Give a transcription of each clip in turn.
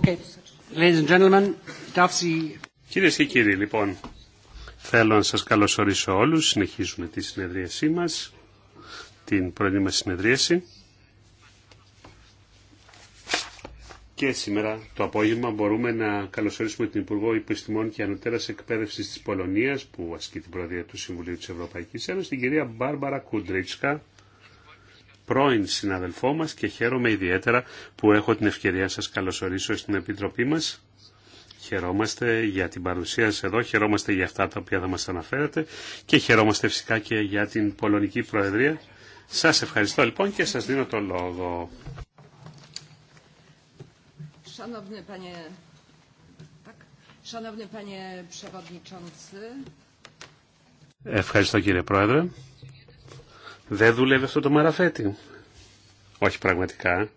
Κυρίε Κυρίες και κύριοι, λοιπόν, θέλω να σας καλωσορίσω όλους. Συνεχίζουμε τη συνεδρίασή μας, την πρώτη μας συνεδρίαση. Και σήμερα το απόγευμα μπορούμε να καλωσορίσουμε την Υπουργό Υπηρεσιμών και Ανωτέρα Εκπαίδευση τη Πολωνία, που ασκεί την Προεδρία του Συμβουλίου τη Ευρωπαϊκή Ένωση, την κυρία Μπάρμπαρα Κουντρίτσκα, πρώην συναδελφό μας και χαίρομαι ιδιαίτερα που έχω την ευκαιρία σας καλωσορίσω στην Επιτροπή μας. Χαιρόμαστε για την παρουσία σας εδώ, χαιρόμαστε για αυτά τα οποία θα μας αναφέρετε και χαιρόμαστε φυσικά και για την Πολωνική Προεδρία. Σας ευχαριστώ λοιπόν και σας δίνω το λόγο. Ευχαριστώ κύριε Πρόεδρε. Δεν δουλεύει αυτό το μαραφέτη. Όχι πραγματικά.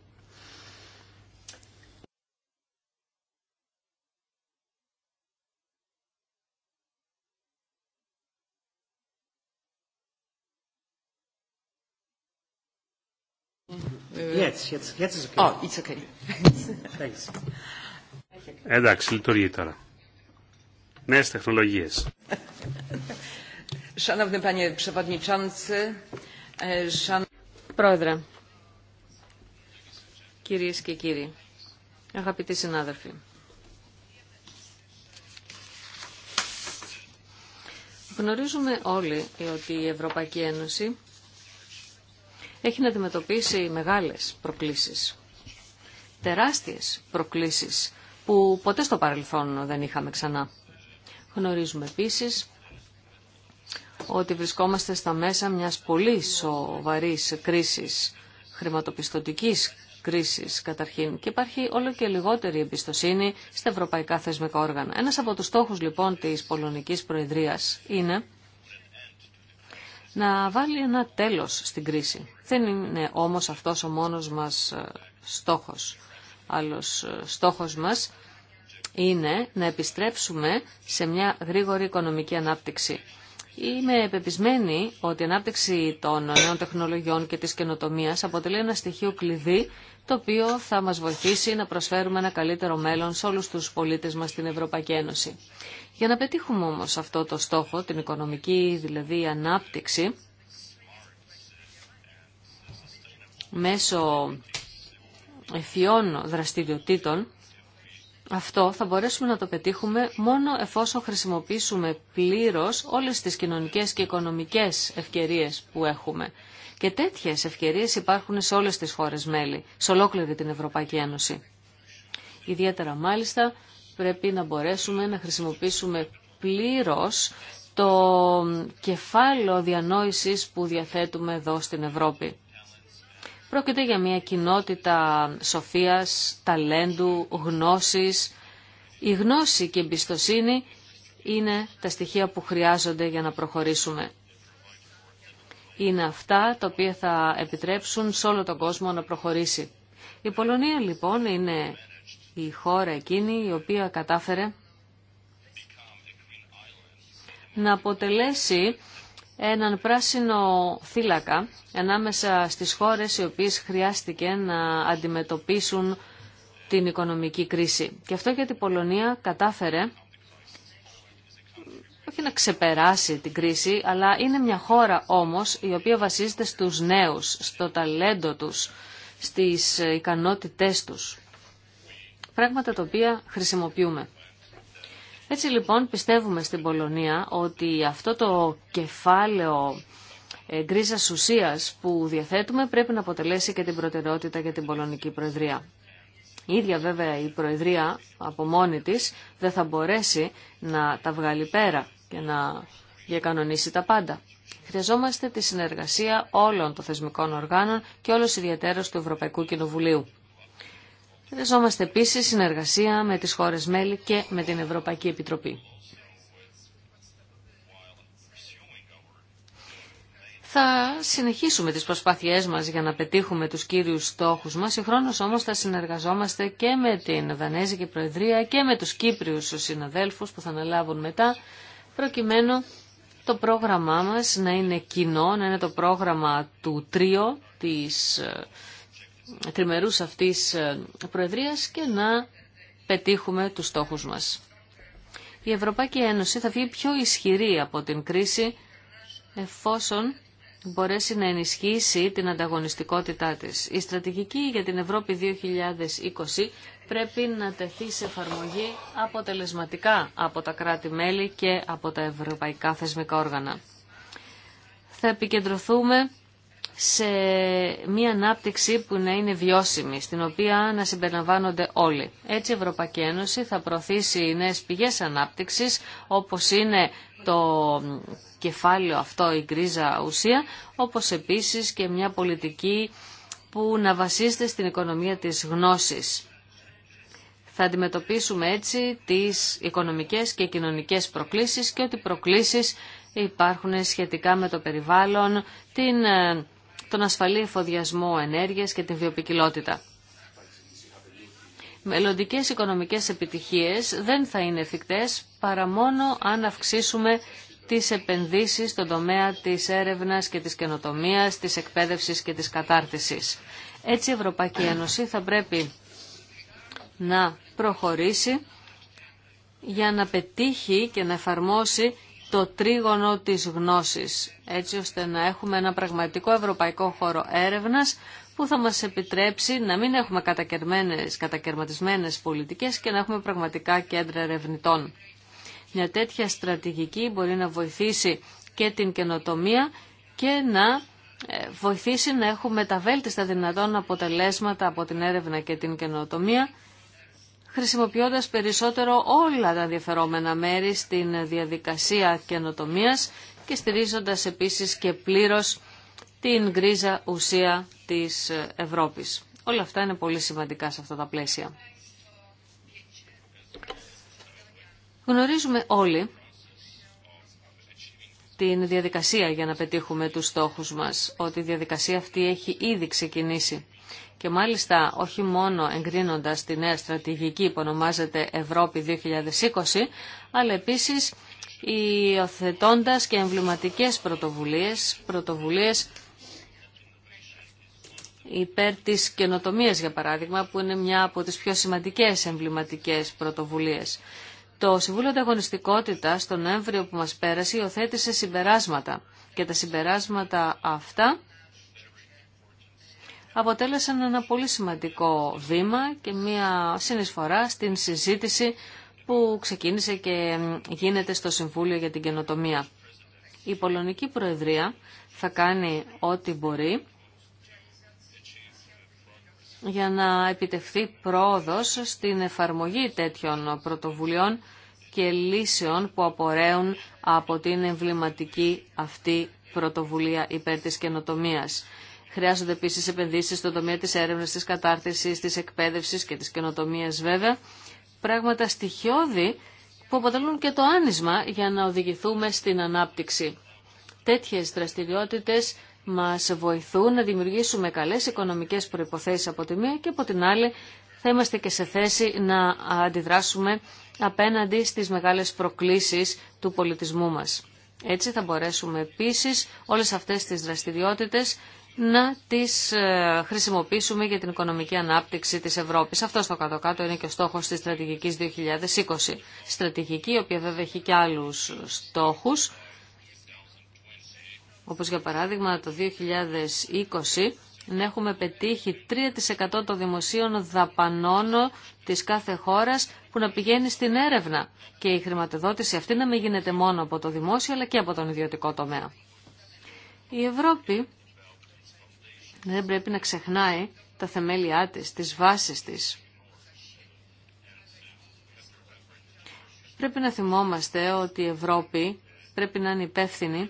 Oh, Εντάξει, λειτουργεί τώρα. Νέε τεχνολογίε. Πρόεδρε, κυρίες και κύριοι, αγαπητοί συνάδελφοι, γνωρίζουμε όλοι ότι η Ευρωπαϊκή Ένωση έχει να αντιμετωπίσει μεγάλες προκλήσεις, τεράστιες προκλήσεις που ποτέ στο παρελθόν δεν είχαμε ξανά. Γνωρίζουμε επίσης ότι βρισκόμαστε στα μέσα μιας πολύ σοβαρής κρίσης, χρηματοπιστωτικής κρίσης καταρχήν και υπάρχει όλο και λιγότερη εμπιστοσύνη στα ευρωπαϊκά θεσμικά όργανα. Ένας από τους στόχους λοιπόν της Πολωνικής Προεδρίας είναι να βάλει ένα τέλος στην κρίση. Δεν είναι όμως αυτός ο μόνος μας ε, στόχος. Άλλος ε, στόχος μας είναι να επιστρέψουμε σε μια γρήγορη οικονομική ανάπτυξη. Είμαι πεπισμένη ότι η ανάπτυξη των νέων τεχνολογιών και της καινοτομίας αποτελεί ένα στοιχείο κλειδί το οποίο θα μας βοηθήσει να προσφέρουμε ένα καλύτερο μέλλον σε όλους τους πολίτες μας στην Ευρωπαϊκή Ένωση. Για να πετύχουμε όμως αυτό το στόχο, την οικονομική δηλαδή ανάπτυξη, μέσω ευφυών δραστηριοτήτων, αυτό θα μπορέσουμε να το πετύχουμε μόνο εφόσον χρησιμοποιήσουμε πλήρως όλες τις κοινωνικές και οικονομικές ευκαιρίες που έχουμε. Και τέτοιες ευκαιρίες υπάρχουν σε όλες τις χώρες μέλη, σε ολόκληρη την Ευρωπαϊκή Ένωση. Ιδιαίτερα μάλιστα πρέπει να μπορέσουμε να χρησιμοποιήσουμε πλήρως το κεφάλαιο διανόησης που διαθέτουμε εδώ στην Ευρώπη. Πρόκειται για μια κοινότητα σοφίας, ταλέντου, γνώσης. Η γνώση και η εμπιστοσύνη είναι τα στοιχεία που χρειάζονται για να προχωρήσουμε. Είναι αυτά τα οποία θα επιτρέψουν σε όλο τον κόσμο να προχωρήσει. Η Πολωνία λοιπόν είναι η χώρα εκείνη η οποία κατάφερε να αποτελέσει έναν πράσινο θύλακα ανάμεσα στις χώρες οι οποίες χρειάστηκε να αντιμετωπίσουν την οικονομική κρίση. Και αυτό γιατί η Πολωνία κατάφερε όχι να ξεπεράσει την κρίση, αλλά είναι μια χώρα όμως η οποία βασίζεται στους νέους, στο ταλέντο τους, στις ικανότητές τους. Πράγματα τα οποία χρησιμοποιούμε. Έτσι λοιπόν πιστεύουμε στην Πολωνία ότι αυτό το κεφάλαιο ε, γκρίζα ουσίας που διαθέτουμε πρέπει να αποτελέσει και την προτεραιότητα για την Πολωνική Προεδρία. Η ίδια βέβαια η Προεδρία από μόνη της δεν θα μπορέσει να τα βγάλει πέρα και να διακανονίσει τα πάντα. Χρειαζόμαστε τη συνεργασία όλων των θεσμικών οργάνων και όλος ιδιαίτερα του Ευρωπαϊκού Κοινοβουλίου. Χρειαζόμαστε επίσης συνεργασία με τις χώρες μέλη και με την Ευρωπαϊκή Επιτροπή. Θα συνεχίσουμε τις προσπάθειές μας για να πετύχουμε τους κύριους στόχους μας. Συγχρόνως όμως θα συνεργαζόμαστε και με την Δανέζικη Προεδρία και με τους Κύπριους συναδέλφους που θα αναλάβουν μετά, προκειμένου το πρόγραμμά μας να είναι κοινό, να είναι το πρόγραμμα του τρίου της ε, τριμερούς αυτής ε, προεδρίας και να πετύχουμε τους στόχους μας. Η Ευρωπαϊκή Ένωση θα βγει πιο ισχυρή από την κρίση εφόσον μπορέσει να ενισχύσει την ανταγωνιστικότητά της. Η στρατηγική για την Ευρώπη 2020 πρέπει να τεθεί σε εφαρμογή αποτελεσματικά από τα κράτη-μέλη και από τα ευρωπαϊκά θεσμικά όργανα. Θα επικεντρωθούμε σε μια ανάπτυξη που να είναι βιώσιμη, στην οποία να συμπεριλαμβάνονται όλοι. Έτσι η Ευρωπαϊκή Ένωση θα προωθήσει νέες πηγές ανάπτυξης, όπως είναι το κεφάλαιο αυτό, η γκρίζα ουσία, όπως επίσης και μια πολιτική που να βασίζεται στην οικονομία της γνώσης. Θα αντιμετωπίσουμε έτσι τις οικονομικές και κοινωνικές προκλήσεις και ότι προκλήσεις υπάρχουν σχετικά με το περιβάλλον, την ε, τον ασφαλή εφοδιασμό ενέργειας και την βιοπικιλότητα. Μελλοντικέ οικονομικές επιτυχίες δεν θα είναι εφικτές παρά μόνο αν αυξήσουμε τις επενδύσεις στον τομέα της έρευνας και της καινοτομίας, της εκπαίδευσης και της κατάρτισης. Έτσι η Ευρωπαϊκή Ένωση θα πρέπει να προχωρήσει για να πετύχει και να εφαρμόσει το τρίγωνο της γνώσης, έτσι ώστε να έχουμε ένα πραγματικό ευρωπαϊκό χώρο έρευνας που θα μας επιτρέψει να μην έχουμε κατακερματισμένες πολιτικές και να έχουμε πραγματικά κέντρα ερευνητών. Μια τέτοια στρατηγική μπορεί να βοηθήσει και την καινοτομία και να ε, βοηθήσει να έχουμε τα βέλτιστα δυνατόν αποτελέσματα από την έρευνα και την καινοτομία χρησιμοποιώντας περισσότερο όλα τα ενδιαφερόμενα μέρη στην διαδικασία καινοτομία και στηρίζοντας επίσης και πλήρως την γκρίζα ουσία της Ευρώπης. Όλα αυτά είναι πολύ σημαντικά σε αυτά τα πλαίσια. Γνωρίζουμε όλοι την διαδικασία για να πετύχουμε τους στόχους μας, ότι η διαδικασία αυτή έχει ήδη ξεκινήσει και μάλιστα όχι μόνο εγκρίνοντας τη νέα στρατηγική που ονομάζεται Ευρώπη 2020, αλλά επίσης υιοθετώντα και εμβληματικές πρωτοβουλίες, πρωτοβουλίες υπέρ της καινοτομίας για παράδειγμα, που είναι μια από τις πιο σημαντικές εμβληματικές πρωτοβουλίες. Το Συμβούλιο Ανταγωνιστικότητα τον Νοέμβριο που μας πέρασε υιοθέτησε συμπεράσματα και τα συμπεράσματα αυτά αποτέλεσαν ένα πολύ σημαντικό βήμα και μια συνεισφορά στην συζήτηση που ξεκίνησε και γίνεται στο Συμβούλιο για την Καινοτομία. Η Πολωνική Προεδρία θα κάνει ό,τι μπορεί για να επιτευχθεί πρόοδος στην εφαρμογή τέτοιων πρωτοβουλειών και λύσεων που απορρέουν από την εμβληματική αυτή πρωτοβουλία υπέρ της καινοτομίας. Χρειάζονται επίση επενδύσει στον τομέα τη έρευνα, τη κατάρτιση, τη εκπαίδευση και τη καινοτομία βέβαια. Πράγματα στοιχειώδη που αποτελούν και το άνισμα για να οδηγηθούμε στην ανάπτυξη. Τέτοιε δραστηριότητε μα βοηθούν να δημιουργήσουμε καλέ οικονομικέ προποθέσει από τη μία και από την άλλη θα είμαστε και σε θέση να αντιδράσουμε απέναντι στις μεγάλες προκλήσεις του πολιτισμού μας. Έτσι θα μπορέσουμε επίσης όλες αυτές τι δραστηριότητες να τις ε, χρησιμοποιήσουμε για την οικονομική ανάπτυξη της Ευρώπης. Αυτό στο κάτω-κάτω είναι και ο στόχος της στρατηγικής 2020. Στρατηγική, η οποία βέβαια έχει και άλλους στόχους, όπως για παράδειγμα το 2020 να έχουμε πετύχει 3% των δημοσίων δαπανών της κάθε χώρας που να πηγαίνει στην έρευνα και η χρηματοδότηση αυτή να μην γίνεται μόνο από το δημόσιο αλλά και από τον ιδιωτικό τομέα. Η Ευρώπη δεν πρέπει να ξεχνάει τα θεμέλια της, τις βάσεις της. Πρέπει να θυμόμαστε ότι η Ευρώπη πρέπει να είναι υπεύθυνη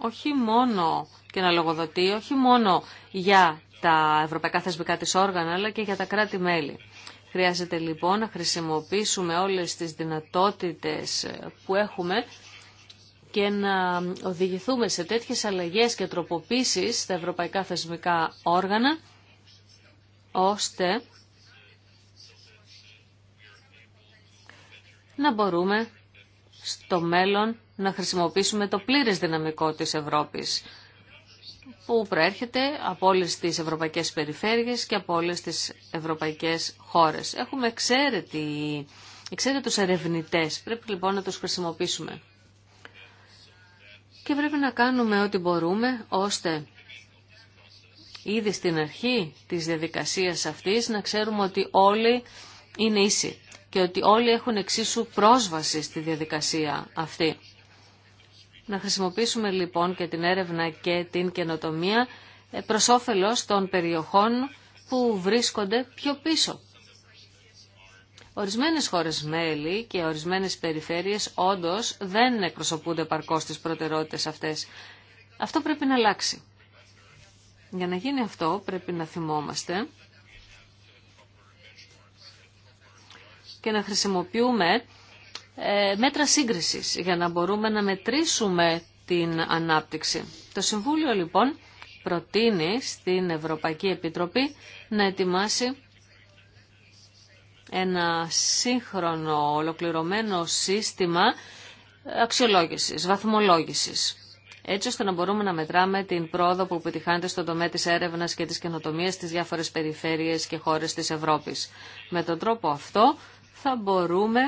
όχι μόνο και να λογοδοτεί, όχι μόνο για τα ευρωπαϊκά θεσμικά της όργανα, αλλά και για τα κράτη-μέλη. Χρειάζεται λοιπόν να χρησιμοποιήσουμε όλες τις δυνατότητες που έχουμε και να οδηγηθούμε σε τέτοιες αλλαγές και τροποποίησεις στα ευρωπαϊκά θεσμικά όργανα, ώστε να μπορούμε στο μέλλον να χρησιμοποιήσουμε το πλήρες δυναμικό της Ευρώπης που προέρχεται από όλες τις ευρωπαϊκές περιφέρειες και από όλες τις ευρωπαϊκές χώρες. Έχουμε εξαίρετη, τους ερευνητές, πρέπει λοιπόν να τους χρησιμοποιήσουμε και πρέπει να κάνουμε ό,τι μπορούμε ώστε ήδη στην αρχή της διαδικασίας αυτής να ξέρουμε ότι όλοι είναι ίσοι και ότι όλοι έχουν εξίσου πρόσβαση στη διαδικασία αυτή. Να χρησιμοποιήσουμε λοιπόν και την έρευνα και την καινοτομία ε, προς όφελος των περιοχών που βρίσκονται πιο πίσω. Ορισμένες χώρες μέλη και ορισμένες περιφέρειες όντως δεν εκπροσωπούνται παρκώς στις προτεραιότητες αυτές. Αυτό πρέπει να αλλάξει. Για να γίνει αυτό πρέπει να θυμόμαστε και να χρησιμοποιούμε ε, μέτρα σύγκρισης για να μπορούμε να μετρήσουμε την ανάπτυξη. Το Συμβούλιο λοιπόν προτείνει στην Ευρωπαϊκή Επιτροπή να ετοιμάσει ένα σύγχρονο ολοκληρωμένο σύστημα αξιολόγησης, βαθμολόγησης. Έτσι ώστε να μπορούμε να μετράμε την πρόοδο που επιτυχάνεται στον τομέα της έρευνας και της καινοτομίας στις διάφορες περιφέρειες και χώρες της Ευρώπης. Με τον τρόπο αυτό θα μπορούμε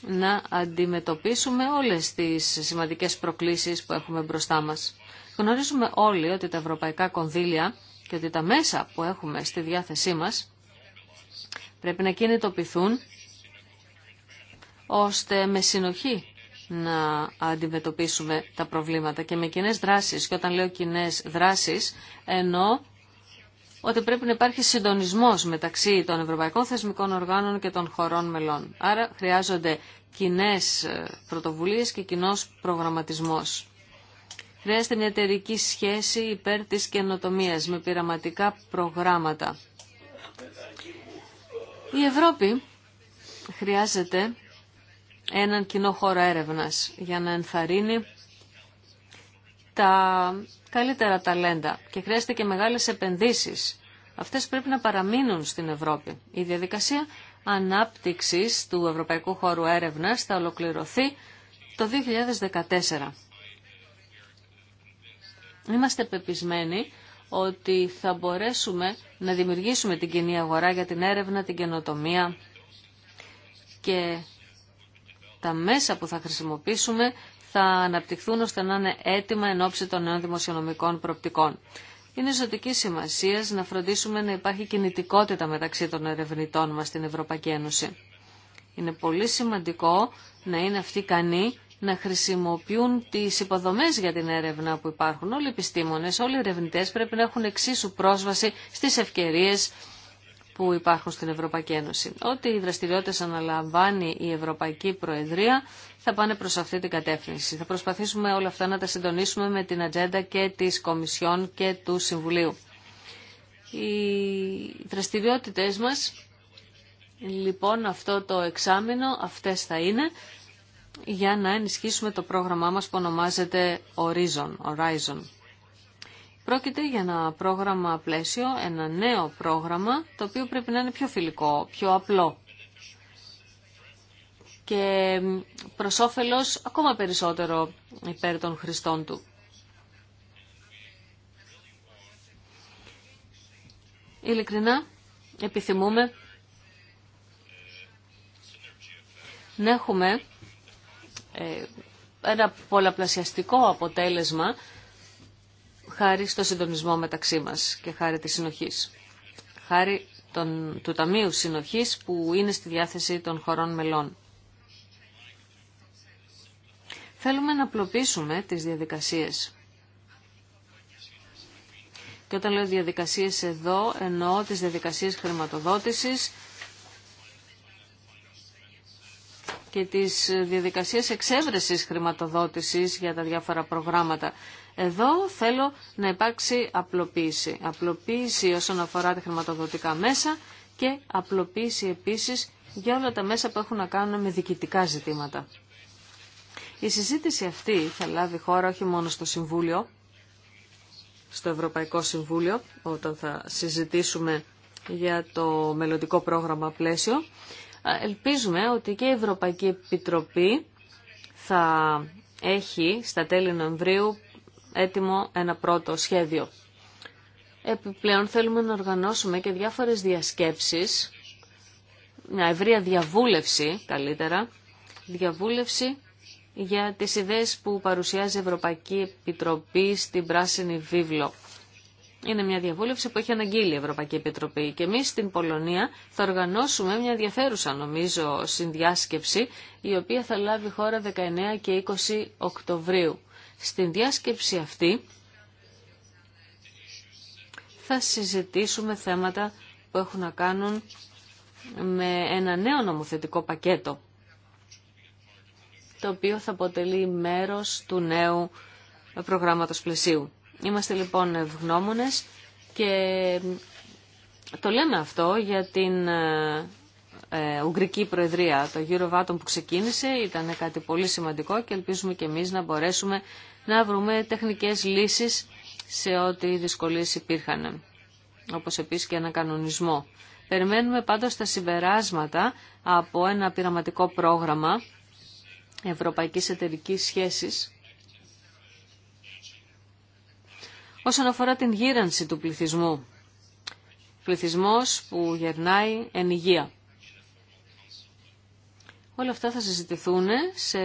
να αντιμετωπίσουμε όλες τις σημαντικές προκλήσεις που έχουμε μπροστά μας. Γνωρίζουμε όλοι ότι τα ευρωπαϊκά κονδύλια και ότι τα μέσα που έχουμε στη διάθεσή μας Πρέπει να κινητοποιηθούν ώστε με συνοχή να αντιμετωπίσουμε τα προβλήματα και με κοινέ δράσεις. Και όταν λέω κοινέ δράσεις, ενώ ότι πρέπει να υπάρχει συντονισμός μεταξύ των ευρωπαϊκών θεσμικών οργάνων και των χωρών μελών. Άρα χρειάζονται κοινέ ε, πρωτοβουλίες και κοινό προγραμματισμός. Χρειάζεται μια εταιρική σχέση υπέρ της καινοτομίας με πειραματικά προγράμματα. Η Ευρώπη χρειάζεται έναν κοινό χώρο έρευνας για να ενθαρρύνει τα καλύτερα ταλέντα και χρειάζεται και μεγάλες επενδύσεις. Αυτές πρέπει να παραμείνουν στην Ευρώπη. Η διαδικασία ανάπτυξης του Ευρωπαϊκού Χώρου Έρευνας θα ολοκληρωθεί το 2014. Είμαστε πεπισμένοι ότι θα μπορέσουμε να δημιουργήσουμε την κοινή αγορά για την έρευνα, την καινοτομία και τα μέσα που θα χρησιμοποιήσουμε θα αναπτυχθούν ώστε να είναι έτοιμα εν ώψη των νέων δημοσιονομικών προπτικών. Είναι ζωτική σημασία να φροντίσουμε να υπάρχει κινητικότητα μεταξύ των ερευνητών μας στην Ευρωπαϊκή Ένωση. Είναι πολύ σημαντικό να είναι αυτοί ικανοί να χρησιμοποιούν τις υποδομές για την έρευνα που υπάρχουν. Όλοι οι επιστήμονες, όλοι οι ερευνητές πρέπει να έχουν εξίσου πρόσβαση στις ευκαιρίες που υπάρχουν στην Ευρωπαϊκή Ένωση. Ό,τι οι δραστηριότητε αναλαμβάνει η Ευρωπαϊκή Προεδρία θα πάνε προ αυτή την κατεύθυνση. Θα προσπαθήσουμε όλα αυτά να τα συντονίσουμε με την ατζέντα και τη Κομισιόν και του Συμβουλίου. Οι δραστηριότητε μα, λοιπόν, αυτό το εξάμεινο, αυτέ θα είναι για να ενισχύσουμε το πρόγραμμά μας που ονομάζεται Horizon. Horizon. Πρόκειται για ένα πρόγραμμα πλαίσιο, ένα νέο πρόγραμμα, το οποίο πρέπει να είναι πιο φιλικό, πιο απλό και προς όφελος ακόμα περισσότερο υπέρ των χρηστών του. Ειλικρινά, επιθυμούμε να έχουμε ε, ένα πολλαπλασιαστικό αποτέλεσμα χάρη στο συντονισμό μεταξύ μας και χάρη της συνοχής. Χάρη των, του Ταμείου Συνοχής που είναι στη διάθεση των χωρών μελών. Θέλουμε να απλοποιήσουμε τις διαδικασίες. Και όταν λέω διαδικασίες εδώ, εννοώ τις διαδικασίες χρηματοδότησης, και τις διαδικασίες εξέβρεσης χρηματοδότησης για τα διάφορα προγράμματα. Εδώ θέλω να υπάρξει απλοποίηση. Απλοποίηση όσον αφορά τα χρηματοδοτικά μέσα και απλοποίηση επίσης για όλα τα μέσα που έχουν να κάνουν με διοικητικά ζητήματα. Η συζήτηση αυτή θα λάβει χώρα όχι μόνο στο Συμβούλιο, στο Ευρωπαϊκό Συμβούλιο, όταν θα συζητήσουμε για το μελλοντικό πρόγραμμα πλαίσιο, Ελπίζουμε ότι και η Ευρωπαϊκή Επιτροπή θα έχει στα τέλη Νοεμβρίου έτοιμο ένα πρώτο σχέδιο. Επιπλέον θέλουμε να οργανώσουμε και διάφορες διασκέψεις, μια ευρεία διαβούλευση καλύτερα, διαβούλευση για τις ιδέες που παρουσιάζει η Ευρωπαϊκή Επιτροπή στην Πράσινη Βίβλο είναι μια διαβούλευση που έχει αναγγείλει η Ευρωπαϊκή Επιτροπή και εμείς στην Πολωνία θα οργανώσουμε μια ενδιαφέρουσα νομίζω συνδιάσκεψη η οποία θα λάβει χώρα 19 και 20 Οκτωβρίου. Στην διάσκεψη αυτή θα συζητήσουμε θέματα που έχουν να κάνουν με ένα νέο νομοθετικό πακέτο το οποίο θα αποτελεί μέρος του νέου προγράμματος πλαισίου. Είμαστε λοιπόν ευγνώμονες και το λέμε αυτό για την ε, ε, Ουγγρική Προεδρία. Το γύρο βάτων που ξεκίνησε ήταν κάτι πολύ σημαντικό και ελπίζουμε και εμείς να μπορέσουμε να βρούμε τεχνικές λύσεις σε ό,τι δυσκολίες υπήρχαν, όπως επίσης και ένα κανονισμό. Περιμένουμε πάντως τα συμπεράσματα από ένα πειραματικό πρόγραμμα Ευρωπαϊκής Εταιρικής Σχέσης όσον αφορά την γύρανση του πληθυσμού. Πληθυσμός που γερνάει εν υγεία. Όλα αυτά θα συζητηθούν σε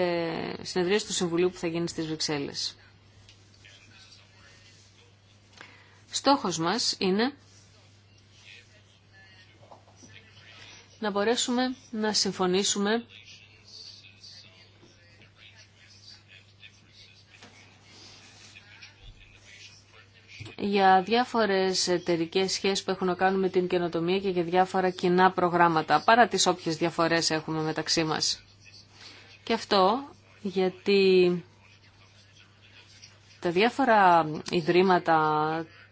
συνεδρίες του Συμβουλίου που θα γίνει στις Βρυξέλλες. Στόχος μας είναι να μπορέσουμε να συμφωνήσουμε για διάφορες εταιρικέ σχέσεις που έχουν να κάνουν με την καινοτομία και για διάφορα κοινά προγράμματα, παρά τις όποιες διαφορές έχουμε μεταξύ μας. Και αυτό γιατί τα διάφορα ιδρύματα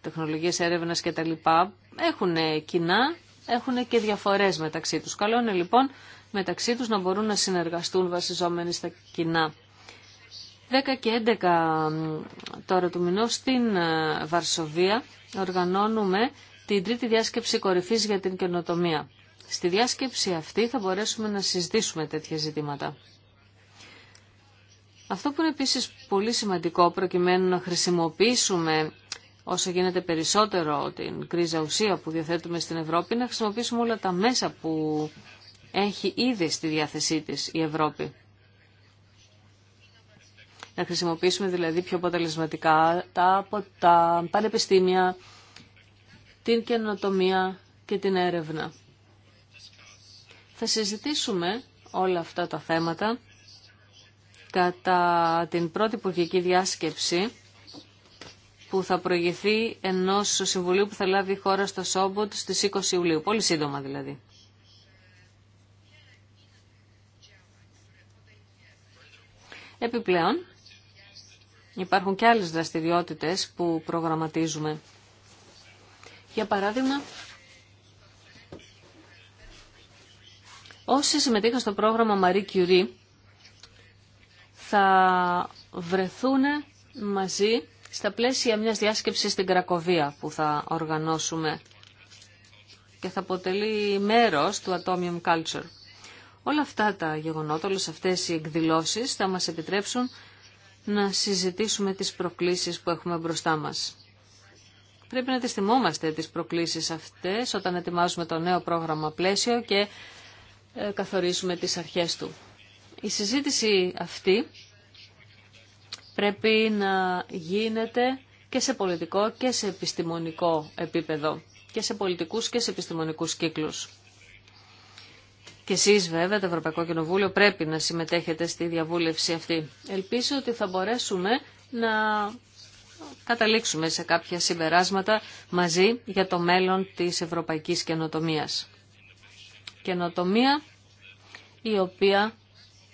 τεχνολογίες έρευνας και τα λοιπά έχουν κοινά, έχουν και διαφορές μεταξύ τους. Καλό είναι λοιπόν μεταξύ τους να μπορούν να συνεργαστούν βασιζόμενοι στα κοινά 10 και 11 τώρα του μηνό στην ε, Βαρσοβία οργανώνουμε την τρίτη διάσκεψη κορυφής για την καινοτομία. Στη διάσκεψη αυτή θα μπορέσουμε να συζητήσουμε τέτοια ζητήματα. Αυτό που είναι επίσης πολύ σημαντικό προκειμένου να χρησιμοποιήσουμε όσο γίνεται περισσότερο την κρίζα ουσία που διαθέτουμε στην Ευρώπη, να χρησιμοποιήσουμε όλα τα μέσα που έχει ήδη στη διάθεσή της η Ευρώπη να χρησιμοποιήσουμε δηλαδή πιο αποτελεσματικά τα, από τα πανεπιστήμια, την καινοτομία και την έρευνα. Θα συζητήσουμε όλα αυτά τα θέματα κατά την πρώτη υπουργική διάσκεψη που θα προηγηθεί ενός συμβουλίου που θα λάβει η χώρα στο Σόμποτ στις 20 Ιουλίου, πολύ σύντομα δηλαδή. Επιπλέον, Υπάρχουν και άλλες δραστηριότητες που προγραμματίζουμε. Για παράδειγμα, όσοι συμμετείχαν στο πρόγραμμα Marie Curie θα βρεθούν μαζί στα πλαίσια μιας διάσκεψης στην Κρακοβία που θα οργανώσουμε και θα αποτελεί μέρος του Atomium Culture. Όλα αυτά τα γεγονότα, όλες αυτές οι εκδηλώσεις θα μας επιτρέψουν να συζητήσουμε τις προκλήσεις που έχουμε μπροστά μας. Πρέπει να τις θυμόμαστε τις προκλήσεις αυτές όταν ετοιμάζουμε το νέο πρόγραμμα πλαίσιο και ε, καθορίσουμε τις αρχές του. Η συζήτηση αυτή πρέπει να γίνεται και σε πολιτικό και σε επιστημονικό επίπεδο και σε πολιτικούς και σε επιστημονικούς κύκλους. Και εσείς βέβαια το Ευρωπαϊκό Κοινοβούλιο πρέπει να συμμετέχετε στη διαβούλευση αυτή. Ελπίζω ότι θα μπορέσουμε να καταλήξουμε σε κάποια συμπεράσματα μαζί για το μέλλον της ευρωπαϊκής καινοτομίας. Καινοτομία η οποία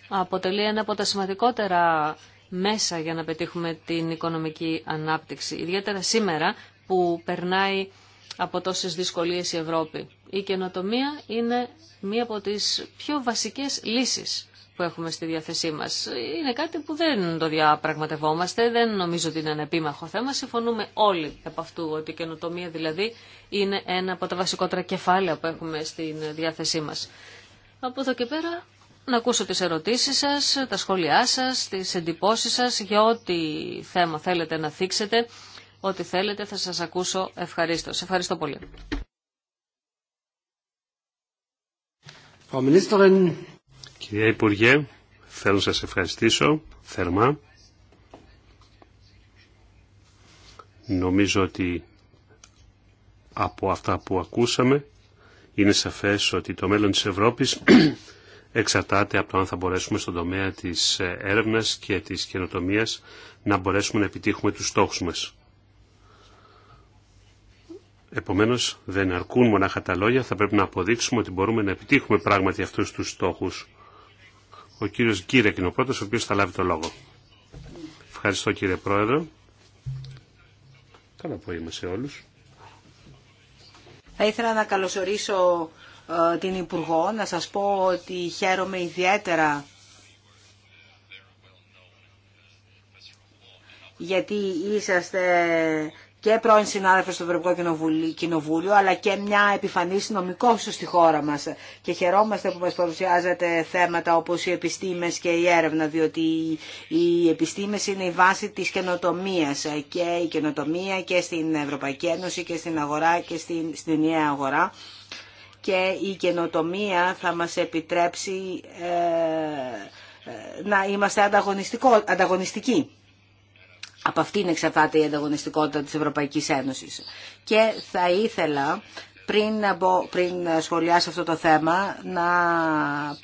αποτελεί ένα από τα σημαντικότερα μέσα για να πετύχουμε την οικονομική ανάπτυξη. Ιδιαίτερα σήμερα που περνάει από τόσες δυσκολίες η Ευρώπη. Η καινοτομία είναι μία από τις πιο βασικές λύσεις που έχουμε στη διάθεσή μας. Είναι κάτι που δεν το διαπραγματευόμαστε, δεν νομίζω ότι είναι ένα επίμαχο θέμα. Συμφωνούμε όλοι από αυτού ότι η καινοτομία δηλαδή είναι ένα από τα βασικότερα κεφάλαια που έχουμε στη διάθεσή μας. Από εδώ και πέρα να ακούσω τις ερωτήσεις σας, τα σχόλιά σας, τις εντυπώσεις σας για ό,τι θέμα θέλετε να θίξετε. Ό,τι θέλετε θα σας ακούσω ευχαρίστω. Σε ευχαριστώ πολύ. Κυρία Υπουργέ, θέλω να σας ευχαριστήσω θερμά. Νομίζω ότι από αυτά που ακούσαμε είναι σαφές ότι το μέλλον της Ευρώπης εξαρτάται από το αν θα μπορέσουμε στον τομέα της ε, έρευνας και της καινοτομίας να μπορέσουμε να επιτύχουμε τους στόχους μας. Επομένως δεν αρκούν μονάχα τα λόγια, θα πρέπει να αποδείξουμε ότι μπορούμε να επιτύχουμε πράγματι αυτούς τους στόχους. Ο κύριος Γκίρεκ είναι ο πρώτος ο οποίος θα λάβει το λόγο. Ευχαριστώ κύριε Πρόεδρο. Καλό απόγευμα σε όλου. Θα ήθελα να καλωσορίσω ε, την Υπουργό, να σας πω ότι χαίρομαι ιδιαίτερα γιατί είσαστε και πρώην συνάδελφο στο Ευρωπαϊκό Κοινοβούλιο, αλλά και μια επιφανής νομικό στη χώρα μα. Και χαιρόμαστε που μα παρουσιάζετε θέματα όπω οι επιστήμες και η έρευνα, διότι οι επιστήμε είναι η βάση τη καινοτομία και η καινοτομία και στην Ευρωπαϊκή Ένωση και στην αγορά και στην, στην αγορά και η καινοτομία θα μας επιτρέψει ε, ε να είμαστε ανταγωνιστικοί από αυτήν εξαρτάται η ανταγωνιστικότητα της Ευρωπαϊκής Ένωσης. Και θα ήθελα πριν, πριν σχολιάσω αυτό το θέμα να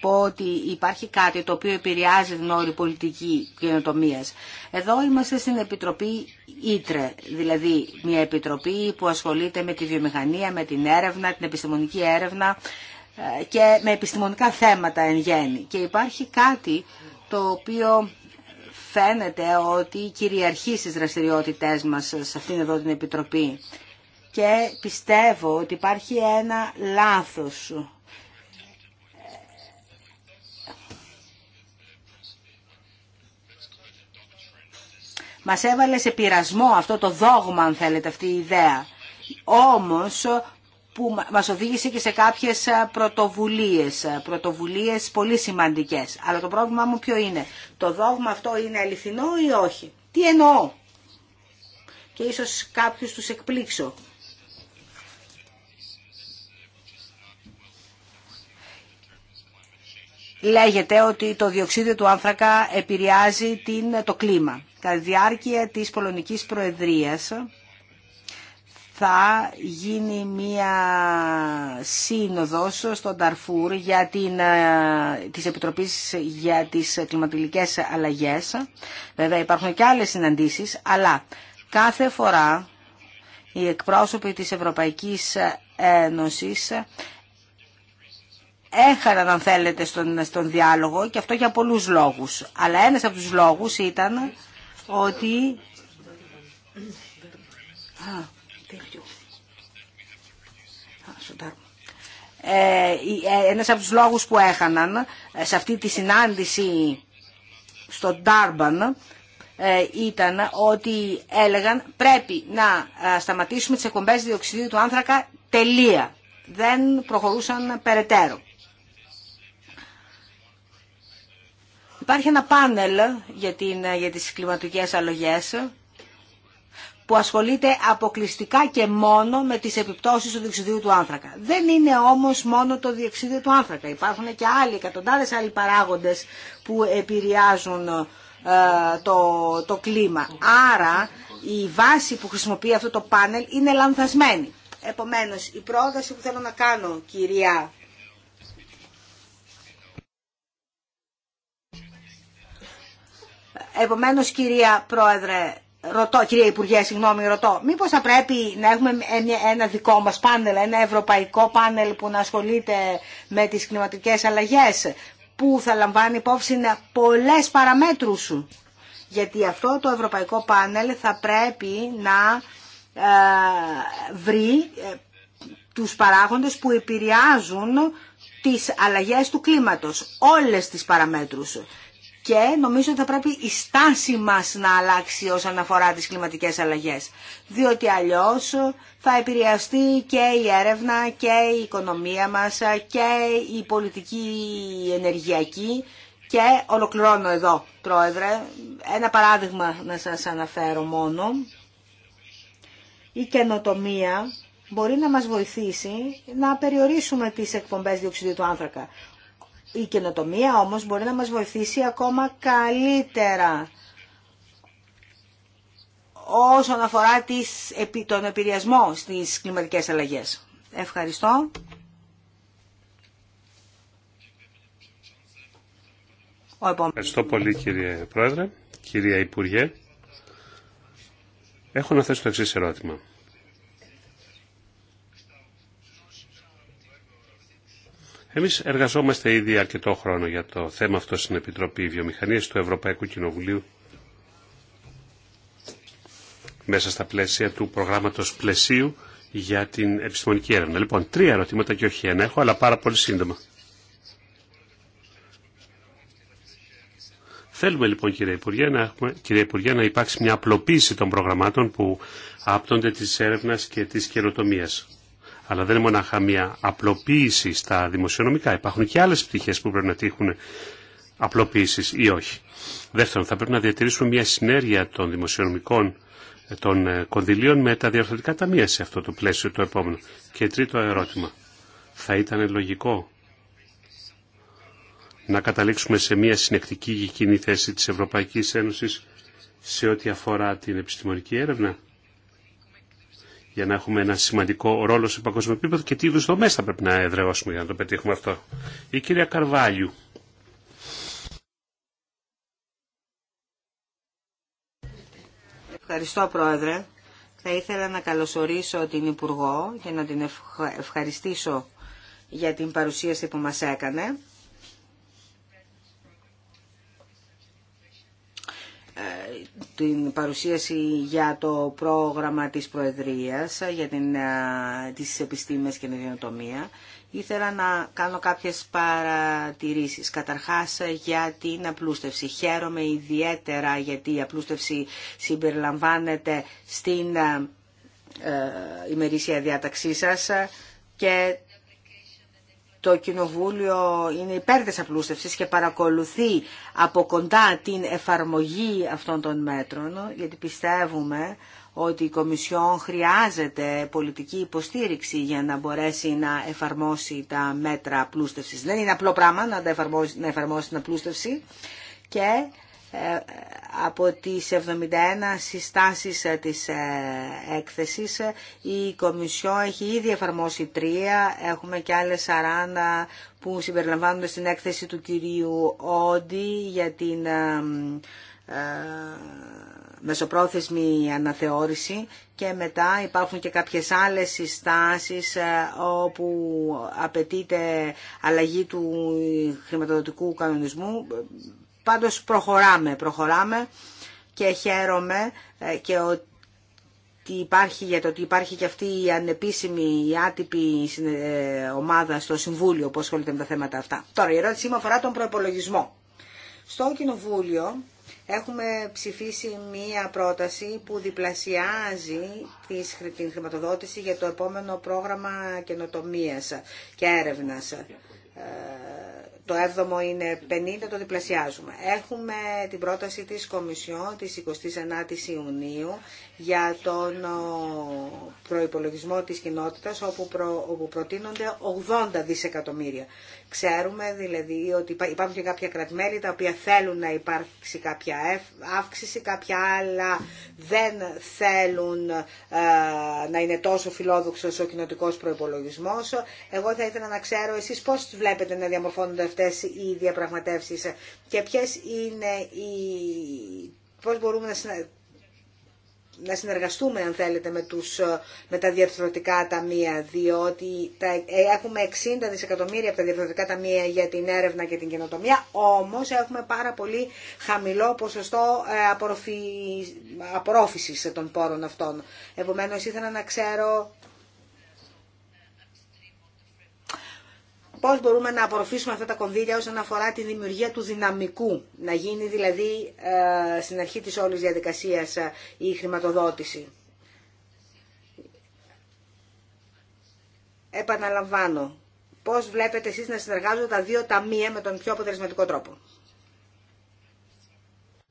πω ότι υπάρχει κάτι το οποίο επηρεάζει την όλη πολιτική καινοτομία. Εδώ είμαστε στην Επιτροπή Ήτρε, δηλαδή μια επιτροπή που ασχολείται με τη βιομηχανία, με την έρευνα, την επιστημονική έρευνα ε, και με επιστημονικά θέματα εν γέννη. Και υπάρχει κάτι το οποίο φαίνεται ότι κυριαρχεί στις δραστηριότητές μας σε αυτήν εδώ την Επιτροπή. Και πιστεύω ότι υπάρχει ένα λάθος. Μας έβαλε σε πειρασμό αυτό το δόγμα, αν θέλετε, αυτή η ιδέα. Όμως που μας οδήγησε και σε κάποιες πρωτοβουλίες, πρωτοβουλίες πολύ σημαντικές. Αλλά το πρόβλημά μου ποιο είναι, το δόγμα αυτό είναι αληθινό ή όχι. Τι εννοώ και ίσως κάποιους τους εκπλήξω. Λέγεται ότι το διοξίδιο του άνθρακα επηρεάζει την, το κλίμα. Τα διάρκεια της Πολωνικής Προεδρίας, θα γίνει μία σύνοδος στον Ταρφούρ για την, ε, της για τις κλιματικές αλλαγές. Βέβαια υπάρχουν και άλλες συναντήσεις, αλλά κάθε φορά οι εκπρόσωποι της Ευρωπαϊκής Ένωσης έχαναν αν θέλετε στον, στον διάλογο και αυτό για πολλούς λόγους. Αλλά ένας από τους λόγους ήταν ότι... Ε, ε, ένας από τους λόγους που έχαναν ε, σε αυτή τη συνάντηση στο Ντάρμπαν ήταν ότι έλεγαν πρέπει να σταματήσουμε τις εκπομπές διοξιδίου του άνθρακα τελεία. Δεν προχωρούσαν περαιτέρω. Υπάρχει ένα πάνελ για, την, για τις κλιματικές αλλογές που ασχολείται αποκλειστικά και μόνο με τις επιπτώσεις του διεξιδίου του άνθρακα. Δεν είναι όμως μόνο το διεξίδιο του άνθρακα. Υπάρχουν και άλλοι, εκατοντάδες άλλοι παράγοντες που επηρεάζουν ε, το, το κλίμα. Άρα η βάση που χρησιμοποιεί αυτό το πάνελ είναι λανθασμένη. Επομένως, η πρόταση που θέλω να κάνω, κυρία Επομένως, κυρία Πρόεδρε, Ρωτώ, κυρία Υπουργέ, συγγνώμη, ρωτώ, μήπως θα πρέπει να έχουμε ένα δικό μας πάνελ, ένα ευρωπαϊκό πάνελ που να ασχολείται με τις κλιματικές αλλαγές, που θα λαμβάνει υπόψη πολλές παραμέτρους. Γιατί αυτό το ευρωπαϊκό πάνελ θα πρέπει να ε, βρει ε, τους παράγοντες που επηρεάζουν τις αλλαγές του κλίματος, όλες τις παραμέτρους και νομίζω ότι θα πρέπει η στάση μας να αλλάξει όσον αφορά τις κλιματικές αλλαγές. Διότι αλλιώς θα επηρεαστεί και η έρευνα και η οικονομία μας και η πολιτική ενεργειακή και ολοκληρώνω εδώ, Πρόεδρε, ένα παράδειγμα να σας αναφέρω μόνο. Η καινοτομία μπορεί να μας βοηθήσει να περιορίσουμε τις εκπομπές διοξιδίου του άνθρακα. Η καινοτομία όμως μπορεί να μας βοηθήσει ακόμα καλύτερα όσον αφορά τις, τον επηρεασμό στις κλιματικές αλλαγές. Ευχαριστώ. Ευχαριστώ πολύ κύριε Πρόεδρε, κυρία Υπουργέ. Έχω να θέσω το εξή ερώτημα. Εμείς εργαζόμαστε ήδη αρκετό χρόνο για το θέμα αυτό στην Επιτροπή Βιομηχανίας του Ευρωπαϊκού Κοινοβουλίου μέσα στα πλαίσια του προγράμματος πλαισίου για την επιστημονική έρευνα. Λοιπόν, τρία ερωτήματα και όχι ένα έχω, αλλά πάρα πολύ σύντομα. Θέλουμε λοιπόν κύριε Υπουργέ, να κύριε Υπουργέ, να υπάρξει μια απλοποίηση των προγραμμάτων που άπτονται της έρευνας και της καινοτομίας. Αλλά δεν είναι μονάχα μια απλοποίηση στα δημοσιονομικά. Υπάρχουν και άλλες πτυχές που πρέπει να τύχουν απλοποίησης ή όχι. Δεύτερον, θα πρέπει να διατηρήσουμε μια συνέργεια των δημοσιονομικών ε, των ε, κονδυλίων με τα διορθωτικά ταμεία σε αυτό το πλαίσιο το επόμενο. Και τρίτο ερώτημα. Θα ήταν λογικό να καταλήξουμε σε μια συνεκτική κοινή θέση της Ευρωπαϊκής Ένωσης σε ό,τι αφορά την επιστημονική έρευνα για να έχουμε ένα σημαντικό ρόλο σε παγκόσμιο επίπεδο και τι είδου δομέ θα πρέπει να εδρεώσουμε για να το πετύχουμε αυτό. Η κυρία Καρβάλιου. Ευχαριστώ Πρόεδρε. Θα ήθελα να καλωσορίσω την Υπουργό και να την ευχαριστήσω για την παρουσίαση που μας έκανε. την παρουσίαση για το πρόγραμμα της Προεδρίας για την, τις επιστήμες και την Ιδιωτομία. Ήθελα να κάνω κάποιες παρατηρήσεις. Καταρχάς για την απλούστευση. Χαίρομαι ιδιαίτερα γιατί η απλούστευση συμπεριλαμβάνεται στην ε, ημερήσια διάταξή σας και το Κοινοβούλιο είναι υπέρ της απλούστευσης και παρακολουθεί από κοντά την εφαρμογή αυτών των μέτρων, γιατί πιστεύουμε ότι η Κομισιόν χρειάζεται πολιτική υποστήριξη για να μπορέσει να εφαρμόσει τα μέτρα απλούστευσης. Δεν είναι απλό πράγμα να, εφαρμόσει, να εφαρμόσει την απλούστευση και από τις 71 συστάσεις ε, της ε, έκθεσης ε, η Κομισιό έχει ήδη εφαρμόσει τρία, έχουμε και άλλες 40 που συμπεριλαμβάνονται στην έκθεση του κυρίου Όντι για την μεσοπρόθεσμη αναθεώρηση και μετά υπάρχουν και κάποιες άλλες συστάσεις όπου απαιτείται αλλαγή του χρηματοδοτικού κανονισμού. Πάντως προχωράμε, προχωράμε και χαίρομαι ε, και ότι υπάρχει, για το ότι υπάρχει και αυτή η ανεπίσημη, η άτυπη ε, ομάδα στο Συμβούλιο που ασχολείται με τα θέματα αυτά. Τώρα η ερώτησή μου αφορά τον προπολογισμό. Στο Κοινοβούλιο έχουμε ψηφίσει μία πρόταση που διπλασιάζει την χρηματοδότηση για το επόμενο πρόγραμμα καινοτομίας και έρευνας ε, το 7ο είναι 50, το διπλασιάζουμε. Έχουμε την πρόταση της Κομισιόν της 29ης Ιουνίου για τον προϋπολογισμό της κοινότητας όπου, προ, όπου προτείνονται 80 δισεκατομμύρια. Ξέρουμε δηλαδή ότι υπάρχουν και κάποια κρατημέλη τα οποία θέλουν να υπάρξει κάποια αύξηση, κάποια άλλα δεν θέλουν ε, να είναι τόσο φιλόδοξος ο κοινοτικό προπολογισμό. Εγώ θα ήθελα να ξέρω εσείς πώς βλέπετε να διαμορφώνονται αυτές οι διαπραγματεύσεις και ποιες είναι οι... πώς μπορούμε να να συνεργαστούμε αν θέλετε με, τους, ε, με τα διαρθρωτικά ταμεία διότι τα, ε, έχουμε 60 δισεκατομμύρια από τα διαρθρωτικά ταμεία για την έρευνα και την καινοτομία όμως έχουμε πάρα πολύ χαμηλό ποσοστό ε, απορροφη, απορρόφησης των πόρων αυτών. Επομένως ήθελα να ξέρω πώς μπορούμε να απορροφήσουμε αυτά τα κονδύλια όσον αφορά τη δημιουργία του δυναμικού, να γίνει δηλαδή ε, στην αρχή της όλης διαδικασίας ε, η χρηματοδότηση. Επαναλαμβάνω, πώς βλέπετε εσείς να συνεργάζονται τα δύο ταμεία με τον πιο αποτελεσματικό τρόπο.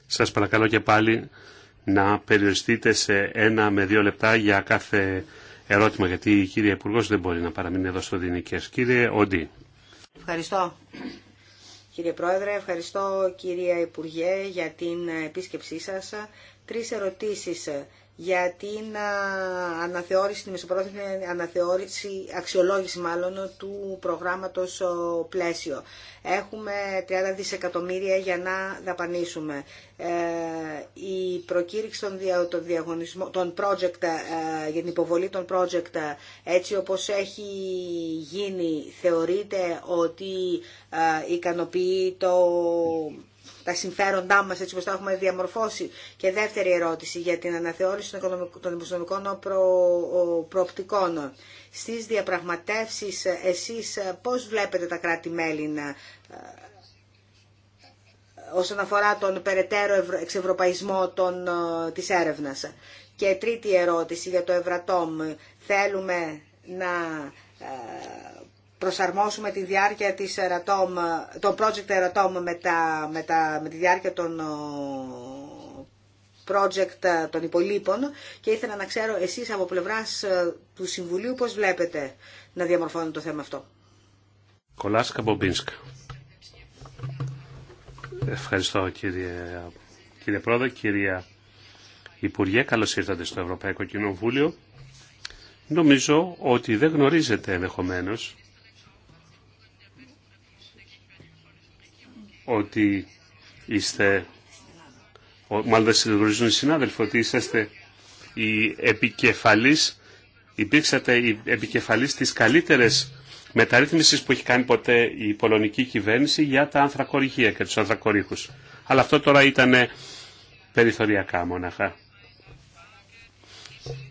Σας παρακαλώ και πάλι να περιοριστείτε σε ένα με δύο λεπτά για κάθε ερώτημα, γιατί η κυρία Υπουργό δεν μπορεί να παραμείνει εδώ στο Δινικέ. Κύριε Οντί. Ευχαριστώ. Κύριε Πρόεδρε, ευχαριστώ κυρία Υπουργέ για την επίσκεψή σας. Τρεις ερωτήσεις για την αναθεώρηση, τη μεσοπρόθεσμη αναθεώρηση, αξιολόγηση μάλλον του προγράμματος πλαίσιο. Έχουμε 30 δισεκατομμύρια για να δαπανίσουμε. Ε, η προκήρυξη των, δια, των, διαγωνισμών, των project, ε, για την υποβολή των project ε, έτσι όπως έχει γίνει θεωρείται ότι ικανοποιεί το, τα συμφέροντά μας έτσι όπως τα έχουμε διαμορφώσει. Και δεύτερη ερώτηση για την αναθεώρηση των δημοσιονομικών προοπτικών. Στις διαπραγματεύσεις εσείς πώς βλέπετε τα κράτη-μέλη να ε, όσον αφορά τον περαιτέρω εξευρωπαϊσμό των, ε, της έρευνας. Και τρίτη ερώτηση για το Ευρατόμ. Θέλουμε να ε, προσαρμόσουμε τη διάρκεια της Ερατόμ των project Ερατόμ με, τα, με, τη διάρκεια των project των υπολείπων και ήθελα να ξέρω εσείς από πλευράς ε, του Συμβουλίου πώς βλέπετε να διαμορφώνει το θέμα αυτό. Κολάσκα Μπομπίνσκα. Ευχαριστώ κύριε, κύριε Πρόεδρε, κυρία Υπουργέ, καλώς ήρθατε στο Ευρωπαϊκό Κοινοβούλιο. Νομίζω ότι δεν γνωρίζετε ενδεχομένω ότι είστε, μάλλον δεν οι συνάδελφοι, ότι είσαστε οι επικεφαλής, υπήρξατε οι επικεφαλής της καλύτερες μεταρρύθμισης που έχει κάνει ποτέ η πολωνική κυβέρνηση για τα ανθρακοριχεία και τους ανθρακορύχους Αλλά αυτό τώρα ήταν περιθωριακά μόναχα.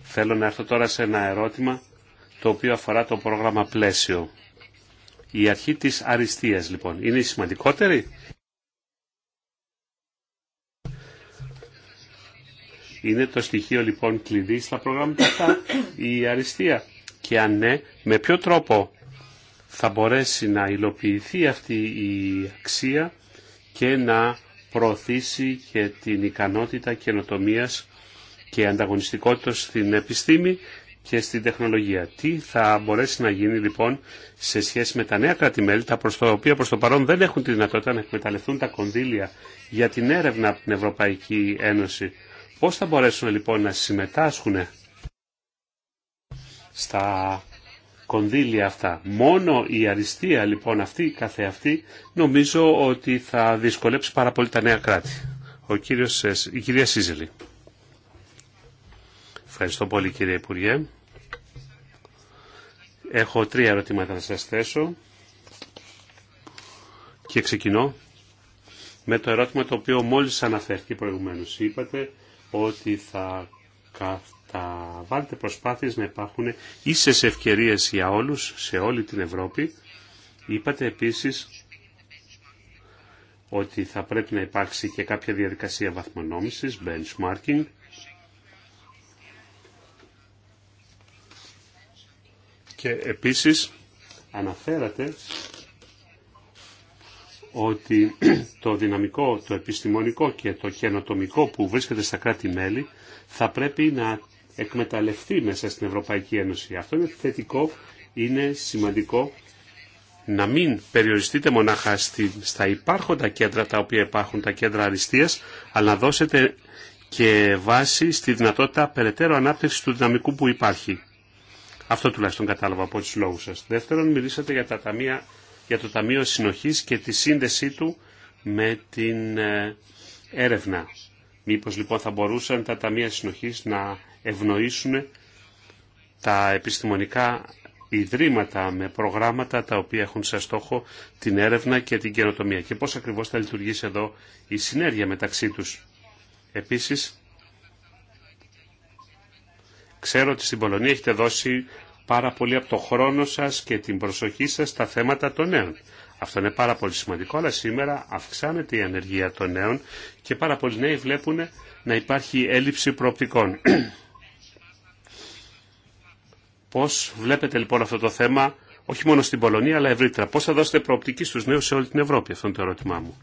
Θέλω να έρθω τώρα σε ένα ερώτημα το οποίο αφορά το πρόγραμμα πλαίσιο. Η αρχή της αριστείας λοιπόν είναι η σημαντικότερη. Είναι το στοιχείο λοιπόν κλειδί στα προγράμματα αυτά η αριστεία. Και αν ναι, με ποιο τρόπο θα μπορέσει να υλοποιηθεί αυτή η αξία και να προωθήσει και την ικανότητα καινοτομίας και ανταγωνιστικότητας στην επιστήμη και στην τεχνολογία. Τι θα μπορέσει να γίνει λοιπόν σε σχέση με τα νέα κράτη-μέλη, τα οποία προς το παρόν δεν έχουν τη δυνατότητα να εκμεταλλευτούν τα κονδύλια για την έρευνα από την Ευρωπαϊκή Ένωση. Πώς θα μπορέσουν λοιπόν να συμμετάσχουν στα κονδύλια αυτά. Μόνο η αριστεία λοιπόν αυτή καθεαυτή νομίζω ότι θα δυσκολέψει πάρα πολύ τα νέα κράτη. Ο κύριος, η κυρία Σίζελη. Ευχαριστώ πολύ κύριε Υπουργέ. Έχω τρία ερωτήματα να σας θέσω και ξεκινώ με το ερώτημα το οποίο μόλις αναφέρθηκε προηγουμένως. Είπατε ότι θα καταβάλλετε προσπάθειες να υπάρχουν ίσες ευκαιρίες για όλους σε όλη την Ευρώπη. Είπατε επίσης ότι θα πρέπει να υπάρξει και κάποια διαδικασία βαθμονόμησης, benchmarking, Και επίσης αναφέρατε ότι το δυναμικό, το επιστημονικό και το καινοτομικό που βρίσκεται στα κράτη-μέλη θα πρέπει να εκμεταλλευτεί μέσα στην Ευρωπαϊκή Ένωση. Αυτό είναι θετικό, είναι σημαντικό να μην περιοριστείτε μονάχα στα υπάρχοντα κέντρα τα οποία υπάρχουν τα κέντρα αριστείας, αλλά να δώσετε και βάση στη δυνατότητα περαιτέρω ανάπτυξη του δυναμικού που υπάρχει. Αυτό τουλάχιστον κατάλαβα από τους λόγους σας. Δεύτερον, μιλήσατε για, τα ταμεία, για το Ταμείο Συνοχής και τη σύνδεσή του με την ε, έρευνα. Μήπως λοιπόν θα μπορούσαν τα Ταμεία Συνοχής να ευνοήσουν τα επιστημονικά ιδρύματα με προγράμματα τα οποία έχουν σε στόχο την έρευνα και την καινοτομία και πώς ακριβώς θα λειτουργήσει εδώ η συνέργεια μεταξύ τους. Επίσης, Ξέρω ότι στην Πολωνία έχετε δώσει πάρα πολύ από το χρόνο σας και την προσοχή σας στα θέματα των νέων. Αυτό είναι πάρα πολύ σημαντικό, αλλά σήμερα αυξάνεται η ανεργία των νέων και πάρα πολλοί νέοι βλέπουν να υπάρχει έλλειψη προοπτικών. Πώς βλέπετε λοιπόν αυτό το θέμα, όχι μόνο στην Πολωνία, αλλά ευρύτερα. Πώς θα δώσετε προοπτική στους νέους σε όλη την Ευρώπη, αυτό είναι το ερώτημά μου.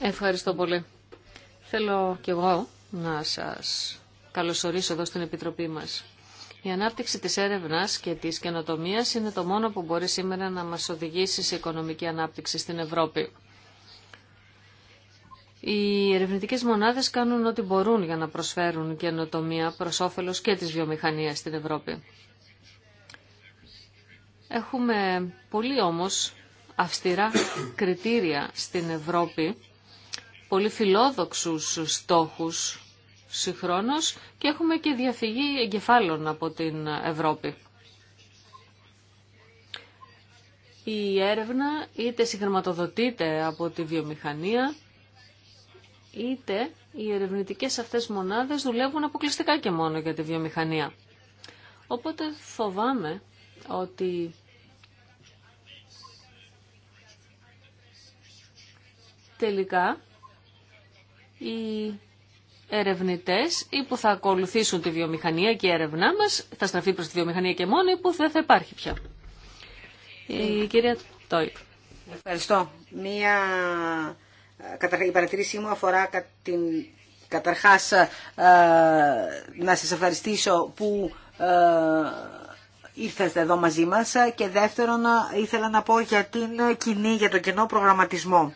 Ευχαριστώ πολύ. Θέλω κι εγώ να σας καλωσορίσω εδώ στην Επιτροπή μας. Η ανάπτυξη της έρευνας και της καινοτομίας είναι το μόνο που μπορεί σήμερα να μας οδηγήσει σε οικονομική ανάπτυξη στην Ευρώπη. Οι ερευνητικές μονάδες κάνουν ό,τι μπορούν για να προσφέρουν καινοτομία προς όφελος και της βιομηχανίας στην Ευρώπη. Έχουμε πολύ όμως αυστηρά κριτήρια στην Ευρώπη πολύ φιλόδοξους στόχους συγχρόνως και έχουμε και διαφυγή εγκεφάλων από την Ευρώπη. Η έρευνα είτε συγχρηματοδοτείται από τη βιομηχανία, είτε οι ερευνητικές αυτές μονάδες δουλεύουν αποκλειστικά και μόνο για τη βιομηχανία. Οπότε φοβάμαι ότι τελικά οι ερευνητές ή που θα ακολουθήσουν τη βιομηχανία και η έρευνά μας θα στραφεί προς τη βιομηχανία και μόνο ή που δεν θα υπάρχει πια. Η κυρία Τόιπ. Ευχαριστώ. Μία... Η παρατηρήσή μου αφορά την... καταρχάς ε, να σας ευχαριστήσω που ε, ήρθατε εδώ μαζί μας και δεύτερον ε, ήθελα να πω για την κοινή, για τον κοινό προγραμματισμό.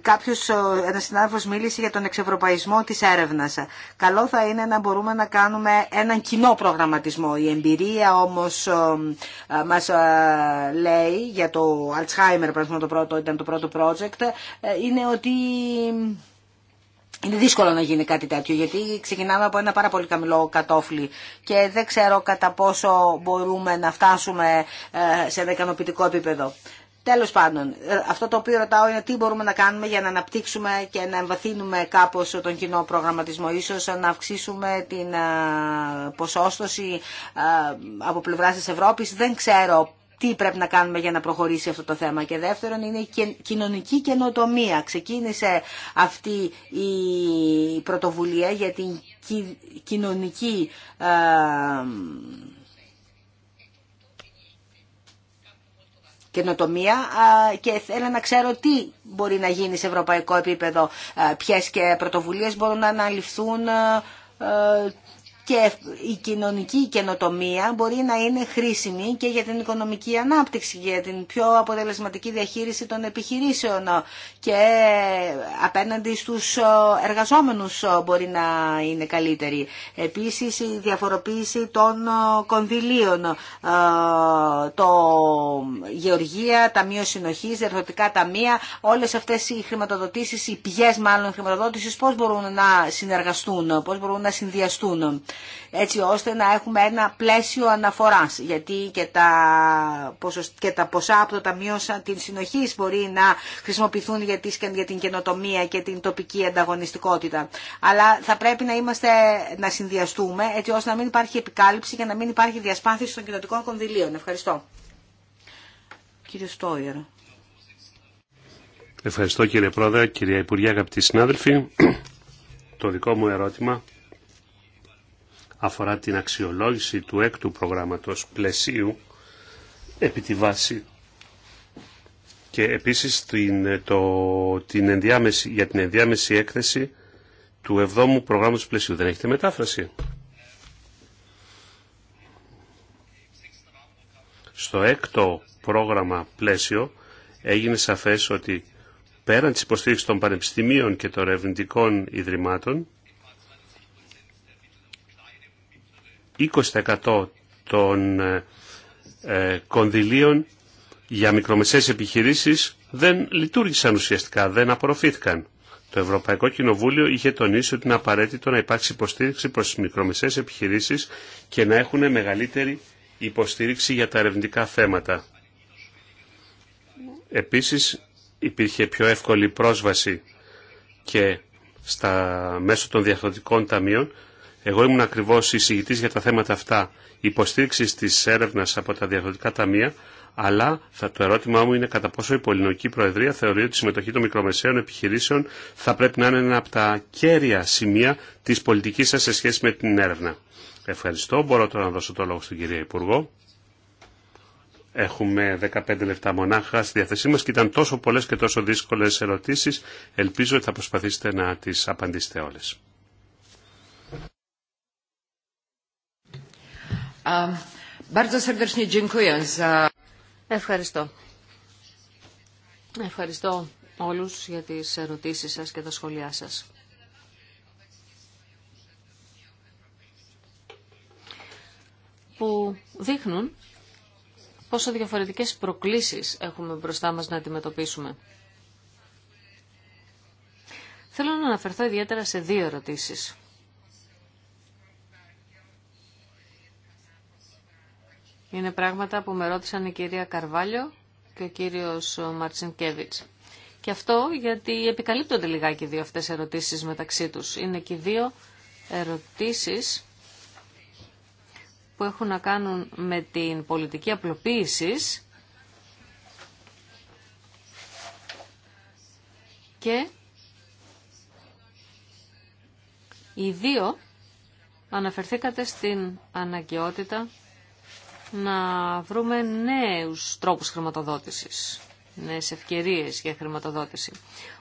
Κάποιος, ένας συνάδελφος μίλησε για τον εξευρωπαϊσμό της έρευνας. Καλό θα είναι να μπορούμε να κάνουμε έναν κοινό προγραμματισμό. Η εμπειρία όμως μας λέει για το Alzheimer, πράγμα το πρώτο, ήταν το πρώτο project, ε, είναι ότι... Είναι δύσκολο να γίνει κάτι τέτοιο γιατί ξεκινάμε από ένα πάρα πολύ καμηλό κατόφλι και δεν ξέρω κατά πόσο μπορούμε να φτάσουμε ε, σε ένα ικανοποιητικό επίπεδο. Τέλος πάντων, αυτό το οποίο ρωτάω είναι τι μπορούμε να κάνουμε για να αναπτύξουμε και να εμβαθύνουμε κάπως τον κοινό προγραμματισμό. Ίσως να αυξήσουμε την ποσόστοση από πλευράς της Ευρώπης. Δεν ξέρω τι πρέπει να κάνουμε για να προχωρήσει αυτό το θέμα. Και δεύτερον είναι η κοινωνική καινοτομία. Ξεκίνησε αυτή η πρωτοβουλία για την κοινωνική καινοτομία και θέλω να ξέρω τι μπορεί να γίνει σε ευρωπαϊκό επίπεδο, ποιες και πρωτοβουλίες μπορούν να αναλυφθούν, και η κοινωνική καινοτομία μπορεί να είναι χρήσιμη και για την οικονομική ανάπτυξη, για την πιο αποτελεσματική διαχείριση των επιχειρήσεων και απέναντι στους εργαζόμενους μπορεί να είναι καλύτερη. Επίσης η διαφοροποίηση των κονδυλίων, το γεωργία, ταμείο συνοχής, ερθωτικά ταμεία, όλες αυτές οι χρηματοδοτήσεις, οι πηγές μάλλον χρηματοδότησης, πώς μπορούν να συνεργαστούν, πώς μπορούν να συνδυαστούν έτσι ώστε να έχουμε ένα πλαίσιο αναφοράς, γιατί και τα, ποσά από το Ταμείο την συνοχή μπορεί να χρησιμοποιηθούν για, για την καινοτομία και την τοπική ανταγωνιστικότητα. Αλλά θα πρέπει να, είμαστε, να συνδυαστούμε, έτσι ώστε να μην υπάρχει επικάλυψη και να μην υπάρχει διασπάθηση των κοινοτικών κονδυλίων. Ευχαριστώ. Κύριε Στόιερ. Ευχαριστώ κύριε Πρόεδρε, κυρία Υπουργέ, αγαπητοί συνάδελφοι. Το δικό μου ερώτημα αφορά την αξιολόγηση του έκτου προγράμματος πλαισίου επί τη βάση και επίσης την, το, την ενδιάμεση, για την ενδιάμεση έκθεση του εβδόμου ου προγράμματος πλαισίου. Δεν έχετε μετάφραση. Στο έκτο πρόγραμμα πλαίσιο έγινε σαφές ότι πέραν της υποστήριξης των πανεπιστημίων και των ερευνητικών ιδρυμάτων 20% των ε, ε, κονδυλίων για μικρομεσαίες επιχειρήσεις δεν λειτουργήσαν ουσιαστικά, δεν απορροφήθηκαν. Το Ευρωπαϊκό Κοινοβούλιο είχε τονίσει ότι είναι απαραίτητο να υπάρξει υποστήριξη προς τις μικρομεσαίες επιχειρήσεις και να έχουν μεγαλύτερη υποστήριξη για τα ερευνητικά θέματα. Επίσης υπήρχε πιο εύκολη πρόσβαση και στα μέσω των διαχρονικών ταμείων εγώ ήμουν ακριβώ εισηγητή για τα θέματα αυτά υποστήριξη τη έρευνα από τα διαδοτικά ταμεία, αλλά θα, το ερώτημά μου είναι κατά πόσο η Πολυνοϊκή Προεδρία θεωρεί ότι η συμμετοχή των μικρομεσαίων επιχειρήσεων θα πρέπει να είναι ένα από τα κέρια σημεία τη πολιτική σα σε σχέση με την έρευνα. Ευχαριστώ. Μπορώ τώρα να δώσω το λόγο στην κυρία Υπουργό. Έχουμε 15 λεπτά μονάχα στη διάθεσή μας και ήταν τόσο πολλές και τόσο δύσκολες ερωτήσεις. Ελπίζω ότι θα προσπαθήσετε να τις απαντήσετε όλες. Um, Ευχαριστώ. Ευχαριστώ όλους για τις ερωτήσεις σας και τα σχόλιά σας. που δείχνουν πόσο διαφορετικές προκλήσεις έχουμε μπροστά μας να αντιμετωπίσουμε. Θέλω να αναφερθώ ιδιαίτερα σε δύο ερωτήσεις. Είναι πράγματα που με ρώτησαν η κυρία Καρβάλιο και ο κύριος Μαρτσινκέβιτς. Και αυτό γιατί επικαλύπτονται λιγάκι δύο αυτές ερωτήσεις μεταξύ τους. Είναι και δύο ερωτήσεις που έχουν να κάνουν με την πολιτική απλοποίηση και οι δύο αναφερθήκατε στην αναγκαιότητα να βρούμε νέους τρόπους χρηματοδότησης, νέες ευκαιρίες για χρηματοδότηση.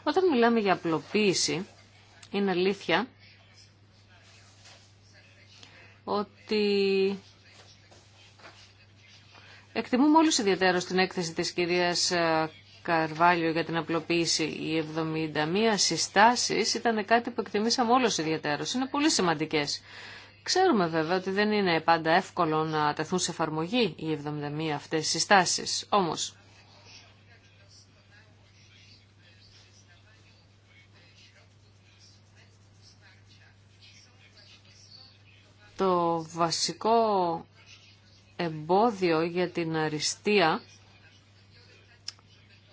Όταν μιλάμε για απλοποίηση, είναι αλήθεια ότι εκτιμούμε όλους ιδιαίτερα στην έκθεση της κυρίας ε, Καρβάλιο για την απλοποίηση. Οι 71 συστάσεις ήταν κάτι που εκτιμήσαμε όλους ιδιαίτερα. Είναι πολύ σημαντικές. Ξέρουμε βέβαια ότι δεν είναι πάντα εύκολο να τεθούν σε εφαρμογή οι 71 αυτές οι συστάσεις. Όμως, το βασικό εμπόδιο για την αριστεία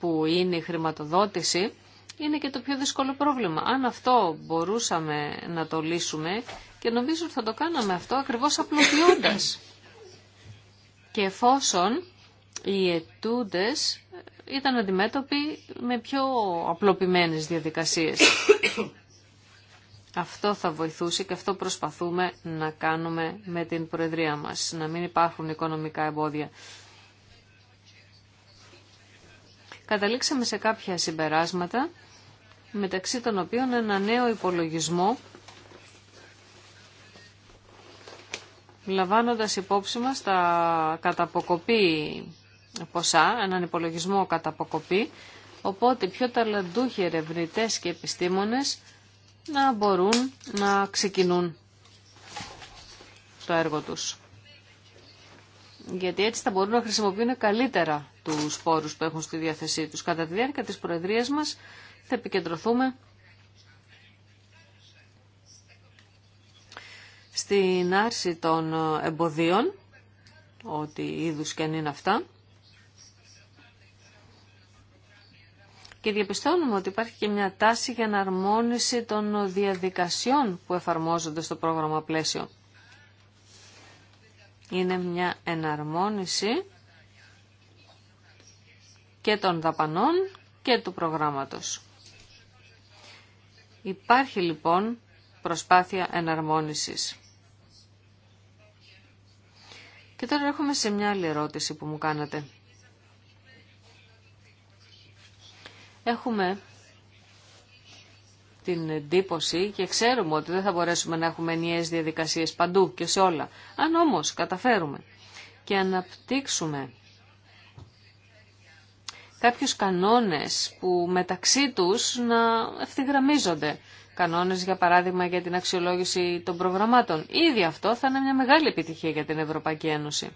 που είναι η χρηματοδότηση είναι και το πιο δύσκολο πρόβλημα. Αν αυτό μπορούσαμε να το λύσουμε και νομίζω ότι θα το κάναμε αυτό ακριβώς απλοποιώντας. Και εφόσον οι ετούντες ήταν αντιμέτωποι με πιο απλοποιημένες διαδικασίες. Αυτό θα βοηθούσε και αυτό προσπαθούμε να κάνουμε με την Προεδρία μας, να μην υπάρχουν οικονομικά εμπόδια. Καταλήξαμε σε κάποια συμπεράσματα, μεταξύ των οποίων ένα νέο υπολογισμό λαμβάνοντας υπόψη μας τα καταποκοπή ποσά, έναν υπολογισμό καταποκοπή, οπότε πιο ταλαντούχοι ερευνητέ και επιστήμονες να μπορούν να ξεκινούν το έργο τους. Γιατί έτσι θα μπορούν να χρησιμοποιούν καλύτερα τους πόρους που έχουν στη διάθεσή τους. Κατά τη διάρκεια της Προεδρίας μας θα επικεντρωθούμε στην άρση των ε, εμποδίων, ό,τι είδους και αν είναι αυτά, Και διαπιστώνουμε ότι υπάρχει και μια τάση για αναρμόνιση των διαδικασιών που εφαρμόζονται στο πρόγραμμα πλαίσιο. Είναι μια εναρμόνιση και των δαπανών και του προγράμματος. Υπάρχει λοιπόν προσπάθεια εναρμόνισης. Και τώρα έρχομαι σε μια άλλη ερώτηση που μου κάνατε. Έχουμε την εντύπωση και ξέρουμε ότι δεν θα μπορέσουμε να έχουμε ενιαίες διαδικασίες παντού και σε όλα. Αν όμως καταφέρουμε και αναπτύξουμε κάποιους κανόνες που μεταξύ τους να ευθυγραμμίζονται. Κανόνες για παράδειγμα για την αξιολόγηση των προγραμμάτων. Ήδη αυτό θα είναι μια μεγάλη επιτυχία για την Ευρωπαϊκή Ένωση.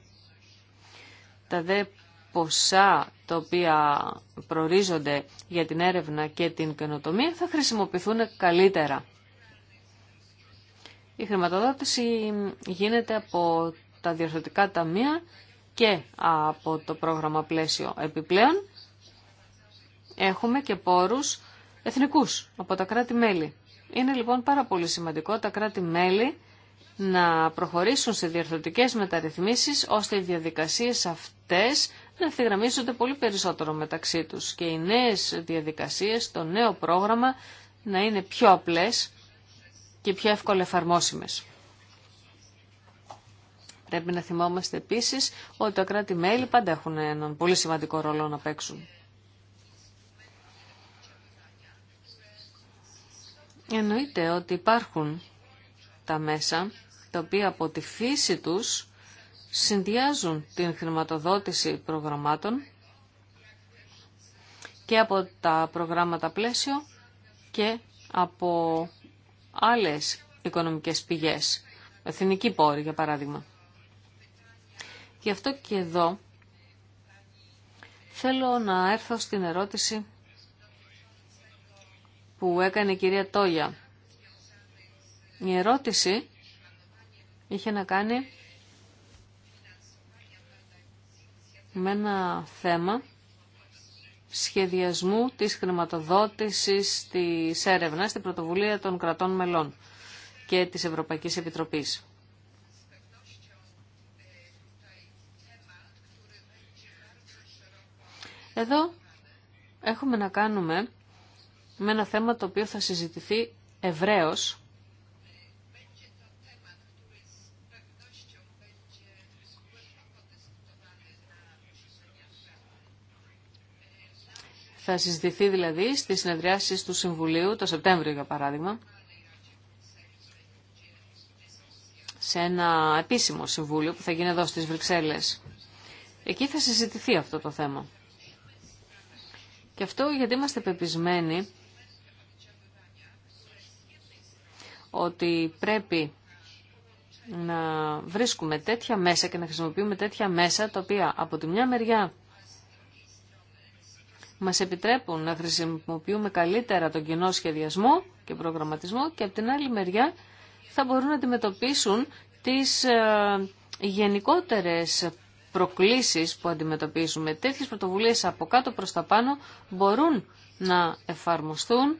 Τα δε ποσά τα οποία προορίζονται για την έρευνα και την καινοτομία θα χρησιμοποιηθούν καλύτερα. Η χρηματοδότηση γίνεται από τα διορθωτικά ταμεία και από το πρόγραμμα πλαίσιο επιπλέον έχουμε και πόρους εθνικούς από τα κράτη-μέλη. Είναι λοιπόν πάρα πολύ σημαντικό τα κράτη-μέλη να προχωρήσουν σε διαρθρωτικές μεταρρυθμίσεις ώστε οι διαδικασίες αυτές να ευθυγραμμίζονται πολύ περισσότερο μεταξύ τους και οι νέες διαδικασίες, το νέο πρόγραμμα να είναι πιο απλές και πιο εύκολα εφαρμόσιμες. Πρέπει να θυμόμαστε επίσης ότι τα κράτη-μέλη πάντα έχουν έναν πολύ σημαντικό ρόλο να παίξουν. Εννοείται ότι υπάρχουν τα μέσα τα οποία από τη φύση τους συνδυάζουν την χρηματοδότηση προγραμμάτων και από τα προγράμματα πλαίσιο και από άλλες οικονομικές πηγές, εθνική πόρη για παράδειγμα. Γι' αυτό και εδώ θέλω να έρθω στην ερώτηση που έκανε η κυρία Τόγια. Η ερώτηση είχε να κάνει με ένα θέμα σχεδιασμού της χρηματοδότησης της έρευνας στην πρωτοβουλία των κρατών μελών και της Ευρωπαϊκής Επιτροπής. Εδώ έχουμε να κάνουμε με ένα θέμα το οποίο θα συζητηθεί ευρέως Θα συζητηθεί δηλαδή στις συνεδριάσει του Συμβουλίου το Σεπτέμβριο για παράδειγμα σε ένα επίσημο συμβούλιο που θα γίνει εδώ στις Βρυξέλλες. Εκεί θα συζητηθεί αυτό το θέμα. Και αυτό γιατί είμαστε πεπισμένοι ότι πρέπει να βρίσκουμε τέτοια μέσα και να χρησιμοποιούμε τέτοια μέσα τα οποία από τη μια μεριά μας επιτρέπουν να χρησιμοποιούμε καλύτερα τον κοινό σχεδιασμό και προγραμματισμό και από την άλλη μεριά θα μπορούν να αντιμετωπίσουν τις ε, γενικότερες προκλήσεις που αντιμετωπίζουμε. Τέτοιες πρωτοβουλίες από κάτω προς τα πάνω μπορούν να εφαρμοστούν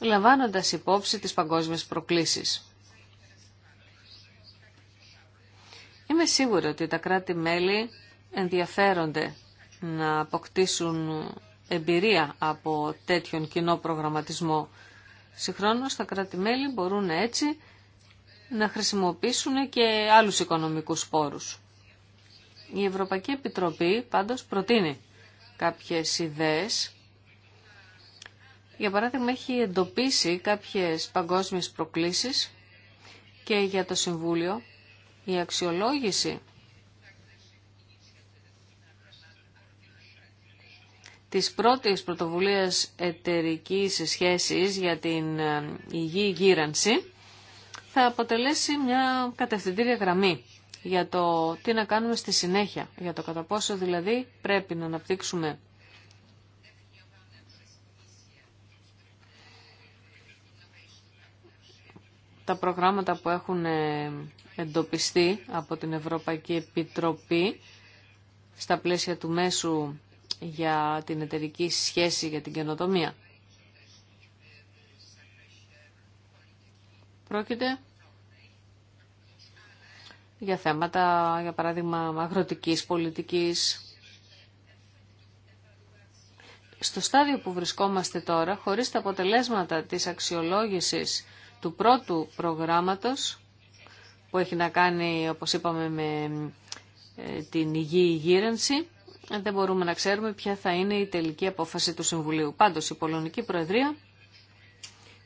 λαμβάνοντας υπόψη τις παγκόσμιες προκλήσεις. Είμαι σίγουρη ότι τα κράτη-μέλη ενδιαφέρονται να αποκτήσουν εμπειρία από τέτοιον κοινό προγραμματισμό. Συγχρόνως τα κράτη-μέλη μπορούν έτσι να χρησιμοποιήσουν και άλλους οικονομικούς πόρους. Η Ευρωπαϊκή Επιτροπή πάντως προτείνει κάποιες ιδέες για παράδειγμα, έχει εντοπίσει κάποιες παγκόσμιες προκλήσεις και για το Συμβούλιο η αξιολόγηση της πρώτης πρωτοβουλίας εταιρικής σχέσης για την ε, υγιή γύρανση θα αποτελέσει μια κατευθυντήρια γραμμή για το τι να κάνουμε στη συνέχεια, για το κατά πόσο δηλαδή πρέπει να αναπτύξουμε τα προγράμματα που έχουν ε, εντοπιστεί από την Ευρωπαϊκή Επιτροπή στα πλαίσια του μέσου για την εταιρική σχέση για την καινοτομία. Πρόκειται για θέματα, για παράδειγμα, αγροτικής πολιτικής. Στο στάδιο που βρισκόμαστε τώρα, χωρίς τα αποτελέσματα της αξιολόγησης του πρώτου προγράμματος που έχει να κάνει, όπως είπαμε, με ε, την υγιή γύρενση. Δεν μπορούμε να ξέρουμε ποια θα είναι η τελική απόφαση του Συμβουλίου. Πάντως, η Πολωνική Προεδρία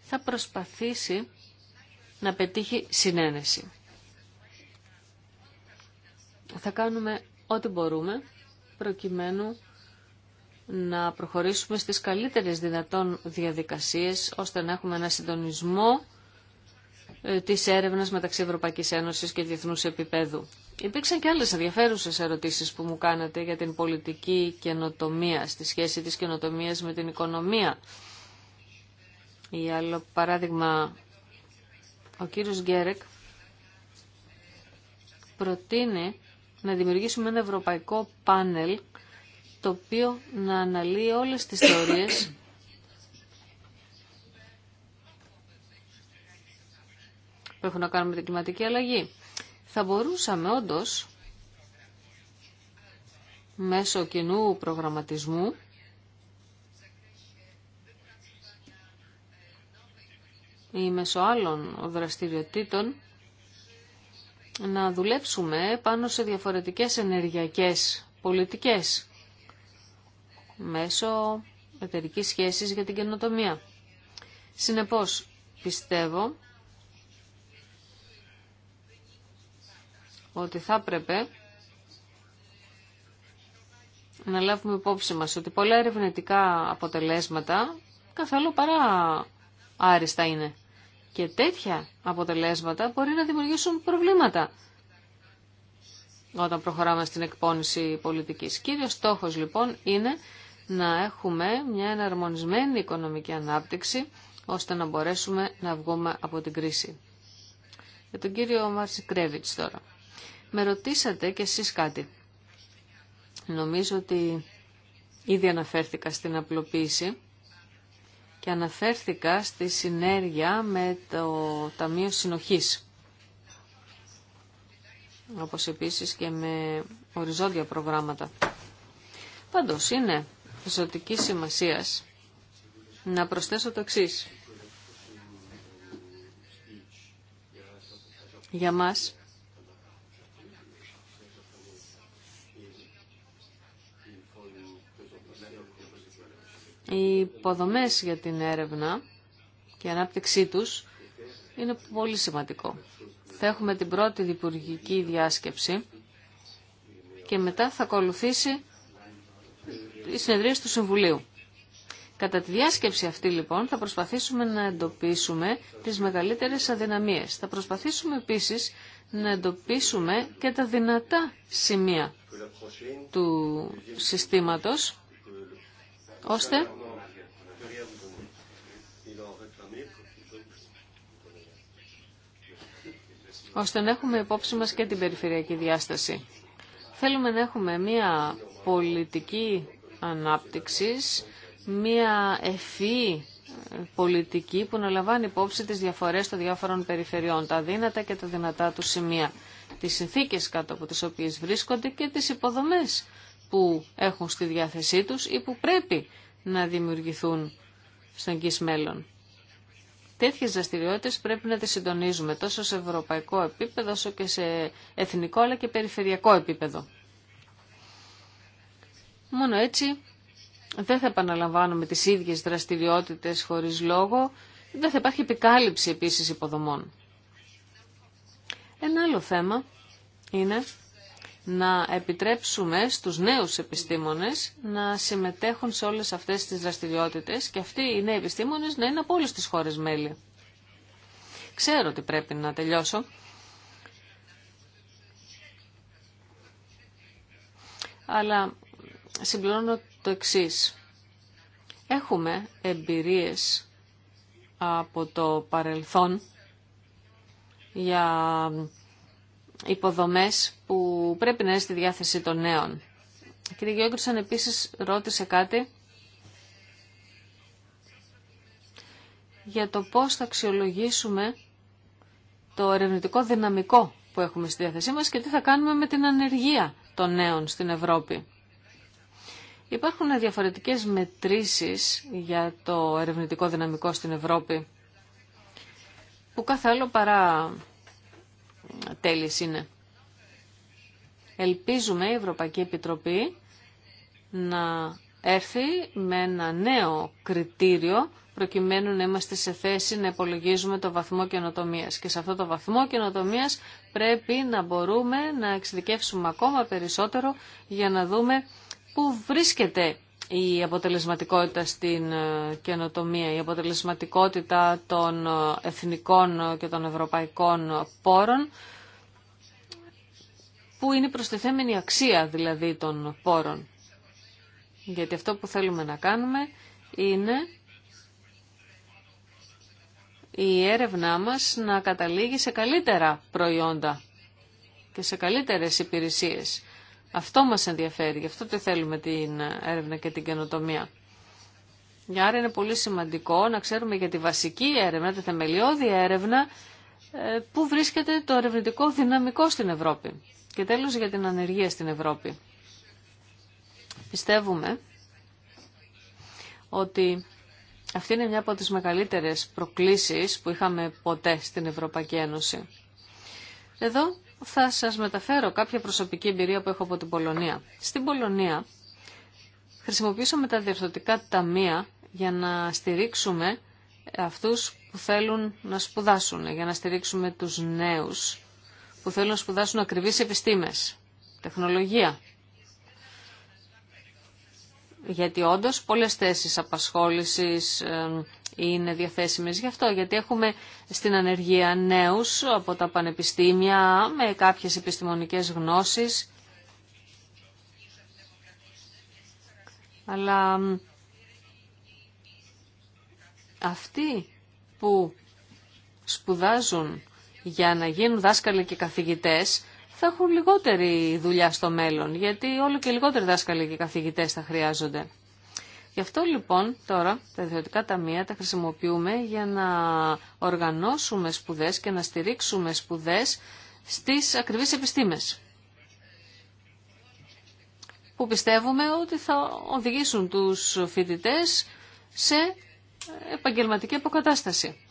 θα προσπαθήσει να πετύχει συνένεση. Θα κάνουμε ό,τι μπορούμε προκειμένου να προχωρήσουμε στις καλύτερες δυνατόν διαδικασίες ώστε να έχουμε ένα συντονισμό ε, τη έρευνα μεταξύ Ευρωπαϊκή Ένωση και διεθνού επίπεδου. Υπήρξαν και άλλε ενδιαφέρουσε ερωτήσει που μου κάνατε για την πολιτική καινοτομία, στη σχέση τη καινοτομία με την οικονομία. Ή άλλο παράδειγμα, ο κύριος Γκέρεκ προτείνει να δημιουργήσουμε ένα ευρωπαϊκό πάνελ το οποίο να αναλύει όλες τις θεωρίες που έχουν να κάνουν με την κλιματική αλλαγή. Θα μπορούσαμε όντω, μέσω κοινού προγραμματισμού ή μέσω άλλων δραστηριοτήτων να δουλέψουμε πάνω σε διαφορετικές ενεργειακές πολιτικές μέσω εταιρικής σχέσης για την καινοτομία. Συνεπώς, πιστεύω ότι θα έπρεπε να λάβουμε υπόψη μας ότι πολλά ερευνητικά αποτελέσματα καθόλου παρά άριστα είναι. Και τέτοια αποτελέσματα μπορεί να δημιουργήσουν προβλήματα όταν προχωράμε στην εκπόνηση πολιτικής. Κύριος στόχος λοιπόν είναι να έχουμε μια εναρμονισμένη οικονομική ανάπτυξη ώστε να μπορέσουμε να βγούμε από την κρίση. Για τον κύριο Μάρση τώρα. Με ρωτήσατε κι εσείς κάτι. Νομίζω ότι ήδη αναφέρθηκα στην απλοποίηση και αναφέρθηκα στη συνέργεια με το Ταμείο Συνοχής. Όπως επίσης και με οριζόντια προγράμματα. Πάντως είναι ζωτική σημασίας να προσθέσω το εξή Για μας Οι υποδομές για την έρευνα και η ανάπτυξή τους είναι πολύ σημαντικό. Θα έχουμε την πρώτη διπουργική διάσκεψη και μετά θα ακολουθήσει η συνεδρία του Συμβουλίου. Κατά τη διάσκεψη αυτή λοιπόν θα προσπαθήσουμε να εντοπίσουμε τις μεγαλύτερες αδυναμίες. Θα προσπαθήσουμε επίσης να εντοπίσουμε και τα δυνατά σημεία του συστήματος ώστε ώστε να έχουμε υπόψη μας και την περιφερειακή διάσταση. Θέλουμε να έχουμε μία πολιτική ανάπτυξης, μία ευφύ πολιτική που να λαμβάνει υπόψη τις διαφορές των διάφορων περιφερειών, τα δύνατα και τα δυνατά του σημεία, τις συνθήκες κάτω από τις οποίες βρίσκονται και τις υποδομές που έχουν στη διάθεσή τους ή που πρέπει να δημιουργηθούν στον κοις μέλλον. Τέτοιες δραστηριότητες πρέπει να τις συντονίζουμε τόσο σε ευρωπαϊκό επίπεδο όσο και σε εθνικό αλλά και περιφερειακό επίπεδο. Μόνο έτσι δεν θα επαναλαμβάνουμε τις ίδιες δραστηριότητες χωρίς λόγο, δεν θα υπάρχει επικάλυψη επίσης υποδομών. Ένα άλλο θέμα είναι να επιτρέψουμε στους νέους επιστήμονες να συμμετέχουν σε όλες αυτές τις δραστηριότητες και αυτοί οι νέοι επιστήμονες να είναι από όλες τις χώρες μέλη. Ξέρω ότι πρέπει να τελειώσω. Αλλά συμπληρώνω το εξής. Έχουμε εμπειρίες από το παρελθόν για υποδομές που πρέπει να είναι στη διάθεση των νέων. Κύριε Γιόγκρισαν επίσης ρώτησε κάτι για το πώς θα αξιολογήσουμε το ερευνητικό δυναμικό που έχουμε στη διάθεσή μας και τι θα κάνουμε με την ανεργία των νέων στην Ευρώπη. Υπάρχουν διαφορετικές μετρήσεις για το ερευνητικό δυναμικό στην Ευρώπη που κάθε άλλο παρά Τέλεις είναι. Ελπίζουμε η Ευρωπαϊκή Επιτροπή να έρθει με ένα νέο κριτήριο προκειμένου να είμαστε σε θέση να υπολογίζουμε το βαθμό καινοτομία. Και σε αυτό το βαθμό καινοτομία πρέπει να μπορούμε να εξειδικεύσουμε ακόμα περισσότερο για να δούμε πού βρίσκεται η αποτελεσματικότητα στην ε, καινοτομία, η αποτελεσματικότητα των ε, εθνικών ε, και των ευρωπαϊκών πόρων, που είναι η προστιθέμενη αξία δηλαδή των πόρων. Γιατί αυτό που θέλουμε να κάνουμε είναι η έρευνά μας να καταλήγει σε καλύτερα προϊόντα και σε καλύτερες υπηρεσίες. Αυτό μας ενδιαφέρει, γι' αυτό τι θέλουμε την έρευνα και την καινοτομία. Άρα είναι πολύ σημαντικό να ξέρουμε για τη βασική έρευνα, τη θεμελιώδη έρευνα, ε, πού βρίσκεται το ερευνητικό δυναμικό στην Ευρώπη. Και τέλος για την ανεργία στην Ευρώπη. Πιστεύουμε ότι αυτή είναι μια από τις μεγαλύτερες προκλήσεις που είχαμε ποτέ στην Ευρωπαϊκή Ένωση. Εδώ θα σας μεταφέρω κάποια προσωπική εμπειρία που έχω από την Πολωνία. Στην Πολωνία χρησιμοποιήσαμε τα διευθυντικά ταμεία για να στηρίξουμε αυτούς που θέλουν να σπουδάσουν, για να στηρίξουμε τους νέους που θέλουν να σπουδάσουν ακριβείς επιστήμες, τεχνολογία. Γιατί όντως πολλές θέσεις απασχόλησης είναι διαθέσιμες γι' αυτό, γιατί έχουμε στην ανεργία νέους από τα πανεπιστήμια με κάποιες επιστημονικές γνώσεις, αλλά αυτοί που σπουδάζουν για να γίνουν δάσκαλοι και καθηγητές θα έχουν λιγότερη δουλειά στο μέλλον, γιατί όλο και λιγότεροι δάσκαλοι και καθηγητές θα χρειάζονται. Γι' αυτό λοιπόν τώρα τα ιδιωτικά ταμεία τα χρησιμοποιούμε για να οργανώσουμε σπουδές και να στηρίξουμε σπουδές στις ακριβείς επιστήμες που πιστεύουμε ότι θα οδηγήσουν τους φοιτητές σε επαγγελματική αποκατάσταση.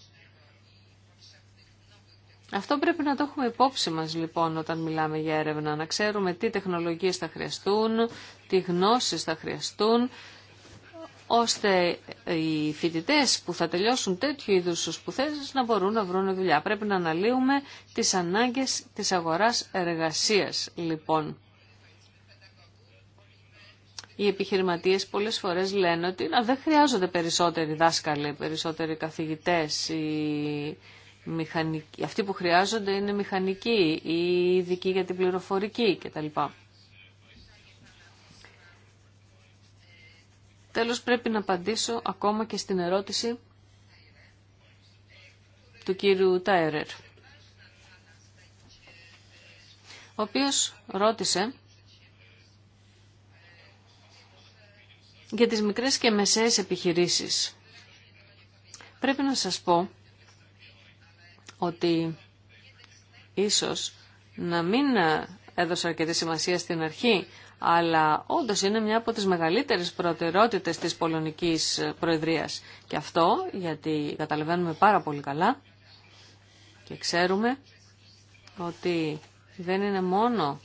Αυτό πρέπει να το έχουμε υπόψη μας λοιπόν όταν μιλάμε για έρευνα, να ξέρουμε τι τεχνολογίες θα χρειαστούν, τι γνώσεις θα χρειαστούν, ώστε οι φοιτητέ που θα τελειώσουν τέτοιου είδου σπουδέ να μπορούν να βρουν δουλειά. Πρέπει να αναλύουμε τι ανάγκε τη αγορά εργασία, λοιπόν. Οι επιχειρηματίε πολλέ φορέ λένε ότι να, δεν χρειάζονται περισσότεροι δάσκαλοι, περισσότεροι καθηγητέ, αυτοί που χρειάζονται είναι μηχανικοί ή ειδικοί για την πληροφορική κτλ. Τέλος πρέπει να απαντήσω ακόμα και στην ερώτηση του κύριου Τάιρερ, ο οποίος ρώτησε για τις μικρές και μεσαίες επιχειρήσεις. Πρέπει να σας πω ότι ίσως να μην έδωσα αρκετή σημασία στην αρχή, αλλά όντω είναι μια από τις μεγαλύτερες προτεραιότητες της πολωνικής προεδρίας. Και αυτό γιατί καταλαβαίνουμε πάρα πολύ καλά και ξέρουμε ότι δεν είναι μόνο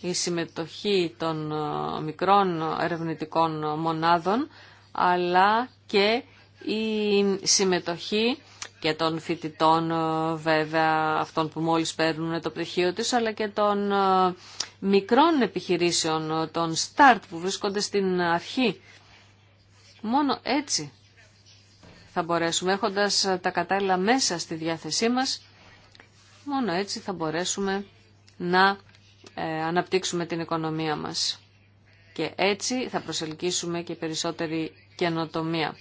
η συμμετοχή των ε, μικρών ερευνητικών μονάδων, αλλά και η συμμετοχή και των φοιτητών ε, βέβαια αυτών που μόλις παίρνουν το πτυχίο τους αλλά και των ε, μικρών επιχειρήσεων, ε, των start που βρίσκονται στην αρχή. Μόνο έτσι θα μπορέσουμε έχοντας τα κατάλληλα μέσα στη διάθεσή μας μόνο έτσι θα μπορέσουμε να αναπτύξουμε την οικονομία μας και έτσι θα προσελκύσουμε και περισσότερη καινοτομία.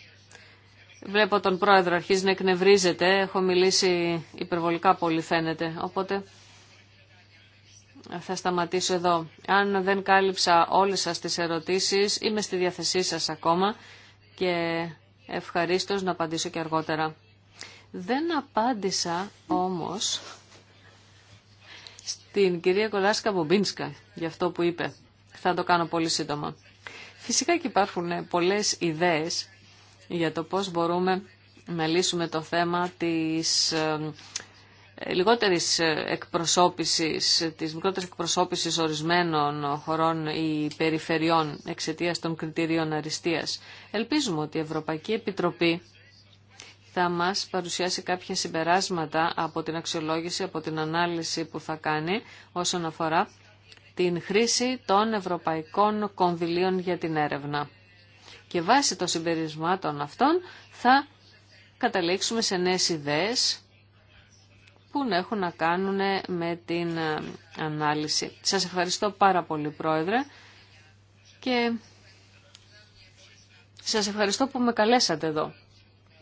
Βλέπω τον πρόεδρο αρχίζει να εκνευρίζεται. Έχω μιλήσει υπερβολικά πολύ φαίνεται. Οπότε θα σταματήσω εδώ. Αν δεν κάλυψα όλες σας τις ερωτήσεις, είμαι στη διάθεσή σας ακόμα και ευχαρίστως να απαντήσω και αργότερα. Δεν απάντησα όμως στην κυρία Κολάσκα Βομπίνσκα για αυτό που είπε. Θα το κάνω πολύ σύντομα. Φυσικά και υπάρχουν πολλές ιδέες για το πώς μπορούμε να λύσουμε το θέμα της ε, λιγότερης εκπροσώπησης, της μικρότερης εκπροσώπησης ορισμένων χωρών ή περιφερειών εξαιτίας των κριτηρίων αριστείας. Ελπίζουμε ότι η Ευρωπαϊκή Επιτροπή θα μας παρουσιάσει κάποια συμπεράσματα από την αξιολόγηση, από την ανάλυση που θα κάνει όσον αφορά την χρήση των ευρωπαϊκών κονδυλίων για την έρευνα. Και βάσει των συμπερισμάτων αυτών θα καταλήξουμε σε νέες ιδέες που έχουν να κάνουν με την ε, ανάλυση. Σας ευχαριστώ πάρα πολύ Πρόεδρε και σας ευχαριστώ που με καλέσατε εδώ.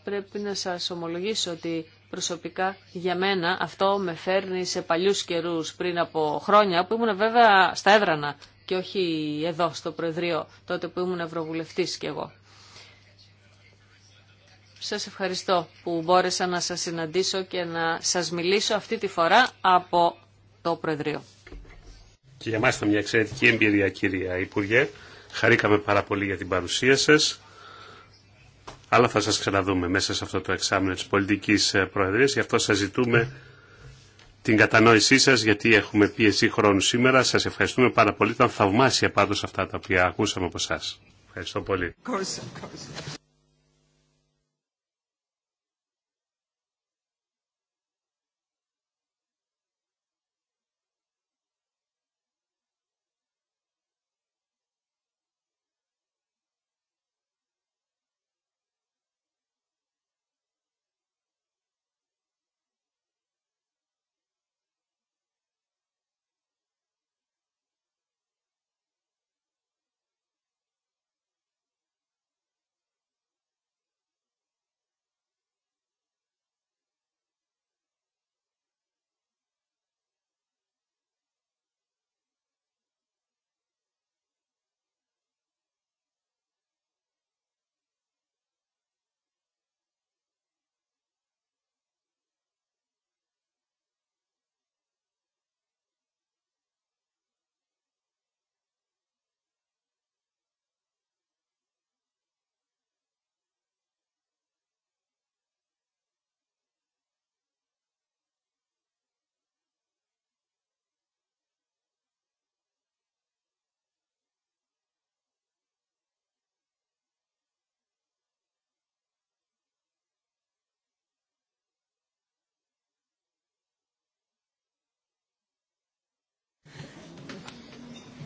Πρέπει να σας ομολογήσω ότι προσωπικά για μένα αυτό με φέρνει σε παλιούς καιρούς πριν από χρόνια που ήμουν βέβαια στα έδρανα και όχι εδώ στο Προεδρείο, τότε που ήμουν Ευρωβουλευτής κι εγώ. Σας ευχαριστώ που μπόρεσα να σας συναντήσω και να σας μιλήσω αυτή τη φορά από το Προεδρείο. Και για μας ήταν μια εξαιρετική εμπειρία κυρία Υπουργέ. Χαρήκαμε πάρα πολύ για την παρουσία σας. Αλλά θα σας ξαναδούμε μέσα σε αυτό το εξάμεινο της πολιτικής ε, προεδρίας. Γι' αυτό σας ζητούμε την κατανόησή σας γιατί έχουμε πίεση χρόνου σήμερα. Σας ευχαριστούμε πάρα πολύ. Ήταν θαυμάσια πάντως αυτά τα οποία ακούσαμε από εσά. Ευχαριστώ πολύ.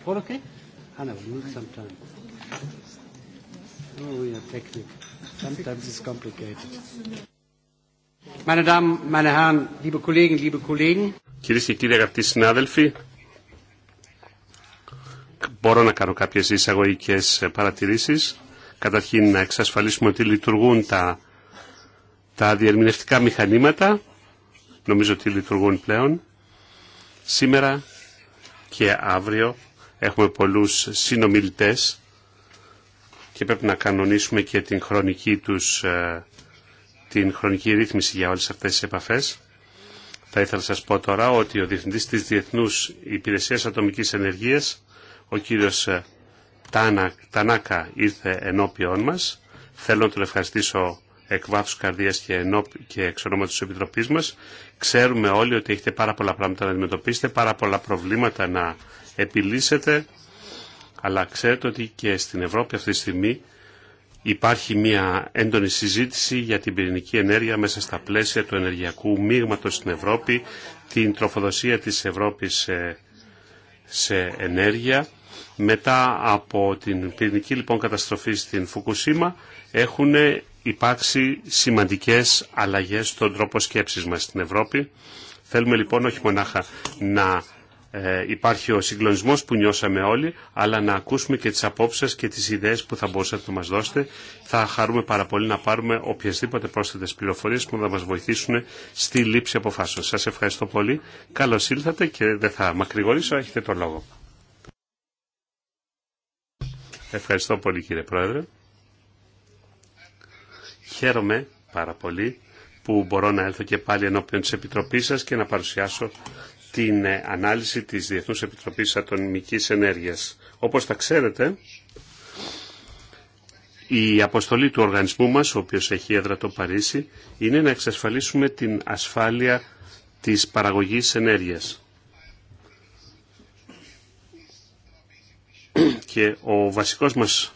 4 okay? Anna, we need some time. Oh, yeah, technique. Sometimes it's complicated. Meine Damen, meine Herren, liebe Kollegen, liebe Kollegen. Κυρίε και κύριοι αγαπητοί συνάδελφοι, μπορώ να κάνω κάποιε εισαγωγικέ παρατηρήσει. Καταρχήν, να εξασφαλίσουμε ότι λειτουργούν τα, τα διερμηνευτικά μηχανήματα. Νομίζω ότι λειτουργούν πλέον. Σήμερα και αύριο έχουμε πολλούς συνομιλητές και πρέπει να κανονίσουμε και την χρονική τους ε, την χρονική ρύθμιση για όλες αυτές τις επαφές. Θα ήθελα να σας πω τώρα ότι ο Διευθυντής της Διεθνούς Υπηρεσίας Ατομικής Ενεργείας, ο κύριος ε, Τάνα, Τανάκα, ήρθε ενώπιόν μας. Θέλω να τον ευχαριστήσω εκ βάθους καρδίας και, και εξ ονόματος της Επιτροπής μας. Ξέρουμε όλοι ότι έχετε πάρα πολλά πράγματα να αντιμετωπίσετε, πάρα πολλά προβλήματα να επιλύσετε, αλλά ξέρετε ότι και στην Ευρώπη αυτή τη στιγμή υπάρχει μια έντονη συζήτηση για την πυρηνική ενέργεια μέσα στα πλαίσια του ενεργειακού μείγματος στην Ευρώπη, την τροφοδοσία της Ευρώπης σε, ενέργεια. Μετά από την πυρηνική λοιπόν καταστροφή στην Φουκουσίμα έχουν υπάρξει σημαντικές αλλαγές στον τρόπο σκέψης μας στην Ευρώπη. Θέλουμε λοιπόν όχι μονάχα να ε, υπάρχει ο συγκλονισμός που νιώσαμε όλοι, αλλά να ακούσουμε και τις απόψεις και τις ιδέες που θα μπορούσατε να μας δώσετε. Θα χαρούμε πάρα πολύ να πάρουμε οποιασδήποτε πρόσθετες πληροφορίες που θα μας βοηθήσουν στη λήψη αποφάσεων. Σας ευχαριστώ πολύ. Καλώς ήλθατε και δεν θα μακρηγορήσω, έχετε το λόγο. Ευχαριστώ πολύ κύριε Πρόεδρε. Χαίρομαι πάρα πολύ που μπορώ να έλθω και πάλι ενώπιον της Επιτροπής σας και να παρουσιάσω την ε, ανάλυση της Διεθνούς Επιτροπής Ατομικής Ενέργειας. Όπως τα ξέρετε, η αποστολή του οργανισμού μας, ο οποίος έχει έδρα το Παρίσι, είναι να εξασφαλίσουμε την ασφάλεια της παραγωγής ενέργειας. Και ο βασικός μας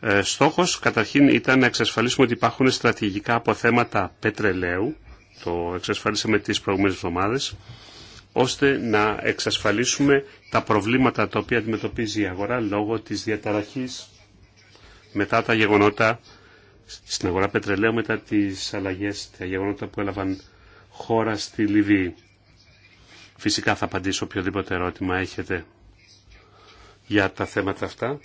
ε, στόχος καταρχήν ήταν να εξασφαλίσουμε ότι υπάρχουν στρατηγικά αποθέματα πετρελαίου, το εξασφαλίσαμε τις προηγούμενες εβδομάδες, ώστε να εξασφαλίσουμε τα προβλήματα τα οποία αντιμετωπίζει η αγορά λόγω της διαταραχής μετά τα γεγονότα στην αγορά πετρελαίου, μετά τις αλλαγές, τα γεγονότα που έλαβαν χώρα στη Λιβύη. Φυσικά θα απαντήσω οποιοδήποτε ερώτημα έχετε για τα θέματα αυτά,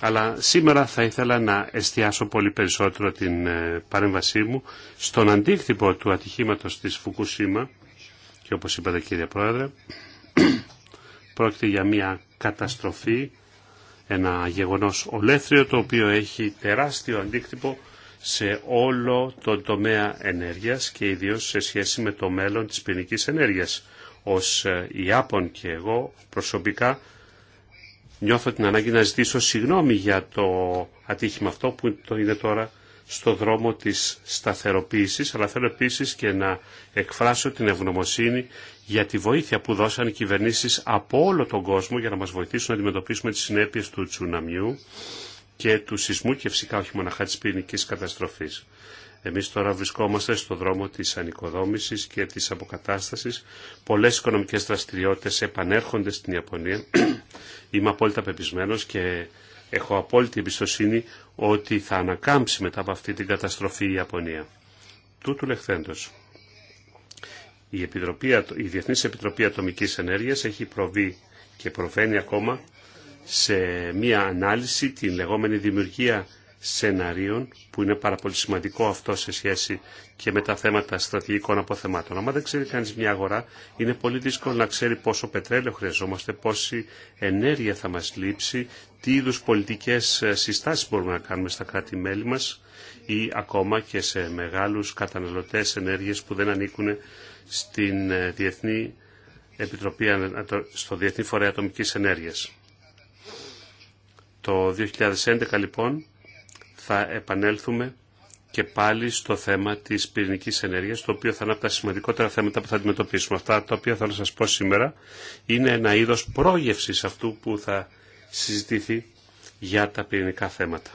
αλλά σήμερα θα ήθελα να εστιάσω πολύ περισσότερο την ε, παρέμβασή μου στον αντίκτυπο του ατυχήματος της Φουκουσίμα και όπως είπατε κύριε Πρόεδρε, πρόκειται για μια καταστροφή, ένα γεγονός ολέθριο το οποίο έχει τεράστιο αντίκτυπο σε όλο τον τομέα ενέργειας και ιδίως σε σχέση με το μέλλον της πυρηνικής ενέργειας. Ως ε, Ιάπων και εγώ προσωπικά νιώθω την ανάγκη να ζητήσω συγγνώμη για το ατύχημα αυτό που το είναι τώρα στο δρόμο της σταθεροποίησης, αλλά θέλω επίσης και να εκφράσω την ευγνωμοσύνη για τη βοήθεια που δώσαν οι κυβερνήσεις από όλο τον κόσμο για να μας βοηθήσουν να αντιμετωπίσουμε τις συνέπειες του τσουναμιού και του σεισμού και φυσικά όχι μοναχά της πυρηνικής καταστροφής. Εμείς τώρα βρισκόμαστε στο δρόμο της ανοικοδόμησης και της αποκατάστασης. Πολλές οικονομικές δραστηριότητες επανέρχονται στην Ιαπωνία. Είμαι απόλυτα πεπισμένος και Έχω απόλυτη εμπιστοσύνη ότι θα ανακάμψει μετά από αυτή την καταστροφή η Ιαπωνία. Τούτου λεχθέντος. Η, Επιτροπή, η Διεθνής Επιτροπή Ατομικής Ενέργειας έχει προβεί και προβαίνει ακόμα σε μία ανάλυση την λεγόμενη δημιουργία σεναρίων που είναι πάρα πολύ σημαντικό αυτό σε σχέση και με τα θέματα στρατηγικών αποθεμάτων. Αν δεν ξέρει κανείς μια αγορά, είναι πολύ δύσκολο να ξέρει πόσο πετρέλαιο χρειαζόμαστε, πόση ενέργεια θα μας λείψει, τι είδους πολιτικές ε, συστάσεις μπορούμε να κάνουμε στα κράτη-μέλη μας ή ακόμα και σε μεγάλους καταναλωτές ενέργειες που δεν ανήκουν στην ε, Διεθνή Επιτροπή, ε, στο Διεθνή Φορέα Ατομικής Ενέργειας. Το 2011 λοιπόν θα επανέλθουμε και πάλι στο θέμα της πυρηνικής ενέργειας, το οποίο θα είναι από τα σημαντικότερα θέματα που θα αντιμετωπίσουμε. Αυτά τα οποία θέλω να σας πω σήμερα είναι ένα είδος πρόγευσης αυτού που θα συζητήθει για τα πυρηνικά θέματα.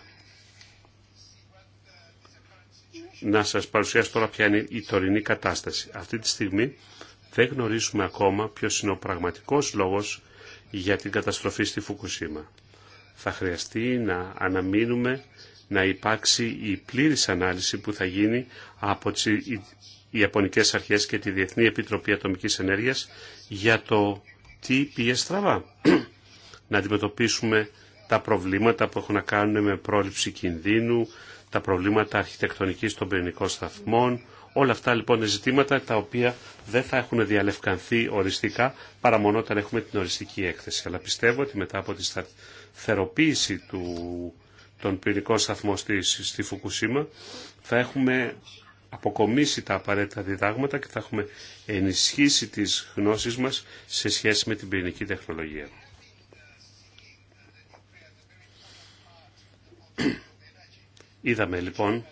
Να σας παρουσιάσω τώρα ποια είναι η τωρινή κατάσταση. Αυτή τη στιγμή δεν γνωρίζουμε ακόμα ποιος είναι ο πραγματικός λόγος για την καταστροφή στη Φουκουσίμα. Θα χρειαστεί να αναμείνουμε να υπάρξει η πλήρης ανάλυση που θα γίνει από τις Ιαπωνικές Αρχές και τη Διεθνή Επιτροπή Ατομικής Ενέργειας για το τι πήγε στραβά. να αντιμετωπίσουμε τα προβλήματα που έχουν να κάνουν με πρόληψη κινδύνου, τα προβλήματα αρχιτεκτονικής των πυρηνικών σταθμών, Όλα αυτά λοιπόν είναι ζητήματα τα οποία δεν θα έχουν διαλευκανθεί οριστικά παρά μόνο όταν έχουμε την οριστική έκθεση. Αλλά πιστεύω ότι μετά από τη σταθεροποίηση του τον πυρηνικό σταθμό στη, στη Φουκουσίμα, θα έχουμε αποκομίσει τα απαραίτητα διδάγματα και θα έχουμε ενισχύσει τις γνώσεις μας σε σχέση με την πυρηνική τεχνολογία. Είδαμε λοιπόν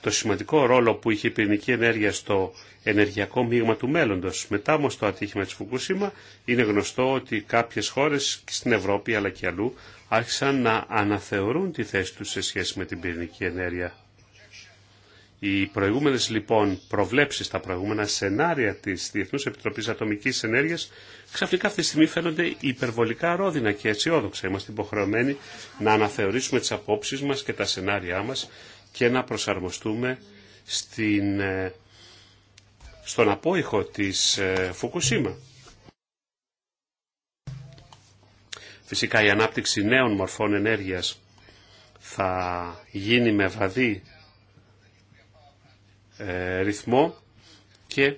το σημαντικό ρόλο που είχε η πυρηνική ενέργεια στο ενεργειακό μείγμα του μέλλοντος. Μετά όμως το ατύχημα της Φουκουσίμα είναι γνωστό ότι κάποιες χώρες στην Ευρώπη αλλά και αλλού άρχισαν να αναθεωρούν τη θέση τους σε σχέση με την πυρηνική ενέργεια. Οι προηγούμενες λοιπόν προβλέψεις, τα προηγούμενα σενάρια της Διεθνούς Επιτροπής Ατομικής Ενέργειας ξαφνικά αυτή τη στιγμή φαίνονται υπερβολικά ρόδινα και αισιόδοξα. Είμαστε υποχρεωμένοι να αναθεωρήσουμε τις απόψεις μας και τα σενάριά μας και να προσαρμοστούμε στην, ε, στον απόϊχο της ε, Φουκουσίμα. Φυσικά η ανάπτυξη νέων μορφών ενέργειας θα γίνει με βαδί ε, ρυθμό και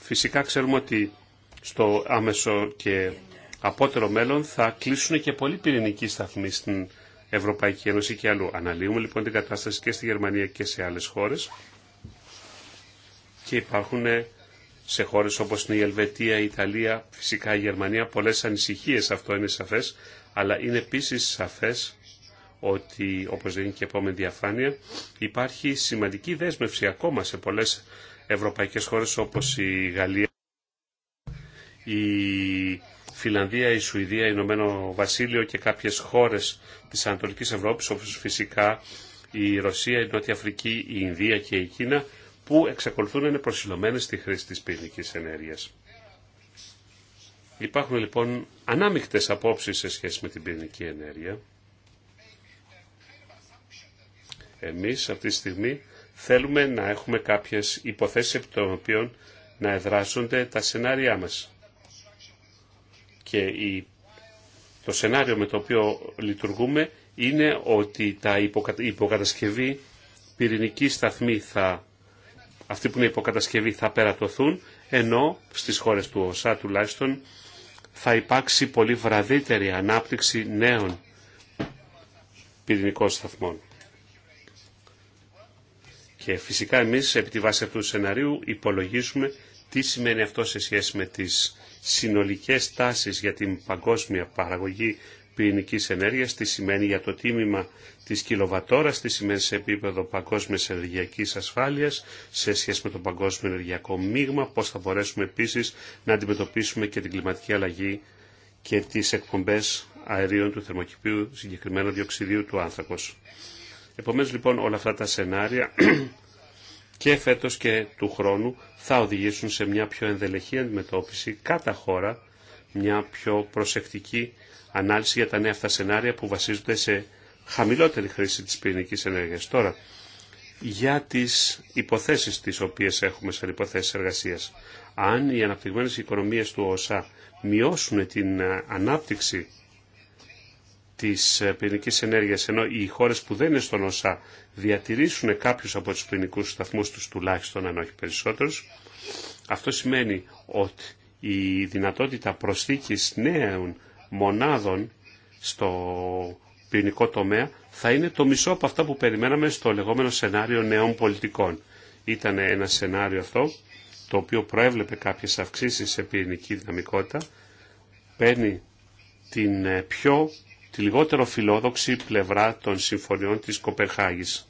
φυσικά ξέρουμε ότι στο άμεσο και απότερο μέλλον θα κλείσουν και πολλοί πυρηνικοί σταθμοί στην Ευρωπαϊκή Ένωση και αλλού. Αναλύουμε λοιπόν την κατάσταση και στη Γερμανία και σε άλλες χώρες και υπάρχουν ε, σε χώρες όπως είναι η Ελβετία, η Ιταλία, φυσικά η Γερμανία, πολλές ανησυχίες αυτό είναι σαφές, αλλά είναι επίσης σαφές ότι, όπως δίνει και η επόμενη διαφάνεια, υπάρχει σημαντική δέσμευση ακόμα σε πολλές ευρωπαϊκές χώρες όπως η Γαλλία, η Φιλανδία, η Σουηδία, η Ηνωμένο Βασίλειο και κάποιες χώρες της Ανατολικής Ευρώπης όπως φυσικά η Ρωσία, η Νότια Αφρική, η Ινδία και η Κίνα που εξακολουθούν να είναι προσιλωμένε στη χρήση τη πυρηνική ενέργειας. Υπάρχουν λοιπόν ανάμεικτε απόψεις σε σχέση με την πυρηνική ενέργεια. Εμείς αυτή τη στιγμή θέλουμε να έχουμε κάποιες υποθέσεις επί των οποίων να εδράσονται τα σενάρια μας. Και η, το σενάριο με το οποίο λειτουργούμε είναι ότι τα υποκατασκευή πυρηνική σταθμή θα αυτοί που είναι υποκατασκευή θα περατωθούν, ενώ στις χώρες του ΟΣΑ τουλάχιστον θα υπάρξει πολύ βραδύτερη ανάπτυξη νέων πυρηνικών σταθμών. Και φυσικά εμείς επί τη βάση αυτού του σενάριου υπολογίζουμε τι σημαίνει αυτό σε σχέση με τις συνολικές τάσεις για την παγκόσμια παραγωγή πυρηνική ενέργεια, τι σημαίνει για το τίμημα τη κιλοβατόρα, τι σημαίνει σε επίπεδο παγκόσμια ενεργειακή ασφάλεια, σε σχέση με το παγκόσμιο ενεργειακό μείγμα, πώ θα μπορέσουμε επίση να αντιμετωπίσουμε και την κλιματική αλλαγή και τι εκπομπέ αερίων του θερμοκηπίου, συγκεκριμένα διοξιδίου του άνθρακο. Επομένω λοιπόν όλα αυτά τα σενάρια και φέτο και του χρόνου θα οδηγήσουν σε μια πιο ενδελεχή αντιμετώπιση κατά χώρα, μια πιο προσεκτική ανάλυση για τα νέα αυτά σενάρια που βασίζονται σε χαμηλότερη χρήση της πυρηνικής ενέργειας. Τώρα, για τις υποθέσεις τις οποίες έχουμε σαν υποθέσεις εργασίας. Αν οι αναπτυγμένες οικονομίες του ΩΣΑ μειώσουν την ε, ανάπτυξη της ε, πυρηνικής ενέργειας, ενώ οι χώρες που δεν είναι στον ΩΣΑ διατηρήσουν κάποιους από τους πυρηνικούς σταθμούς τους τουλάχιστον, αν όχι περισσότερους, αυτό σημαίνει ότι η δυνατότητα προσθήκης νέων μονάδων στο ποινικό τομέα θα είναι το μισό από αυτά που περιμέναμε στο λεγόμενο σενάριο νέων πολιτικών. Ήταν ένα σενάριο αυτό το οποίο προέβλεπε κάποιες αυξήσεις σε πυρηνική δυναμικότητα, παίρνει την ε, πιο, τη λιγότερο φιλόδοξη πλευρά των συμφωνιών της Κοπερχάγης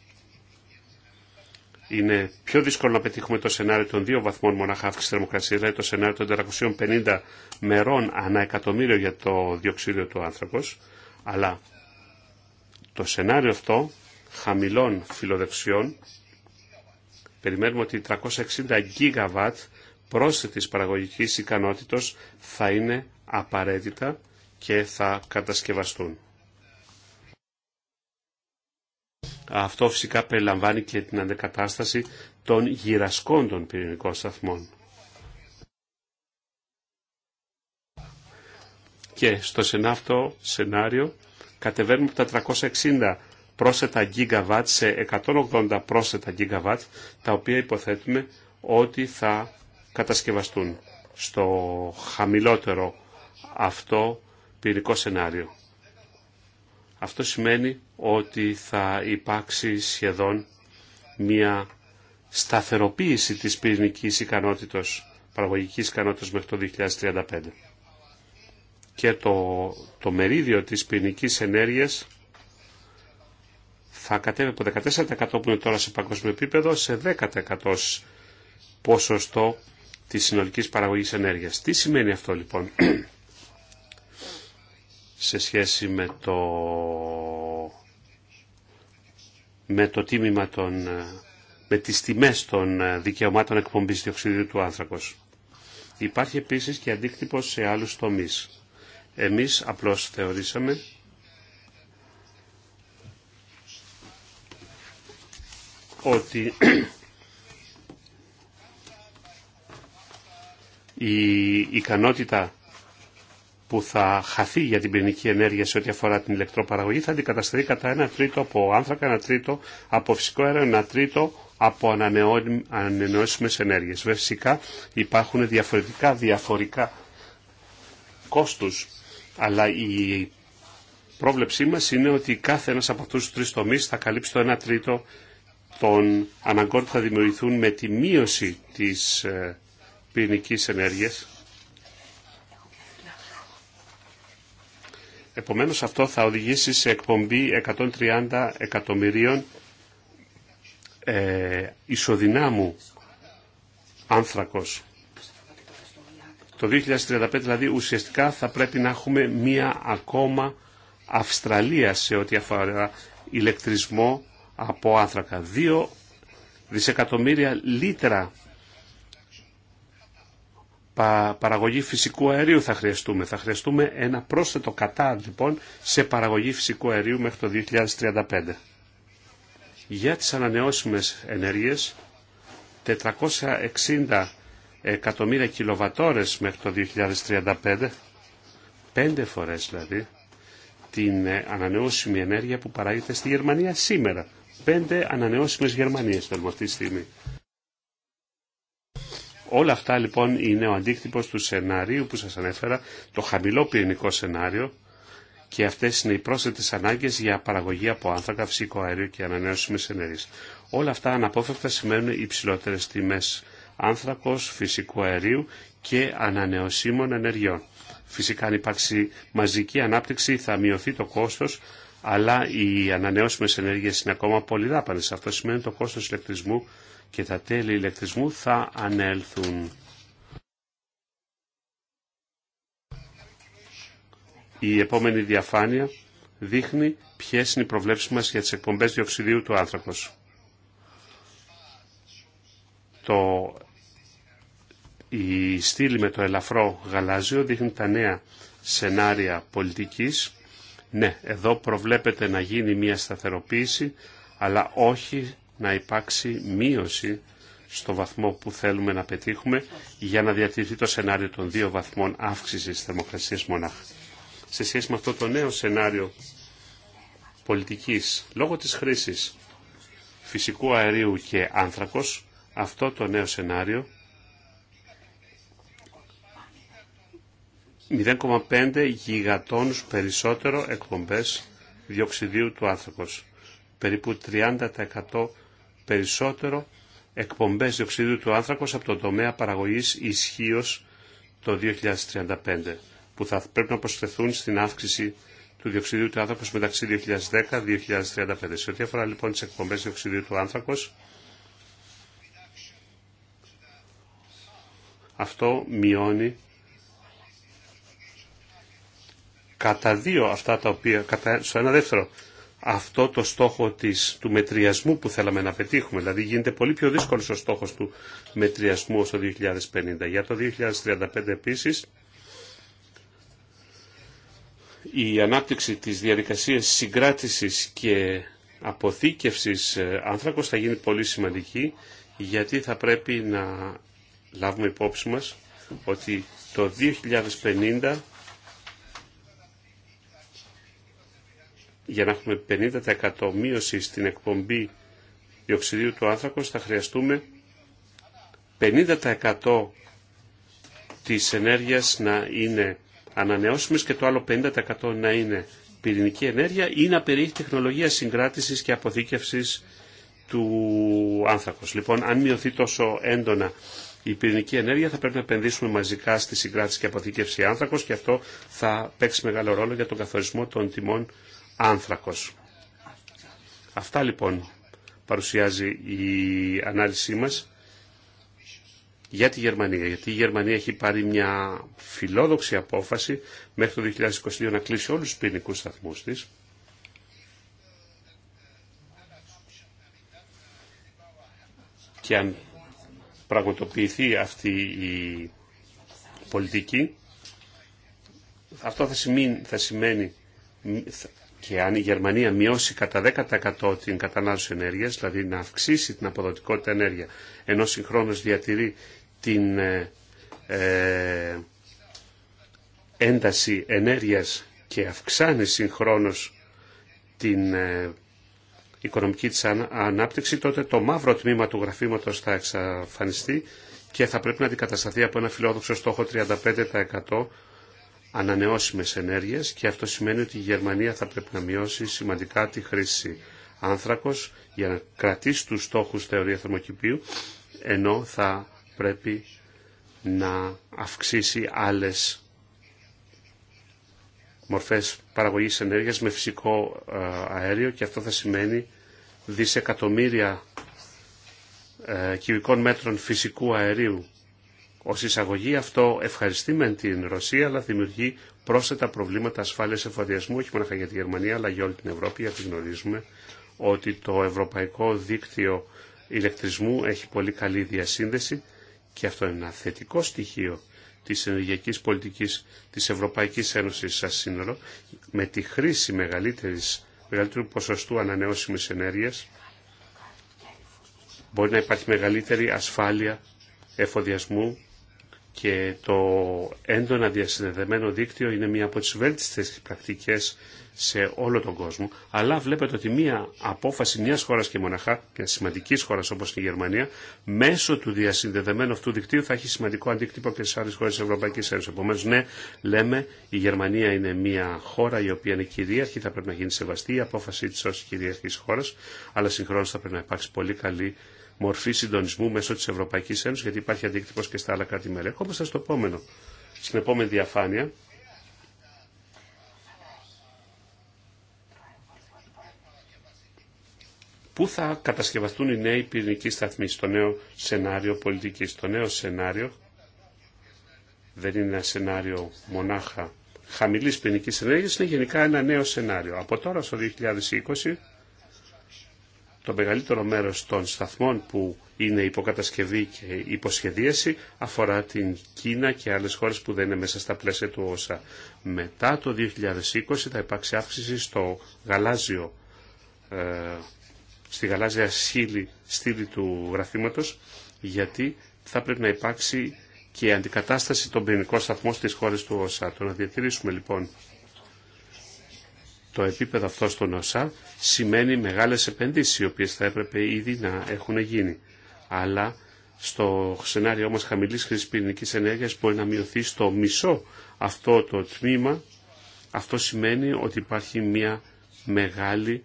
είναι πιο δύσκολο να πετύχουμε το σενάριο των δύο βαθμών μονάχα αύξηση θερμοκρασία, δηλαδή το σενάριο των 450 μερών ανά εκατομμύριο για το διοξίδιο του άνθρακο, αλλά το σενάριο αυτό χαμηλών φιλοδεξιών περιμένουμε ότι 360 γίγαβατ πρόσθετης παραγωγικής ικανότητος θα είναι απαραίτητα και θα κατασκευαστούν. Αυτό φυσικά περιλαμβάνει και την αντεκατάσταση των γυρασκών των πυρηνικών σταθμών. Και στο σενάυτο σενάριο κατεβαίνουμε από τα 360 πρόσθετα γίγαβατ σε 180 πρόσθετα γίγαβατ, τα οποία υποθέτουμε ότι θα κατασκευαστούν στο χαμηλότερο αυτό πυρηνικό σενάριο. Αυτό σημαίνει ότι θα υπάρξει σχεδόν μια σταθεροποίηση της πυρηνικής ικανότητας, παραγωγικής ικανότητας μέχρι το 2035. Και το, το μερίδιο της πυρηνικής ενέργειας θα κατέβει από 14% που είναι τώρα σε παγκόσμιο επίπεδο σε 10% ποσοστό της συνολικής παραγωγής ενέργειας. Τι σημαίνει αυτό λοιπόν σε σχέση με το, με το τίμημα των, με τις τιμές των δικαιωμάτων εκπομπής διοξιδίου του άνθρακος. Υπάρχει επίσης και αντίκτυπο σε άλλους τομείς. Εμείς απλώς θεωρήσαμε ότι η ικανότητα που θα χαθεί για την πυρηνική ενέργεια σε ό,τι αφορά την ηλεκτροπαραγωγή θα αντικατασταθεί κατά ένα τρίτο από άνθρακα, ένα τρίτο από φυσικό αέρα, ένα τρίτο από ανανεώσιμες ενέργειες. Φυσικά υπάρχουν διαφορετικά διαφορικά κόστους, αλλά η πρόβλεψή μας είναι ότι κάθε ένας από αυτούς τους τρεις τομείς θα καλύψει το ένα τρίτο των αναγκών που θα δημιουργηθούν με τη μείωση της ε, πυρηνικής ενέργειας Επομένως αυτό θα οδηγήσει σε εκπομπή 130 εκατομμυρίων ε, ισοδυνάμου άνθρακος. Το 2035 δηλαδή ουσιαστικά θα πρέπει να έχουμε μία ακόμα Αυστραλία σε ό,τι αφορά ηλεκτρισμό από άνθρακα. Δύο δισεκατομμύρια λίτρα παραγωγή φυσικού αερίου θα χρειαστούμε. Θα χρειαστούμε ένα πρόσθετο κατά λοιπόν σε παραγωγή φυσικού αερίου μέχρι το 2035. Για τις ανανεώσιμες ενέργειες 460 εκατομμύρια κιλοβατόρες μέχρι το 2035, πέντε φορές δηλαδή, την ε, ανανεώσιμη ενέργεια που παράγεται στη Γερμανία σήμερα. Πέντε ανανεώσιμες Γερμανίες θέλουμε αυτή τη στιγμή. Όλα αυτά λοιπόν είναι ο αντίκτυπος του σενάριου που σας ανέφερα, το χαμηλό πυρηνικό σενάριο και αυτές είναι οι πρόσθετες ανάγκες για παραγωγή από άνθρακα, φυσικό αέριο και ανανεώσιμες ενέργειες. Όλα αυτά αναπόφευκτα σημαίνουν υψηλότερε τιμές άνθρακος, φυσικού αερίου και ανανεωσίμων ενεργειών. Φυσικά αν υπάρξει μαζική ανάπτυξη θα μειωθεί το κόστος, αλλά οι ανανεώσιμες ενέργειες είναι ακόμα πολύ δάπανες. Αυτό σημαίνει το κόστος ηλεκτρισμού και τα τέλη ηλεκτρισμού θα ανέλθουν. Η επόμενη διαφάνεια δείχνει ποιες είναι οι προβλέψεις μας για τις εκπομπές διοξιδίου του άνθρακος. Το... Η στήλη με το ελαφρό γαλάζιο δείχνει τα νέα σενάρια πολιτικής. Ναι, εδώ προβλέπεται να γίνει μια σταθεροποίηση, αλλά όχι να υπάρξει μείωση στο βαθμό που θέλουμε να πετύχουμε για να διατηρηθεί το σενάριο των δύο βαθμών αύξησης θερμοκρασίας μονάχα. Σε σχέση με αυτό το νέο σενάριο πολιτικής, λόγω της χρήσης φυσικού αερίου και άνθρακος, αυτό το νέο σενάριο 0,5 γιγατόνους περισσότερο εκπομπές διοξιδίου του άνθρακος, περίπου 30% περισσότερο εκπομπές διοξιδίου του άνθρακος από τον τομέα παραγωγής ισχύω το 2035, που θα πρέπει να προσθεθούν στην αύξηση του διοξιδίου του άνθρακος μεταξύ 2010-2035. Σε ό,τι αφορά λοιπόν τις εκπομπές διοξιδίου του άνθρακος, αυτό μειώνει κατά δύο αυτά τα οποία, κατά, στο ένα δεύτερο αυτό το στόχο της, του μετριασμού που θέλαμε να πετύχουμε. Δηλαδή γίνεται πολύ πιο δύσκολος ο στόχος του μετριασμού ως το 2050. Για το 2035 επίσης η ανάπτυξη της διαδικασίας συγκράτησης και αποθήκευσης ε, άνθρακος θα γίνει πολύ σημαντική γιατί θα πρέπει να λάβουμε υπόψη μας ότι το 2050 για να έχουμε 50% μείωση στην εκπομπή διοξιδίου του άνθρακος θα χρειαστούμε 50% της ενέργειας να είναι ανανεώσιμες και το άλλο 50% να είναι πυρηνική ενέργεια ή να περιέχει τεχνολογία συγκράτησης και αποθήκευσης του άνθρακος. Λοιπόν, αν μειωθεί τόσο έντονα η πυρηνική ενέργεια θα πρέπει να επενδύσουμε μαζικά στη συγκράτηση και αποθήκευση άνθρακος και αυτό θα παίξει μεγάλο ρόλο για τον καθορισμό των τιμών άνθρακος. Αυτά λοιπόν παρουσιάζει η ανάλυση μας για τη Γερμανία. Γιατί η Γερμανία έχει πάρει μια φιλόδοξη απόφαση μέχρι το 2022 να κλείσει όλους τους ποινικούς σταθμούς της. Και αν πραγματοποιηθεί αυτή η πολιτική, αυτό θα σημαίνει, θα σημαίνει και αν η Γερμανία μειώσει κατά 10% την κατανάλωση ενέργειας, δηλαδή να αυξήσει την αποδοτικότητα ενέργεια, ενώ συγχρόνως διατηρεί την ε, ε, ένταση ενέργειας και αυξάνει συγχρόνως την ε, οικονομική της ανάπτυξη, τότε το μαύρο τμήμα του γραφήματος θα εξαφανιστεί και θα πρέπει να αντικατασταθεί από ένα φιλόδοξο στόχο 35% ανανεώσιμες ενέργειες και αυτό σημαίνει ότι η Γερμανία θα πρέπει να μειώσει σημαντικά τη χρήση άνθρακος για να κρατήσει τους στόχους θεωρία θερμοκηπίου ενώ θα πρέπει να αυξήσει άλλες μορφές παραγωγής ενέργειας με φυσικό ε, αέριο και αυτό θα σημαίνει δισεκατομμύρια ε, κυβικών μέτρων φυσικού αερίου ως εισαγωγή αυτό ευχαριστεί μεν την Ρωσία, αλλά δημιουργεί πρόσθετα προβλήματα ασφάλεια εφοδιασμού, όχι μόνο για τη Γερμανία, αλλά για όλη την Ευρώπη, γιατί γνωρίζουμε ότι το ευρωπαϊκό δίκτυο ηλεκτρισμού έχει πολύ καλή διασύνδεση και αυτό είναι ένα θετικό στοιχείο της ενεργειακής πολιτικής της Ευρωπαϊκής Ένωσης σαν σύνολο με τη χρήση μεγαλύτερης, μεγαλύτερου ποσοστού ανανεώσιμης ενέργειας μπορεί να υπάρχει μεγαλύτερη ασφάλεια εφοδιασμού και το έντονα διασυνδεδεμένο δίκτυο είναι μία από τις βέλτιστες πρακτικές σε όλο τον κόσμο. Αλλά βλέπετε ότι μία απόφαση μιας χώρας και μοναχά, μια σημαντικής χώρας όπως η Γερμανία, μέσω του διασυνδεδεμένου αυτού δικτύου θα έχει σημαντικό αντίκτυπο και σε άλλες χώρες της Ευρωπαϊκής Ένωσης. Επομένω, ναι, λέμε, η Γερμανία είναι μία χώρα η οποία είναι κυρίαρχη, θα πρέπει να γίνει σεβαστή η απόφαση της ως κυρίαρχης χώρας, αλλά συγχρόνως θα πρέπει να υπάρξει πολύ καλή μορφή συντονισμού μέσω τη Ευρωπαϊκή Ένωση, γιατί υπάρχει αντίκτυπος και στα άλλα κράτη-μέλη. στο επόμενο, στην επόμενη διαφάνεια. Πού θα κατασκευαστούν οι νέοι πυρηνικοί σταθμοί στο νέο σενάριο πολιτικής. Το νέο σενάριο δεν είναι ένα σενάριο μονάχα χαμηλής πυρηνικής ενέργειας, είναι γενικά ένα νέο σενάριο. Από τώρα στο 2020 το μεγαλύτερο μέρος των σταθμών που είναι υποκατασκευή και υποσχεδίαση αφορά την Κίνα και άλλες χώρες που δεν είναι μέσα στα πλαίσια του ΩΣΑ. Μετά το 2020 θα υπάρξει αύξηση στο γαλάζιο, ε, στη γαλάζια στήλη, στήλη του γραφήματος γιατί θα πρέπει να υπάρξει και αντικατάσταση των ποινικών σταθμών στις χώρες του ΩΣΑ. Το να διατηρήσουμε λοιπόν το επίπεδο αυτό στον ΩΣΑ σημαίνει μεγάλες επενδύσεις οι οποίες θα έπρεπε ήδη να έχουν γίνει. Αλλά στο σενάριό μας χαμηλής χρήσης πυρηνικής ενέργειας μπορεί να μειωθεί στο μισό αυτό το τμήμα. Αυτό σημαίνει ότι υπάρχει μια μεγάλη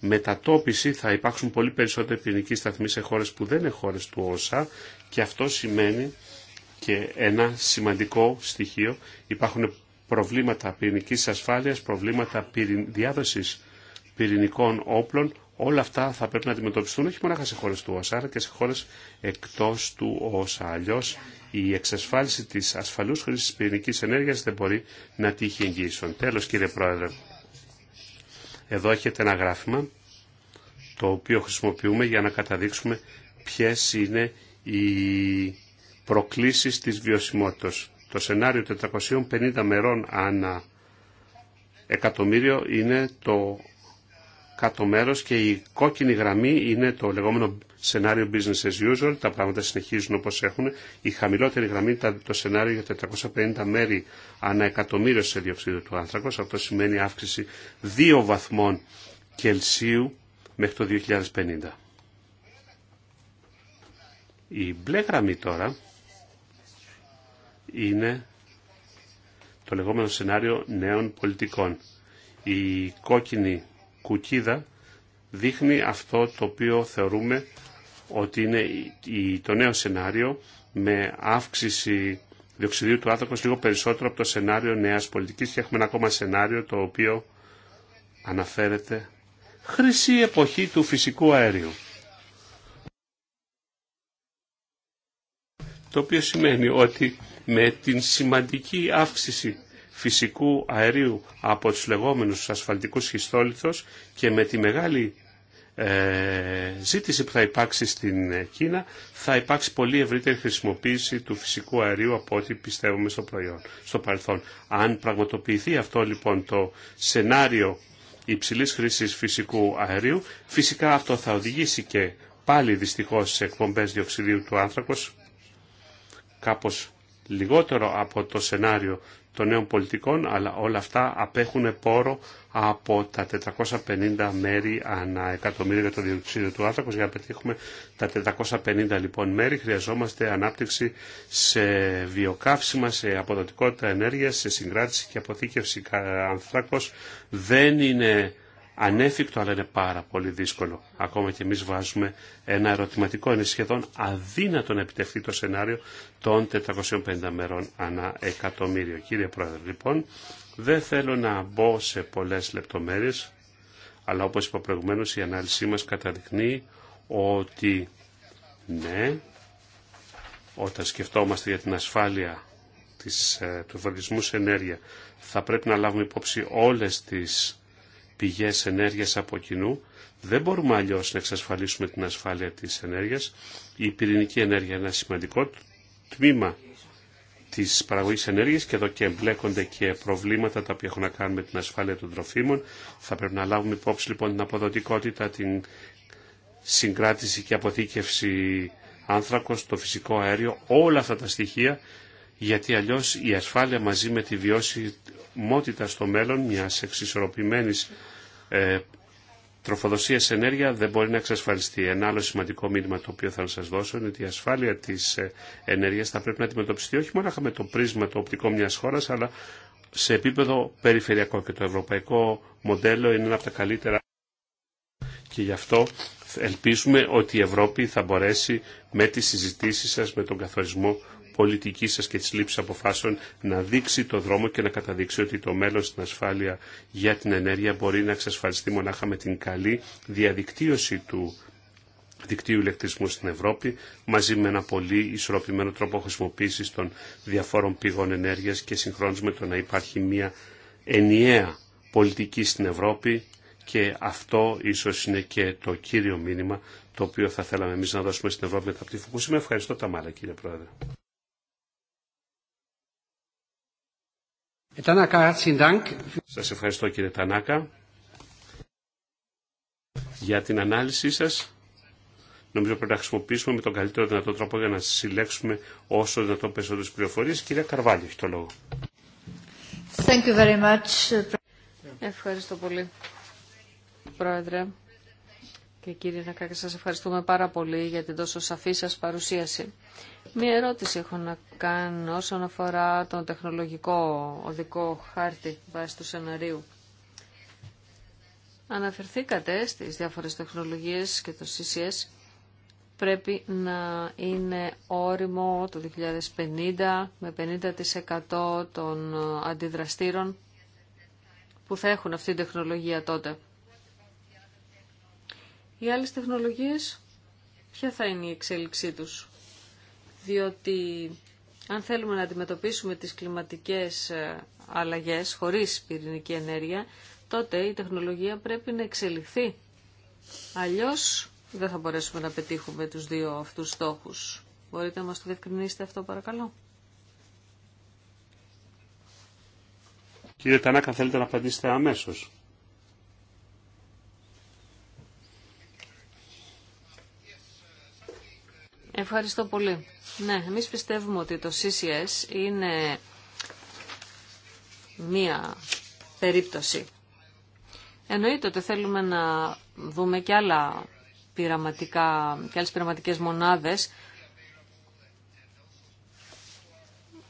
μετατόπιση. Θα υπάρξουν πολύ περισσότεροι πυρηνικοί σταθμοί σε χώρες που δεν είναι χώρες του ΩΣΑ και αυτό σημαίνει και ένα σημαντικό στοιχείο. Υπάρχουν προβλήματα πυρηνική ασφάλειας, προβλήματα πυρην... διάδοσης πυρηνικών όπλων, όλα αυτά θα πρέπει να αντιμετωπιστούν όχι μόνο σε χώρε του ΟΣΑ, αλλά και σε χώρε εκτό του ΟΣΑ. Αλλιώ η εξασφάλιση της ασφαλούς χρήσης πυρηνική ενέργειας δεν μπορεί να τύχει εγγύησον. Τέλο, κύριε Πρόεδρε, εδώ έχετε ένα γράφημα το οποίο χρησιμοποιούμε για να καταδείξουμε ποιες είναι οι προκλήσεις της βιωσιμότητας. Το σενάριο 450 μερών ανά εκατομμύριο είναι το κάτω μέρος και η κόκκινη γραμμή είναι το λεγόμενο σενάριο business as usual. Τα πράγματα συνεχίζουν όπως έχουν. Η χαμηλότερη γραμμή ήταν το σενάριο για 450 μέρη ανά εκατομμύριο σε διοξείδιο του άνθρακος. Αυτό σημαίνει αύξηση 2 βαθμών Κελσίου μέχρι το 2050. Η μπλε γραμμή τώρα είναι το λεγόμενο σενάριο νέων πολιτικών. Η κόκκινη κουκίδα δείχνει αυτό το οποίο θεωρούμε ότι είναι το νέο σενάριο με αύξηση διοξιδίου του άνθρακος λίγο περισσότερο από το σενάριο νέας πολιτικής και έχουμε ένα ακόμα σενάριο το οποίο αναφέρεται χρυσή εποχή του φυσικού αέριου. Το οποίο σημαίνει ότι με την σημαντική αύξηση φυσικού αερίου από τους λεγόμενους ασφαλτικούς χιστόλιθος και με τη μεγάλη ε, ζήτηση που θα υπάρξει στην ε, Κίνα θα υπάρξει πολύ ευρύτερη χρησιμοποίηση του φυσικού αερίου από ό,τι πιστεύουμε στο προϊόν, στο παρελθόν. Αν πραγματοποιηθεί αυτό λοιπόν το σενάριο υψηλής χρήσης φυσικού αερίου, φυσικά αυτό θα οδηγήσει και πάλι δυστυχώς σε εκπομπές διοξιδίου του άνθρακος, κάπως λιγότερο από το σενάριο των νέων πολιτικών, αλλά όλα αυτά απέχουν πόρο από τα 450 μέρη ανά εκατομμύριο για το διοξείδιο του άνθρακος. Για να πετύχουμε τα 450 λοιπόν μέρη χρειαζόμαστε ανάπτυξη σε βιοκαύσιμα, σε αποδοτικότητα ενέργειας, σε συγκράτηση και αποθήκευση άνθρακος. Δεν είναι ανέφικτο αλλά είναι πάρα πολύ δύσκολο. Ακόμα και εμείς βάζουμε ένα ερωτηματικό, είναι σχεδόν αδύνατο να επιτευχθεί το σενάριο των 450 μερών ανά εκατομμύριο. Κύριε Πρόεδρε, λοιπόν, δεν θέλω να μπω σε πολλές λεπτομέρειες, αλλά όπως είπα προηγουμένως η ανάλυση μας καταδεικνύει ότι ναι, όταν σκεφτόμαστε για την ασφάλεια της, ε, του βαδισμού σε ενέργεια, θα πρέπει να λάβουμε υπόψη όλες τις πηγές ενέργειας από κοινού. Δεν μπορούμε αλλιώς να εξασφαλίσουμε την ασφάλεια της ενέργειας. Η πυρηνική ενέργεια είναι ένα σημαντικό τμήμα της παραγωγής ενέργειας και εδώ και εμπλέκονται και προβλήματα τα οποία έχουν να κάνουν με την ασφάλεια των τροφίμων. Θα πρέπει να λάβουμε υπόψη λοιπόν την αποδοτικότητα, την συγκράτηση και αποθήκευση άνθρακος, το φυσικό αέριο, όλα αυτά τα στοιχεία γιατί αλλιώς η ασφάλεια μαζί με τη βιώση, ομότητα στο μέλλον μιας εξισορροπημένης ε, τροφοδοσίας ενέργεια δεν μπορεί να εξασφαλιστεί. Ένα άλλο σημαντικό μήνυμα το οποίο θα σας δώσω είναι ότι η ασφάλεια της ε, ενέργειας θα πρέπει να αντιμετωπιστεί όχι μόνο με το πρίσμα το οπτικό μιας χώρας αλλά σε επίπεδο περιφερειακό και το ευρωπαϊκό μοντέλο είναι ένα από τα καλύτερα και γι' αυτό ελπίζουμε ότι η Ευρώπη θα μπορέσει με τις συζητήσεις σας, με τον καθορισμό πολιτική σας και της λήψης αποφάσεων να δείξει το δρόμο και να καταδείξει ότι το μέλλον στην ασφάλεια για την ενέργεια μπορεί να εξασφαλιστεί μονάχα με την καλή διαδικτύωση του δικτύου ηλεκτρισμού στην Ευρώπη, μαζί με ένα πολύ ισορροπημένο τρόπο χρησιμοποίησης των διαφόρων πηγών ενέργειας και συγχρόνως με το να υπάρχει μια ενιαία πολιτική στην Ευρώπη και αυτό ίσως είναι και το κύριο μήνυμα το οποίο θα θέλαμε εμείς να δώσουμε στην Ευρώπη μετά από τη Φουκουσίμα. Ευχαριστώ τα μάλα κύριε Πρόεδρε. Ε, σας ευχαριστώ κύριε Τανάκα για την ανάλυση σας. Νομίζω πρέπει να χρησιμοποιήσουμε με τον καλύτερο δυνατό τρόπο για να συλλέξουμε όσο δυνατόν περισσότερες πληροφορίες. Κυρία Καρβάλη, έχει το λόγο. Thank you very much. Ευχαριστώ πολύ, Πρόεδρε. Και κύριε Νακάκη, σας ευχαριστούμε πάρα πολύ για την τόσο σαφή σας παρουσίαση. Μία ερώτηση έχω να κάνω όσον αφορά τον τεχνολογικό οδικό χάρτη βάσει του σεναρίου. Αναφερθήκατε στις διάφορες τεχνολογίες και το CCS πρέπει να είναι όριμο το 2050 με 50% των αντιδραστήρων που θα έχουν αυτή την τεχνολογία τότε. Οι άλλες τεχνολογίες, ποια θα είναι η εξέλιξή τους διότι αν θέλουμε να αντιμετωπίσουμε τις κλιματικές ε, αλλαγές χωρίς πυρηνική ενέργεια, τότε η τεχνολογία πρέπει να εξελιχθεί. Αλλιώς δεν θα μπορέσουμε να πετύχουμε τους δύο αυτούς στόχους. Μπορείτε να μας το διευκρινίσετε αυτό παρακαλώ. Κύριε Τανάκα, θέλετε να απαντήσετε αμέσως. Ευχαριστώ πολύ. Ναι, εμείς πιστεύουμε ότι το CCS είναι μία περίπτωση. Εννοείται ότι θέλουμε να δούμε και άλλα πειραματικά, και άλλες πειραματικές μονάδες.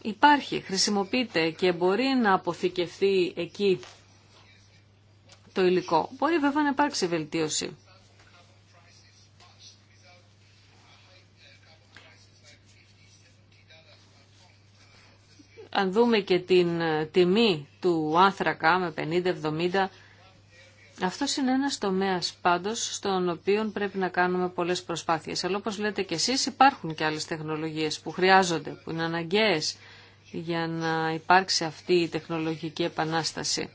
Υπάρχει, χρησιμοποιείται και μπορεί να αποθηκευθεί εκεί το υλικό. Μπορεί βέβαια να υπάρξει βελτίωση. αν δούμε και την ε, τιμή του άνθρακα με 50-70, αυτό είναι ένας τομέας πάντως στον οποίο πρέπει να κάνουμε πολλές προσπάθειες. Αλλά όπως λέτε και εσείς υπάρχουν και άλλες τεχνολογίες που χρειάζονται, που είναι αναγκαίες για να υπάρξει αυτή η τεχνολογική επανάσταση.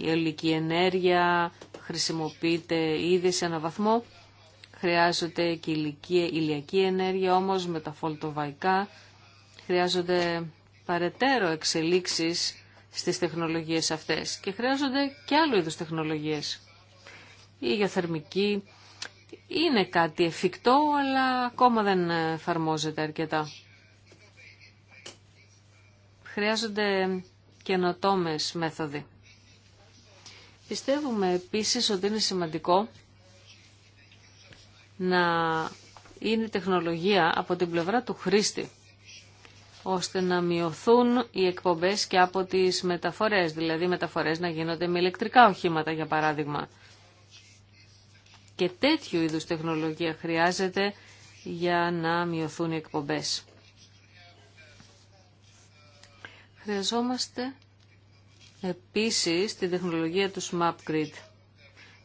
Η ολική ενέργεια χρησιμοποιείται ήδη σε έναν βαθμό. Χρειάζονται και ηλιακή ενέργεια όμως με τα φολτοβαϊκά Χρειάζονται παρετέρω εξελίξεις στις τεχνολογίες αυτές και χρειάζονται και άλλου είδους τεχνολογίες. Η γεωθερμική είναι κάτι εφικτό, αλλά ακόμα δεν εφαρμόζεται αρκετά. Χρειάζονται καινοτόμε μέθοδοι. Πιστεύουμε επίσης ότι είναι σημαντικό να είναι τεχνολογία από την πλευρά του χρήστη ώστε να μειωθούν οι εκπομπές και από τις μεταφορές, δηλαδή μεταφορές να γίνονται με ηλεκτρικά οχήματα για παράδειγμα. Και τέτοιου είδους τεχνολογία χρειάζεται για να μειωθούν οι εκπομπές. Χρειαζόμαστε επίσης την τεχνολογία του Smart Grid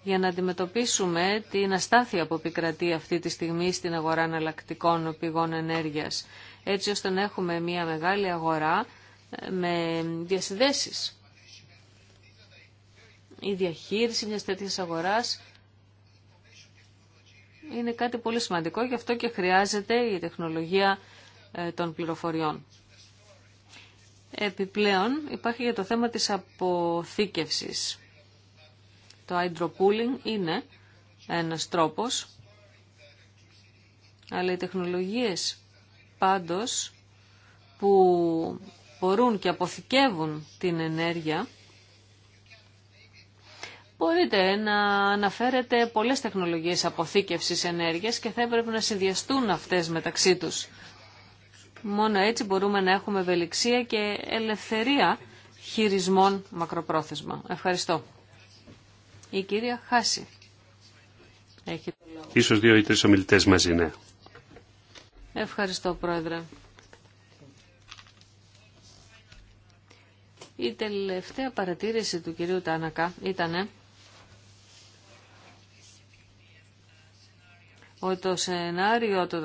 για να αντιμετωπίσουμε την αστάθεια που επικρατεί αυτή τη στιγμή στην αγορά εναλλακτικών πηγών ενέργειας έτσι ώστε να έχουμε μια μεγάλη αγορά ε, με διασυνδέσεις. Η διαχείριση μιας τέτοιας αγοράς είναι κάτι πολύ σημαντικό, γι' αυτό και χρειάζεται η τεχνολογία ε, των πληροφοριών. Επιπλέον υπάρχει για το θέμα της αποθήκευσης. Το hydropooling είναι ένας τρόπος, αλλά οι τεχνολογίες πάντως που μπορούν και αποθηκεύουν την ενέργεια, μπορείτε να αναφέρετε πολλές τεχνολογίες αποθήκευσης ενέργειας και θα έπρεπε να συνδυαστούν αυτές μεταξύ τους. Μόνο έτσι μπορούμε να έχουμε ευελιξία και ελευθερία χειρισμών μακροπρόθεσμα. Ευχαριστώ. Η κυρία Χάση. Έχει Ίσως δύο ή τρεις ομιλητές μαζί, ναι. Ευχαριστώ, Πρόεδρε. Η τελευταία παρατήρηση του κυρίου Τάνακα ήταν ότι το σενάριο το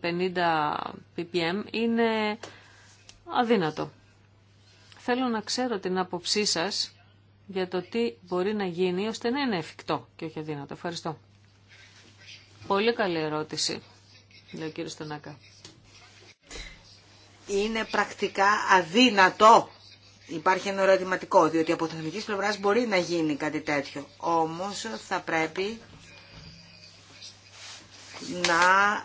350 ppm είναι αδύνατο. Θέλω να ξέρω την άποψή σας για το τι μπορεί να γίνει ώστε να είναι εφικτό και όχι αδύνατο. Ευχαριστώ. Πολύ καλή ερώτηση λέει ο κύριος Είναι πρακτικά αδύνατο. Υπάρχει ένα ερωτηματικό, διότι από τεχνική πλευράς μπορεί να γίνει κάτι τέτοιο. Όμως θα πρέπει να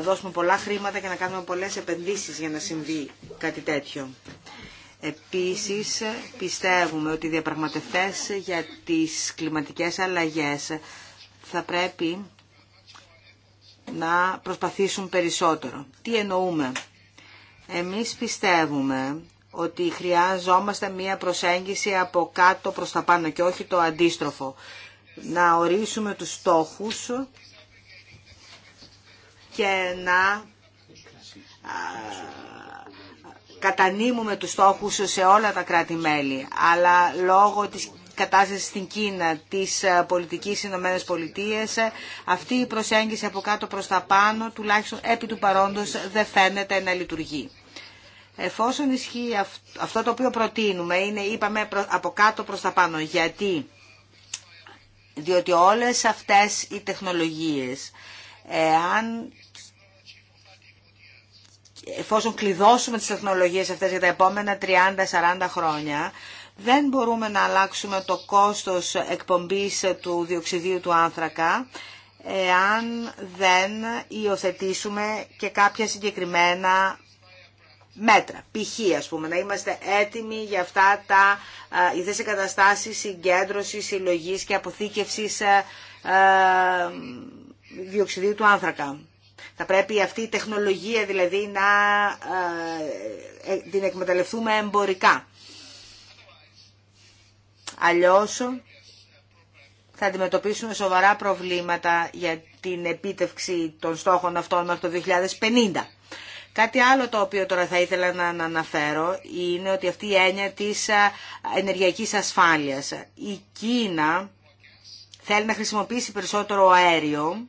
δώσουμε πολλά χρήματα και να κάνουμε πολλές επενδύσεις για να συμβεί κάτι τέτοιο. Επίσης πιστεύουμε ότι οι διαπραγματευτές για τις κλιματικές αλλαγές θα πρέπει να προσπαθήσουν περισσότερο. Τι εννοούμε. Εμείς πιστεύουμε ότι χρειάζομαστε μία προσέγγιση από κάτω προς τα πάνω και όχι το αντίστροφο. Να ορίσουμε τους στόχους και να κατανείμουμε τους στόχους σε όλα τα κράτη-μέλη. Αλλά λόγω της κατάσταση στην Κίνα, της ε, πολιτικής Ηνωμένες Πολιτείες, ε, αυτή η προσέγγιση από κάτω προς τα πάνω, τουλάχιστον επί του παρόντος, δεν φαίνεται να λειτουργεί. Εφόσον ισχύει αυτό το οποίο προτείνουμε, είναι, είπαμε, από κάτω προς τα πάνω. Γιατί? Διότι όλες αυτές οι τεχνολογίες, εάν εφόσον κλειδώσουμε τις τεχνολογίες αυτές για τα επόμενα 30-40 χρόνια, δεν μπορούμε να αλλάξουμε το κόστος εκπομπής του διοξιδίου του άνθρακα εάν δεν υιοθετήσουμε και κάποια συγκεκριμένα μέτρα. Π.χ. ας πούμε, να είμαστε έτοιμοι για αυτά τα ε, ιδέες εγκαταστάσεις συγκέντρωσης, συλλογή και αποθήκευσης ε, ε, διοξιδίου του άνθρακα. Θα πρέπει αυτή η τεχνολογία δηλαδή να ε, την εκμεταλλευτούμε εμπορικά. Αλλιώς θα αντιμετωπίσουμε σοβαρά προβλήματα για την επίτευξη των στόχων αυτών μέχρι το 2050. Κάτι άλλο το οποίο τώρα θα ήθελα να αναφέρω είναι ότι αυτή η έννοια της ενεργειακής ασφάλειας. Η Κίνα θέλει να χρησιμοποιήσει περισσότερο αέριο,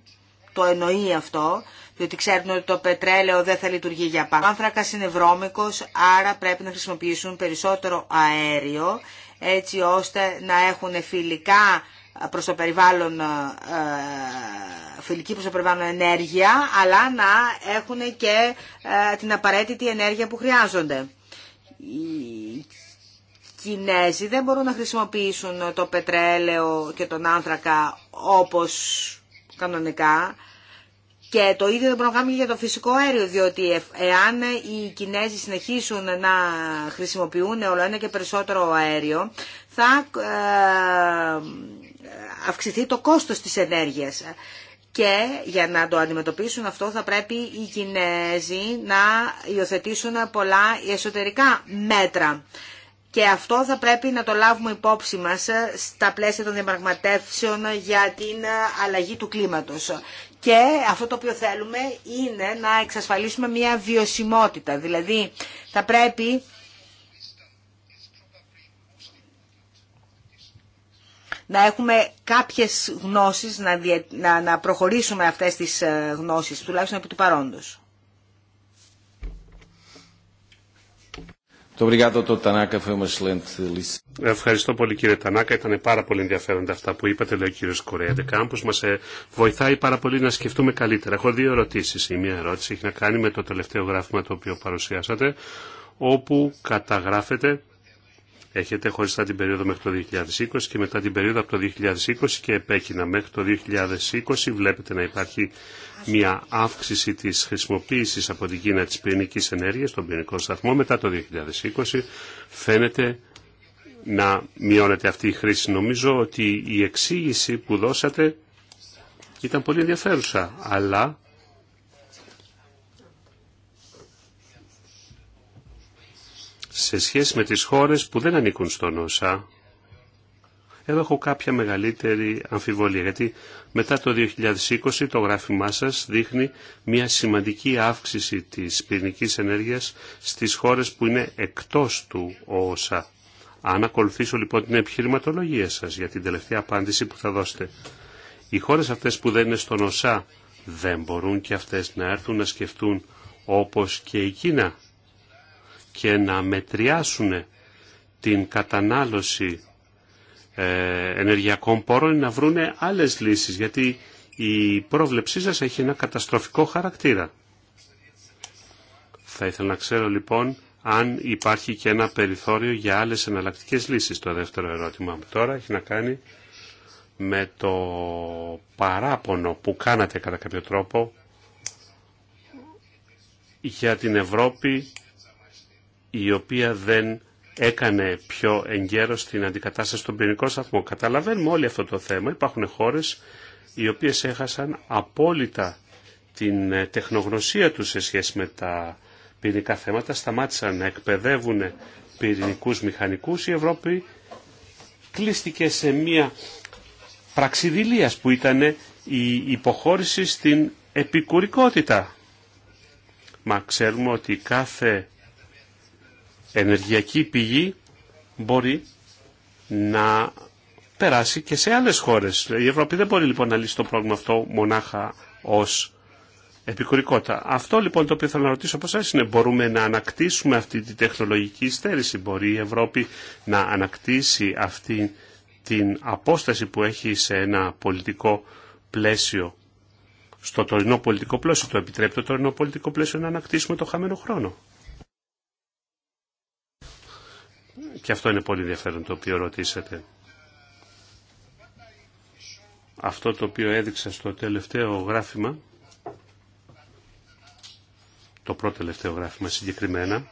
το εννοεί αυτό, διότι ξέρουν ότι το πετρέλαιο δεν θα λειτουργεί για πάντα. Ο άνθρακας είναι βρώμικος, άρα πρέπει να χρησιμοποιήσουν περισσότερο αέριο έτσι ώστε να έχουν φιλικά προς ε, φιλική προς το περιβάλλον ενέργεια, αλλά να έχουν και ε, την απαραίτητη ενέργεια που χρειάζονται. Οι Κινέζοι δεν μπορούν να χρησιμοποιήσουν το πετρέλαιο και τον άνθρακα όπως κανονικά, και το ίδιο δεν μπορούμε για το φυσικό αέριο, διότι εάν οι Κινέζοι συνεχίσουν να χρησιμοποιούν όλο ένα και περισσότερο αέριο, θα ε, αυξηθεί το κόστος της ενέργειας. Και για να το αντιμετωπίσουν αυτό θα πρέπει οι Κινέζοι να υιοθετήσουν πολλά εσωτερικά μέτρα. Και αυτό θα πρέπει να το λάβουμε υπόψη μας ε, στα πλαίσια των διαπραγματεύσεων για την ε, αλλαγή του κλίματος. Και αυτό το οποίο θέλουμε είναι να εξασφαλίσουμε μια βιωσιμότητα. Δηλαδή θα πρέπει να έχουμε κάποιες γνώσεις, να, προχωρήσουμε αυτές τις ε, γνώσεις, τουλάχιστον από του παρόντος. Ευχαριστώ πολύ κύριε Τανάκα. Ήταν πάρα πολύ ενδιαφέροντα αυτά που είπατε, λέει ο κύριο Κορέα Ντεκάμπο. Μα ε, βοηθάει πάρα πολύ να σκεφτούμε καλύτερα. Έχω δύο ερωτήσει. Η μία ερώτηση έχει να κάνει με το τελευταίο γράφημα το οποίο παρουσιάσατε, όπου καταγράφεται έχετε χωριστά την περίοδο μέχρι το 2020 και μετά την περίοδο από το 2020 και επέκεινα μέχρι το 2020 βλέπετε να υπάρχει μια αύξηση της χρησιμοποίησης από την Κίνα της πυρηνικής ενέργειας στον πυρηνικό σταθμό μετά το 2020 φαίνεται να μειώνεται αυτή η χρήση. Νομίζω ότι η εξήγηση που δώσατε ήταν πολύ ενδιαφέρουσα αλλά σε σχέση με τις χώρες που δεν ανήκουν στον ΩΣΑ, εδώ έχω κάποια μεγαλύτερη αμφιβολία, γιατί μετά το 2020 το γράφημά σας δείχνει μια σημαντική αύξηση της πυρηνικής ενέργειας στις χώρες που είναι εκτός του ΩΣΑ. Αν ακολουθήσω λοιπόν την επιχειρηματολογία σας για την τελευταία απάντηση που θα δώσετε, οι χώρες αυτές που δεν είναι στον ΩΣΑ δεν μπορούν και αυτές να έρθουν να σκεφτούν όπως και η Κίνα και να μετριάσουν την κατανάλωση ε, ενεργειακών πόρων να βρούνε άλλες λύσεις, γιατί η πρόβλεψή σας έχει ένα καταστροφικό χαρακτήρα. Θα ήθελα να ξέρω λοιπόν αν υπάρχει και ένα περιθώριο για άλλες εναλλακτικές λύσεις. Το δεύτερο ερώτημα μου τώρα έχει να κάνει με το παράπονο που κάνατε κατά κάποιο τρόπο για την Ευρώπη η οποία δεν έκανε πιο εγκαίρο την αντικατάσταση στον πυρηνικό σταθμό. Καταλαβαίνουμε όλοι αυτό το θέμα. Υπάρχουν χώρες οι οποίες έχασαν απόλυτα την ε, τεχνογνωσία τους σε σχέση με τα πυρηνικά θέματα, σταμάτησαν να εκπαιδεύουν πυρηνικούς μηχανικούς. Η Ευρώπη κλείστηκε σε μία πραξιδηλίας που ήταν η υποχώρηση στην επικουρικότητα. Μα ξέρουμε ότι κάθε ενεργειακή πηγή μπορεί να περάσει και σε άλλες χώρες. Η Ευρώπη δεν μπορεί λοιπόν να λύσει το πρόβλημα αυτό μονάχα ως επικουρικότητα. Αυτό λοιπόν το οποίο θέλω να ρωτήσω από εσάς είναι μπορούμε να ανακτήσουμε αυτή τη τεχνολογική στέρηση. Μπορεί η Ευρώπη να ανακτήσει αυτή την απόσταση που έχει σε ένα πολιτικό πλαίσιο στο τωρινό πολιτικό πλαίσιο. Το επιτρέπει το τωρινό πολιτικό πλαίσιο να ανακτήσουμε το χαμένο χρόνο. Και αυτό είναι πολύ ενδιαφέρον το οποίο ρωτήσατε. Αυτό το οποίο έδειξα στο τελευταίο γράφημα, το πρώτο τελευταίο γράφημα συγκεκριμένα,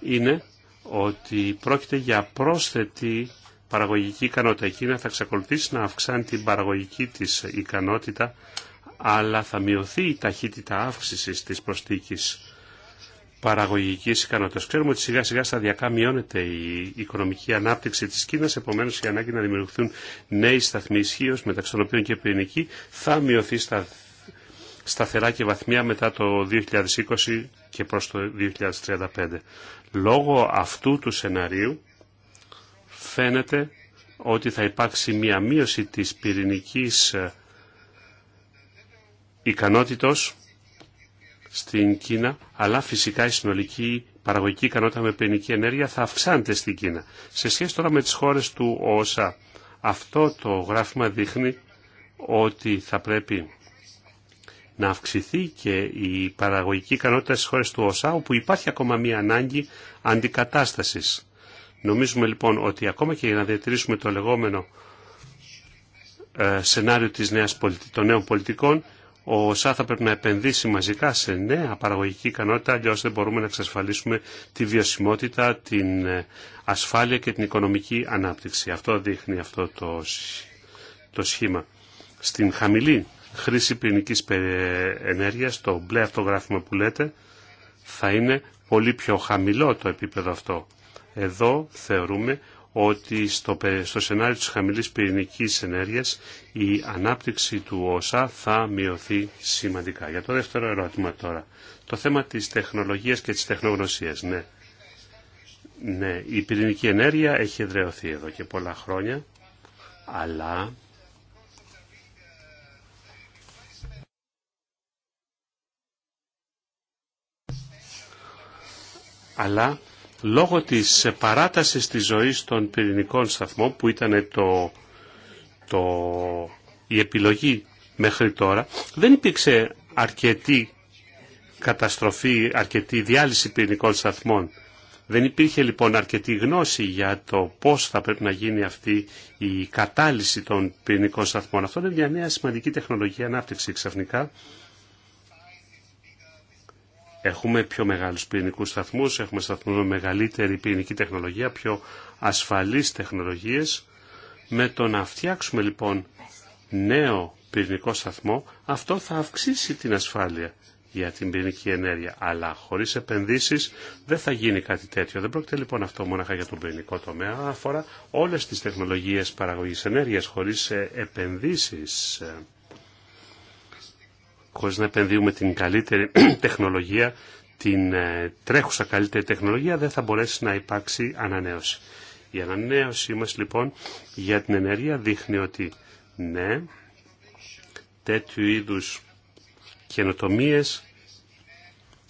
είναι ότι πρόκειται για πρόσθετη παραγωγική ικανότητα. Η θα εξακολουθήσει να αυξάνει την παραγωγική της ικανότητα, αλλά θα μειωθεί η ταχύτητα αύξησης της προστίκης παραγωγική ικανότητα. Ξέρουμε ότι σιγά σιγά σταδιακά μειώνεται η οικονομική ανάπτυξη τη Κίνα, επομένω η ανάγκη να δημιουργηθούν νέοι σταθμοί ισχύω, μεταξύ των οποίων και πυρηνική, θα μειωθεί στα σταθερά και βαθμία μετά το 2020 και προς το 2035. Λόγω αυτού του σενάριου φαίνεται ότι θα υπάρξει μια μείωση της πυρηνικής ε, ικανότητος στην Κίνα, αλλά φυσικά η συνολική παραγωγική ικανότητα με πυρηνική ενέργεια θα αυξάνεται στην Κίνα. Σε σχέση τώρα με τις χώρες του ΟΣΑ, αυτό το γράφημα δείχνει ότι θα πρέπει να αυξηθεί και η παραγωγική ικανότητα στις χώρες του ΟΣΑ, όπου υπάρχει ακόμα μία ανάγκη αντικατάστασης. Νομίζουμε λοιπόν ότι ακόμα και για να διατηρήσουμε το λεγόμενο ε, σενάριο της νέας, των νέων πολιτικών ο ΩΣΑ θα πρέπει να επενδύσει μαζικά σε νέα παραγωγική ικανότητα, αλλιώ δεν μπορούμε να εξασφαλίσουμε τη βιωσιμότητα, την ε, ασφάλεια και την οικονομική ανάπτυξη. Αυτό δείχνει αυτό το, σχήμα. Στην χαμηλή χρήση πυρηνικής ενέργειας, το μπλε αυτό γράφημα που λέτε, θα είναι πολύ πιο χαμηλό το επίπεδο αυτό. Εδώ θεωρούμε ότι στο, στο σενάριο της χαμηλής πυρηνικής ενέργειας η ανάπτυξη του ΩΣΑ θα μειωθεί σημαντικά. Για το δεύτερο ερώτημα τώρα. Το θέμα της τεχνολογίας και της τεχνογνωσίας. Ναι, ναι η πυρηνική ενέργεια έχει εδρεωθεί εδώ και πολλά χρόνια, αλλά... Αλλά λόγω της παράτασης της ζωής των πυρηνικών σταθμών που ήταν το, το, η επιλογή μέχρι τώρα δεν υπήρξε αρκετή καταστροφή, αρκετή διάλυση πυρηνικών σταθμών. Δεν υπήρχε λοιπόν αρκετή γνώση για το πώς θα πρέπει να γίνει αυτή η κατάλυση των πυρηνικών σταθμών. Αυτό είναι μια νέα σημαντική τεχνολογία ανάπτυξη ξαφνικά Έχουμε πιο μεγάλους πυρηνικούς σταθμούς, έχουμε σταθμούς με μεγαλύτερη πυρηνική τεχνολογία, πιο ασφαλείς τεχνολογίες. Με το να φτιάξουμε λοιπόν νέο πυρηνικό σταθμό, αυτό θα αυξήσει την ασφάλεια για την πυρηνική ενέργεια. Αλλά χωρίς επενδύσεις δεν θα γίνει κάτι τέτοιο. Δεν πρόκειται λοιπόν αυτό μόναχα για τον πυρηνικό τομέα. Αφορά όλες τις τεχνολογίες παραγωγής ενέργειας χωρίς ε, επενδύσεις χωρίς να επενδύουμε την καλύτερη τεχνολογία, την ε, τρέχουσα καλύτερη τεχνολογία, δεν θα μπορέσει να υπάρξει ανανέωση. Η ανανέωσή μας λοιπόν για την ενέργεια δείχνει ότι ναι, τέτοιου είδους καινοτομίες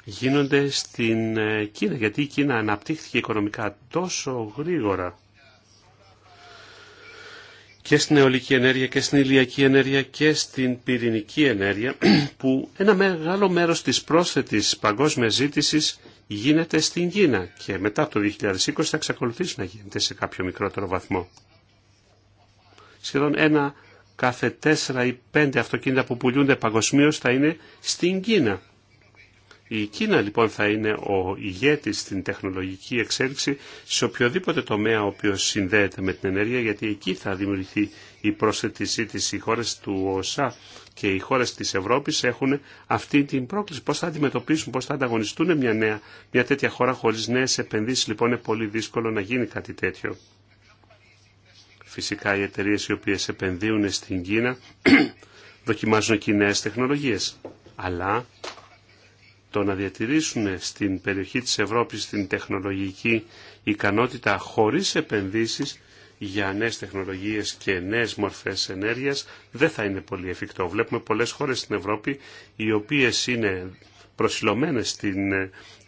γίνονται στην ε, Κίνα, γιατί η Κίνα αναπτύχθηκε οικονομικά τόσο γρήγορα και στην αιωλική ενέργεια και στην ηλιακή ενέργεια και στην πυρηνική ενέργεια που ένα μεγάλο μέρος της πρόσθετης παγκόσμια ζήτηση γίνεται στην Κίνα και μετά από το 2020 θα εξακολουθήσει να γίνεται σε κάποιο μικρότερο βαθμό. Σχεδόν ένα κάθε τέσσερα ή πέντε αυτοκίνητα που πουλούνται παγκοσμίω θα είναι στην Κίνα. Η Κίνα λοιπόν θα είναι ο ηγέτης στην τεχνολογική εξέλιξη σε οποιοδήποτε τομέα ο οποίος συνδέεται με την ενέργεια γιατί εκεί θα δημιουργηθεί η πρόσθετη ζήτηση. Οι χώρες του ΟΣΑ και οι χώρες της Ευρώπης έχουν αυτή την πρόκληση. Πώς θα αντιμετωπίσουν, πώς θα ανταγωνιστούν μια, νέα, μια τέτοια χώρα χωρίς νέες επενδύσεις. Λοιπόν είναι πολύ δύσκολο να γίνει κάτι τέτοιο. Φυσικά οι εταιρείε οι οποίες επενδύουν στην Κίνα δοκιμάζουν και νέες τεχνολογίες. Αλλά το να διατηρήσουν στην περιοχή της Ευρώπης την τεχνολογική ικανότητα χωρίς επενδύσεις για νέες τεχνολογίες και νέες μορφές ενέργειας δεν θα είναι πολύ εφικτό. Βλέπουμε πολλές χώρες στην Ευρώπη οι οποίες είναι προσιλωμένες στην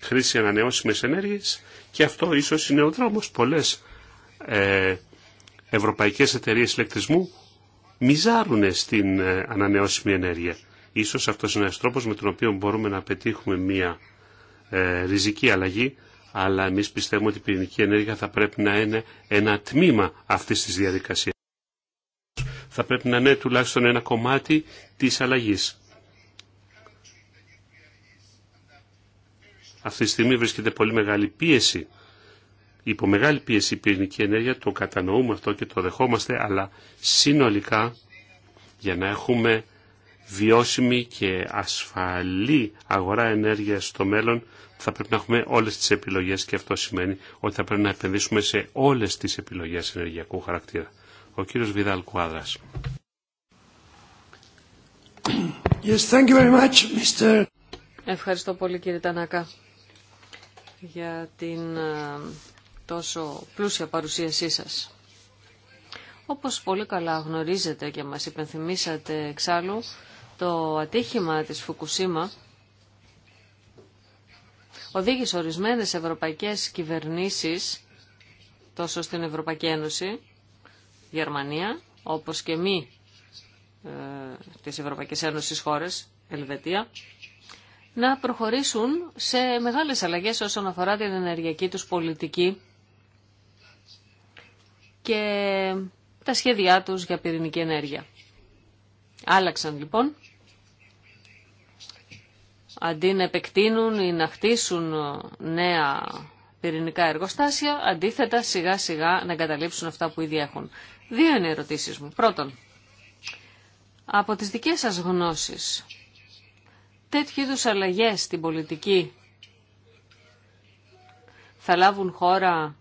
χρήση ανανεώσιμες ενέργειες και αυτό ίσως είναι ο δρόμος. Πολλές ε, ευρωπαϊκές εταιρείες ηλεκτρισμού μιζάρουν στην ε, ανανεώσιμη ενέργεια. Ίσως αυτός είναι ένας τρόπος με τον οποίο μπορούμε να πετύχουμε μια ε, ριζική αλλαγή, αλλά εμείς πιστεύουμε ότι η πυρηνική ενέργεια θα πρέπει να είναι ένα τμήμα αυτής της διαδικασίας. Θα πρέπει να είναι τουλάχιστον ένα κομμάτι της αλλαγής. Αυτή τη στιγμή βρίσκεται πολύ μεγάλη πίεση, υπό μεγάλη πίεση η πυρηνική ενέργεια, το κατανοούμε αυτό και το δεχόμαστε, αλλά συνολικά για να έχουμε βιώσιμη και ασφαλή αγορά ενέργειας στο μέλλον θα πρέπει να έχουμε όλες τις επιλογές και αυτό σημαίνει ότι θα πρέπει να επενδύσουμε σε όλες τις επιλογές ενεργειακού χαρακτήρα. Ο κύριος Βιδάλ Κουάδρας. Yes, thank you very much, Mr. Ευχαριστώ πολύ κύριε Τανάκα για την ε, τόσο πλούσια παρουσίασή σας. Όπως πολύ καλά γνωρίζετε και μας υπενθυμίσατε εξάλλου, το ατύχημα της Φουκουσίμα οδήγησε ορισμένες ευρωπαϊκές κυβερνήσεις τόσο στην Ευρωπαϊκή Ένωση, Γερμανία, όπως και μη ε, της Ευρωπαϊκής Ένωσης χώρες, Ελβετία, να προχωρήσουν σε μεγάλες αλλαγές όσον αφορά την ενεργειακή τους πολιτική και τα σχέδιά τους για πυρηνική ενέργεια. Άλλαξαν λοιπόν Αντί να επεκτείνουν ή να χτίσουν νέα πυρηνικά εργοστάσια, αντίθετα σιγά σιγά να εγκαταλείψουν αυτά που ήδη έχουν. Δύο είναι οι ερωτήσεις μου. Πρώτον, από τις δικές σας γνώσεις, τέτοιου είδους αλλαγές στην πολιτική θα λάβουν χώρα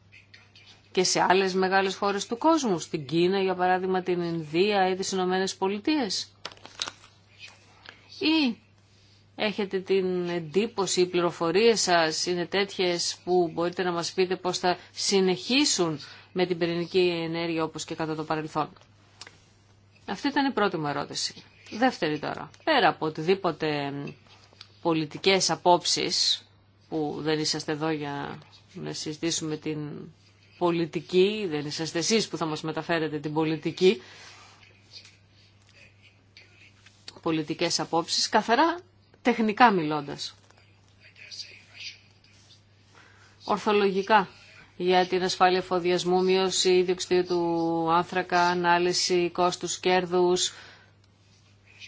και σε άλλες μεγάλες χώρες του κόσμου, στην Κίνα για παράδειγμα την Ινδία ή τις Ηνωμένε Πολιτείες. Ή έχετε την εντύπωση, οι πληροφορίες σας είναι τέτοιες που μπορείτε να μας πείτε πώς θα συνεχίσουν με την πυρηνική ενέργεια όπως και κατά το παρελθόν. Αυτή ήταν η πρώτη μου ερώτηση. Δεύτερη τώρα. Πέρα από οτιδήποτε πολιτικές απόψεις που δεν είσαστε εδώ για να συζητήσουμε την πολιτική, δεν είσαστε εσείς που θα μας μεταφέρετε την πολιτική, πολιτικές απόψεις, καθαρά τεχνικά μιλώντας. Ορθολογικά για την ασφάλεια εφοδιασμού, μείωση διοξιδίου του άνθρακα, ανάλυση κόστους κέρδους,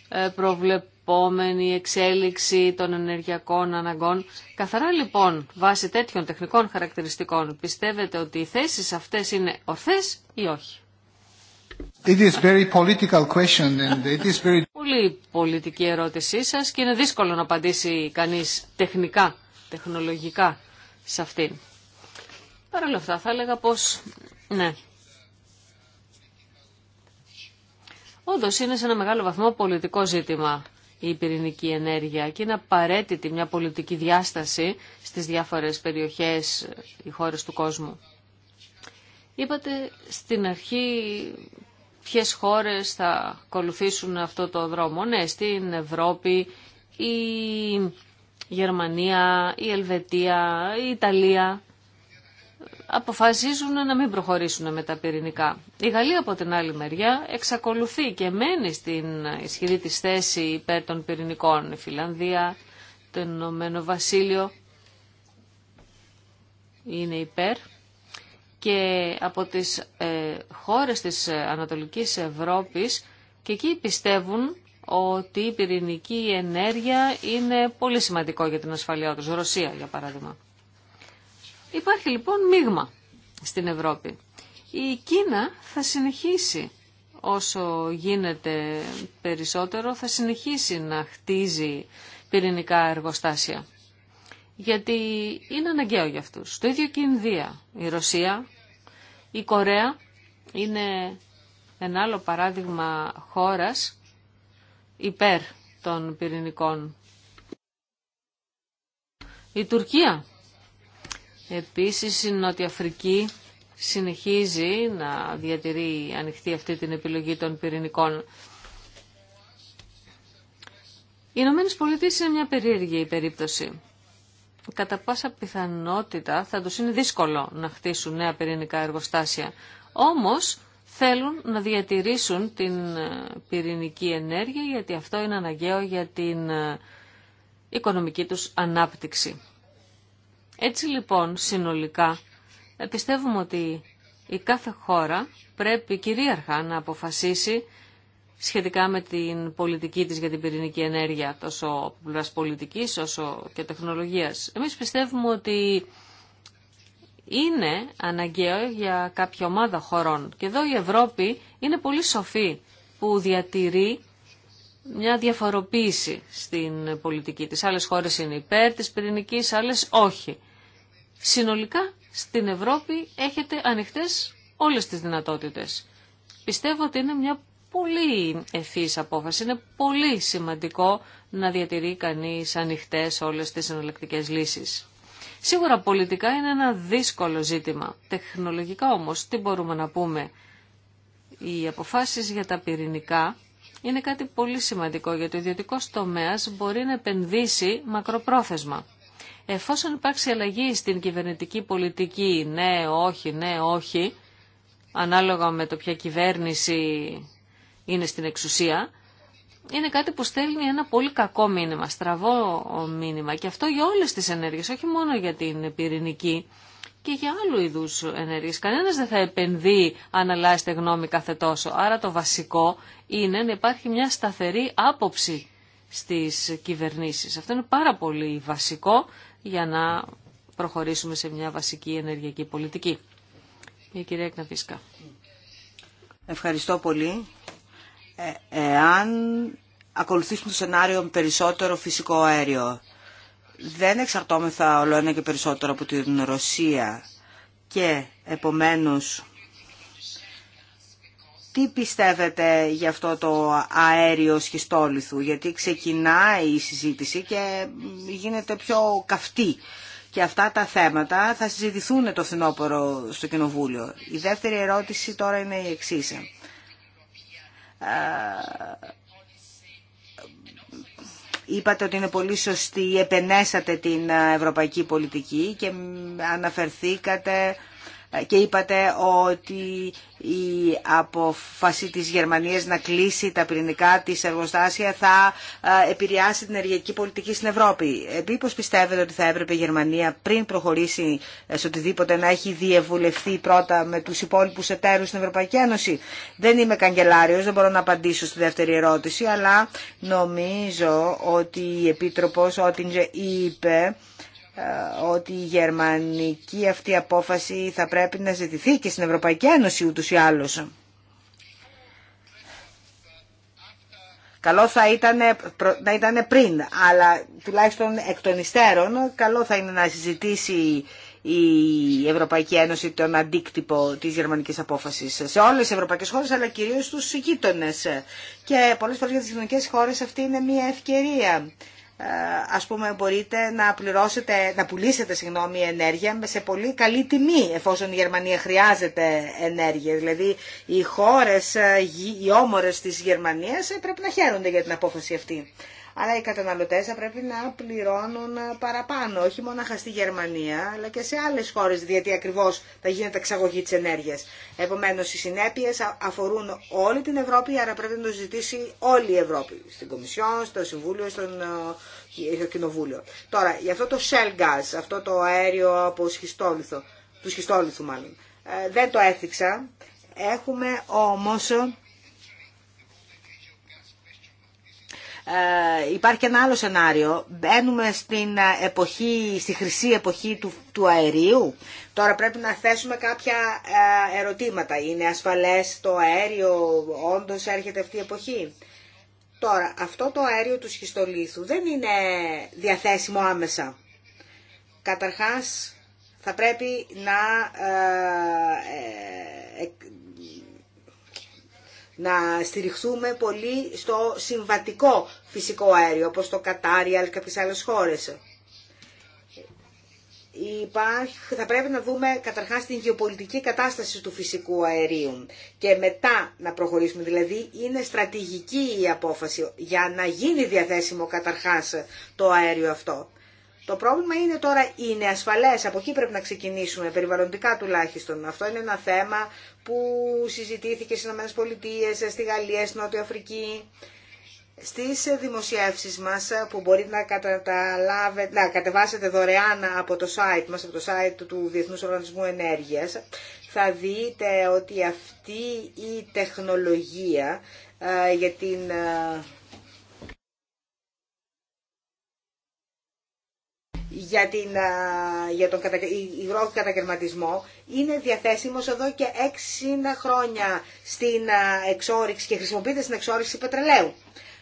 ε, προβλεπόμενη εξέλιξη των ενεργειακών αναγκών. Καθαρά λοιπόν, βάσει τέτοιων τεχνικών χαρακτηριστικών, πιστεύετε ότι οι θέσεις αυτές είναι ορθές ή όχι. It question Πολύ πολιτική ερώτησή σας και είναι δύσκολο να απαντήσει κανείς τεχνικά, τεχνολογικά σε αυτήν. Παρ' όλα αυτά θα έλεγα πως ναι. Όντως είναι σε ένα μεγάλο βαθμό πολιτικό ζήτημα η πυρηνική ενέργεια και είναι απαραίτητη μια πολιτική διάσταση στις διάφορες περιοχές ή χώρες του κόσμου. Είπατε στην αρχή ποιε χώρες θα ακολουθήσουν αυτό το δρόμο. Ναι, στην Ευρώπη η Γερμανία, η Ελβετία, η Ιταλία αποφασίζουν να μην προχωρήσουν με τα πυρηνικά. Η Γαλλία από την άλλη μεριά εξακολουθεί και μένει στην ισχυρή της θέση υπέρ των πυρηνικών. Η Φιλανδία, το Ηνωμένο Βασίλειο είναι υπέρ και από τις ε, χώρες της ε, Ανατολικής Ευρώπης και εκεί πιστεύουν ότι η πυρηνική ενέργεια είναι πολύ σημαντικό για την ασφαλειά τους. Ρωσία, για παράδειγμα. Υπάρχει λοιπόν μείγμα στην Ευρώπη. Η Κίνα θα συνεχίσει όσο γίνεται περισσότερο, θα συνεχίσει να χτίζει πυρηνικά εργοστάσια γιατί είναι αναγκαίο για αυτούς. Το ίδιο και η Ινδία, η Ρωσία, η Κορέα είναι ένα άλλο παράδειγμα χώρας υπέρ των πυρηνικών. Η Τουρκία επίσης η Νότια Αφρική συνεχίζει να διατηρεί ανοιχτή αυτή την επιλογή των πυρηνικών. Οι Ηνωμένε Πολιτείε είναι μια περίεργη περίπτωση κατά πάσα πιθανότητα θα τους είναι δύσκολο να χτίσουν νέα πυρηνικά εργοστάσια. Όμως θέλουν να διατηρήσουν την ε, πυρηνική ενέργεια γιατί αυτό είναι αναγκαίο για την ε, οικονομική τους ανάπτυξη. Έτσι λοιπόν συνολικά ε, πιστεύουμε ότι η κάθε χώρα πρέπει κυρίαρχα να αποφασίσει σχετικά με την πολιτική της για την πυρηνική ενέργεια, τόσο από πολιτικής όσο και τεχνολογίας. Εμείς πιστεύουμε ότι είναι αναγκαίο για κάποια ομάδα χωρών. Και εδώ η Ευρώπη είναι πολύ σοφή που διατηρεί μια διαφοροποίηση στην πολιτική της. Άλλες χώρες είναι υπέρ της πυρηνικής, άλλες όχι. Συνολικά στην Ευρώπη έχετε ανοιχτές όλες τις δυνατότητες. Πιστεύω ότι είναι μια πολύ ευθύς απόφαση. Είναι πολύ σημαντικό να διατηρεί κανείς ανοιχτές όλες τις εναλλακτικέ λύσεις. Σίγουρα πολιτικά είναι ένα δύσκολο ζήτημα. Τεχνολογικά όμως, τι μπορούμε να πούμε. Οι αποφάσεις για τα πυρηνικά είναι κάτι πολύ σημαντικό γιατί ο ιδιωτικό τομέα μπορεί να επενδύσει μακροπρόθεσμα. Εφόσον υπάρξει αλλαγή στην κυβερνητική πολιτική, ναι, όχι, ναι, όχι, ανάλογα με το ποια κυβέρνηση είναι στην εξουσία, είναι κάτι που στέλνει ένα πολύ κακό μήνυμα, στραβό μήνυμα. Και αυτό για όλες τις ενέργειες, όχι μόνο για την πυρηνική και για άλλου είδους ενέργειες. Κανένας δεν θα επενδύει αν αλλάζεται γνώμη κάθε τόσο. Άρα το βασικό είναι να υπάρχει μια σταθερή άποψη στις κυβερνήσεις. Αυτό είναι πάρα πολύ βασικό για να προχωρήσουμε σε μια βασική ενεργειακή πολιτική. Η κυρία Κναβίσκα. Ευχαριστώ πολύ ε, εάν ακολουθήσουμε το σενάριο με περισσότερο φυσικό αέριο. Δεν εξαρτώμεθα όλο ένα και περισσότερο από την Ρωσία και επομένως τι πιστεύετε για αυτό το αέριο σχιστόλιθου, γιατί ξεκινάει η συζήτηση και γίνεται πιο καυτή. Και αυτά τα θέματα θα συζητηθούν το φθινόπωρο στο Κοινοβούλιο. Η δεύτερη ερώτηση τώρα είναι η εξής. Ε, είπατε ότι είναι πολύ σωστή, επενέσατε την ε, ευρωπαϊκή πολιτική και αναφερθήκατε και είπατε ότι η απόφαση της Γερμανίας να κλείσει τα πυρηνικά της εργοστάσια θα ε, επηρεάσει την ενεργειακή πολιτική στην Ευρώπη. Επίπως πιστεύετε ότι θα έπρεπε η Γερμανία πριν προχωρήσει σε οτιδήποτε να έχει διευουλευθεί πρώτα με τους υπόλοιπους εταίρους στην Ευρωπαϊκή Ένωση. Δεν είμαι καγκελάριος, δεν μπορώ να απαντήσω στη δεύτερη ερώτηση, αλλά νομίζω ότι η Επίτροπος Ότιντζε είπε ε, ότι η γερμανική αυτή απόφαση θα πρέπει να ζητηθεί και στην Ευρωπαϊκή Ένωση ούτως ή άλλως. Καλό θα ήταν να ήταν πριν, αλλά τουλάχιστον εκ των υστέρων καλό θα είναι να συζητήσει η Ευρωπαϊκή Ένωση τον αντίκτυπο της γερμανικής απόφασης σε όλες τις ευρωπαϊκές χώρες, αλλά κυρίως στους γείτονες. Και πολλές φορές για τις γερμανικές χώρες αυτή είναι μια ευκαιρία. Ε, ας πούμε μπορείτε να πληρώσετε, να πουλήσετε συγγνώμη ενέργεια σε πολύ καλή τιμή εφόσον η Γερμανία χρειάζεται ενέργεια. Δηλαδή οι χώρες, ε, οι όμορες της Γερμανίας ε, πρέπει να χαίρονται για την απόφαση αυτή αλλά οι καταναλωτές θα πρέπει να πληρώνουν παραπάνω, όχι μόνο στη Γερμανία, αλλά και σε άλλες χώρες, γιατί ακριβώς θα γίνεται εξαγωγή της ενέργειας. Επομένως, οι συνέπειες αφορούν όλη την Ευρώπη, άρα πρέπει να το ζητήσει όλη η Ευρώπη, στην Κομισιόν, στο Συμβούλιο, στον ε, στο Κοινοβούλιο. Τώρα, για αυτό το shell gas, αυτό το αέριο από σχιστόλιθο, του σχιστόλιθου μάλλον, ε, δεν το έθιξα. Έχουμε όμως Ε, υπάρχει και ένα άλλο σενάριο. Μπαίνουμε στην ε, εποχή, στη χρυσή εποχή του, του αερίου. Τώρα πρέπει να θέσουμε κάποια ε, ερωτήματα. Είναι ασφαλές το αέριο, όντως έρχεται αυτή η εποχή. Τώρα, αυτό το αέριο του σχιστολίθου δεν είναι διαθέσιμο άμεσα. Καταρχάς, θα πρέπει να να στηριχθούμε πολύ στο συμβατικό φυσικό αέριο, όπως το Κατάρι, αλλά κάποιες άλλες χώρες. θα πρέπει να δούμε καταρχάς την γεωπολιτική κατάσταση του φυσικού αερίου και μετά να προχωρήσουμε. Δηλαδή είναι στρατηγική η απόφαση για να γίνει διαθέσιμο καταρχάς το αέριο αυτό. Το πρόβλημα είναι τώρα είναι ασφαλές, από εκεί πρέπει να ξεκινήσουμε, περιβαλλοντικά τουλάχιστον. Αυτό είναι ένα θέμα που συζητήθηκε στι ΗΠΑ, στη Γαλλία, στη Νότια Αφρική. Στις δημοσιεύσεις μας που μπορείτε να, να κατεβάσετε δωρεάν από το site μας, από το site του Διεθνούς Οργανισμού Ενέργειας, θα δείτε ότι αυτή η τεχνολογία ε, για την ε, για, την, για τον υγρό κατακαιρματισμό είναι διαθέσιμος εδώ και 6 χρόνια στην εξόριξη και χρησιμοποιείται στην εξόριξη πετρελαίου.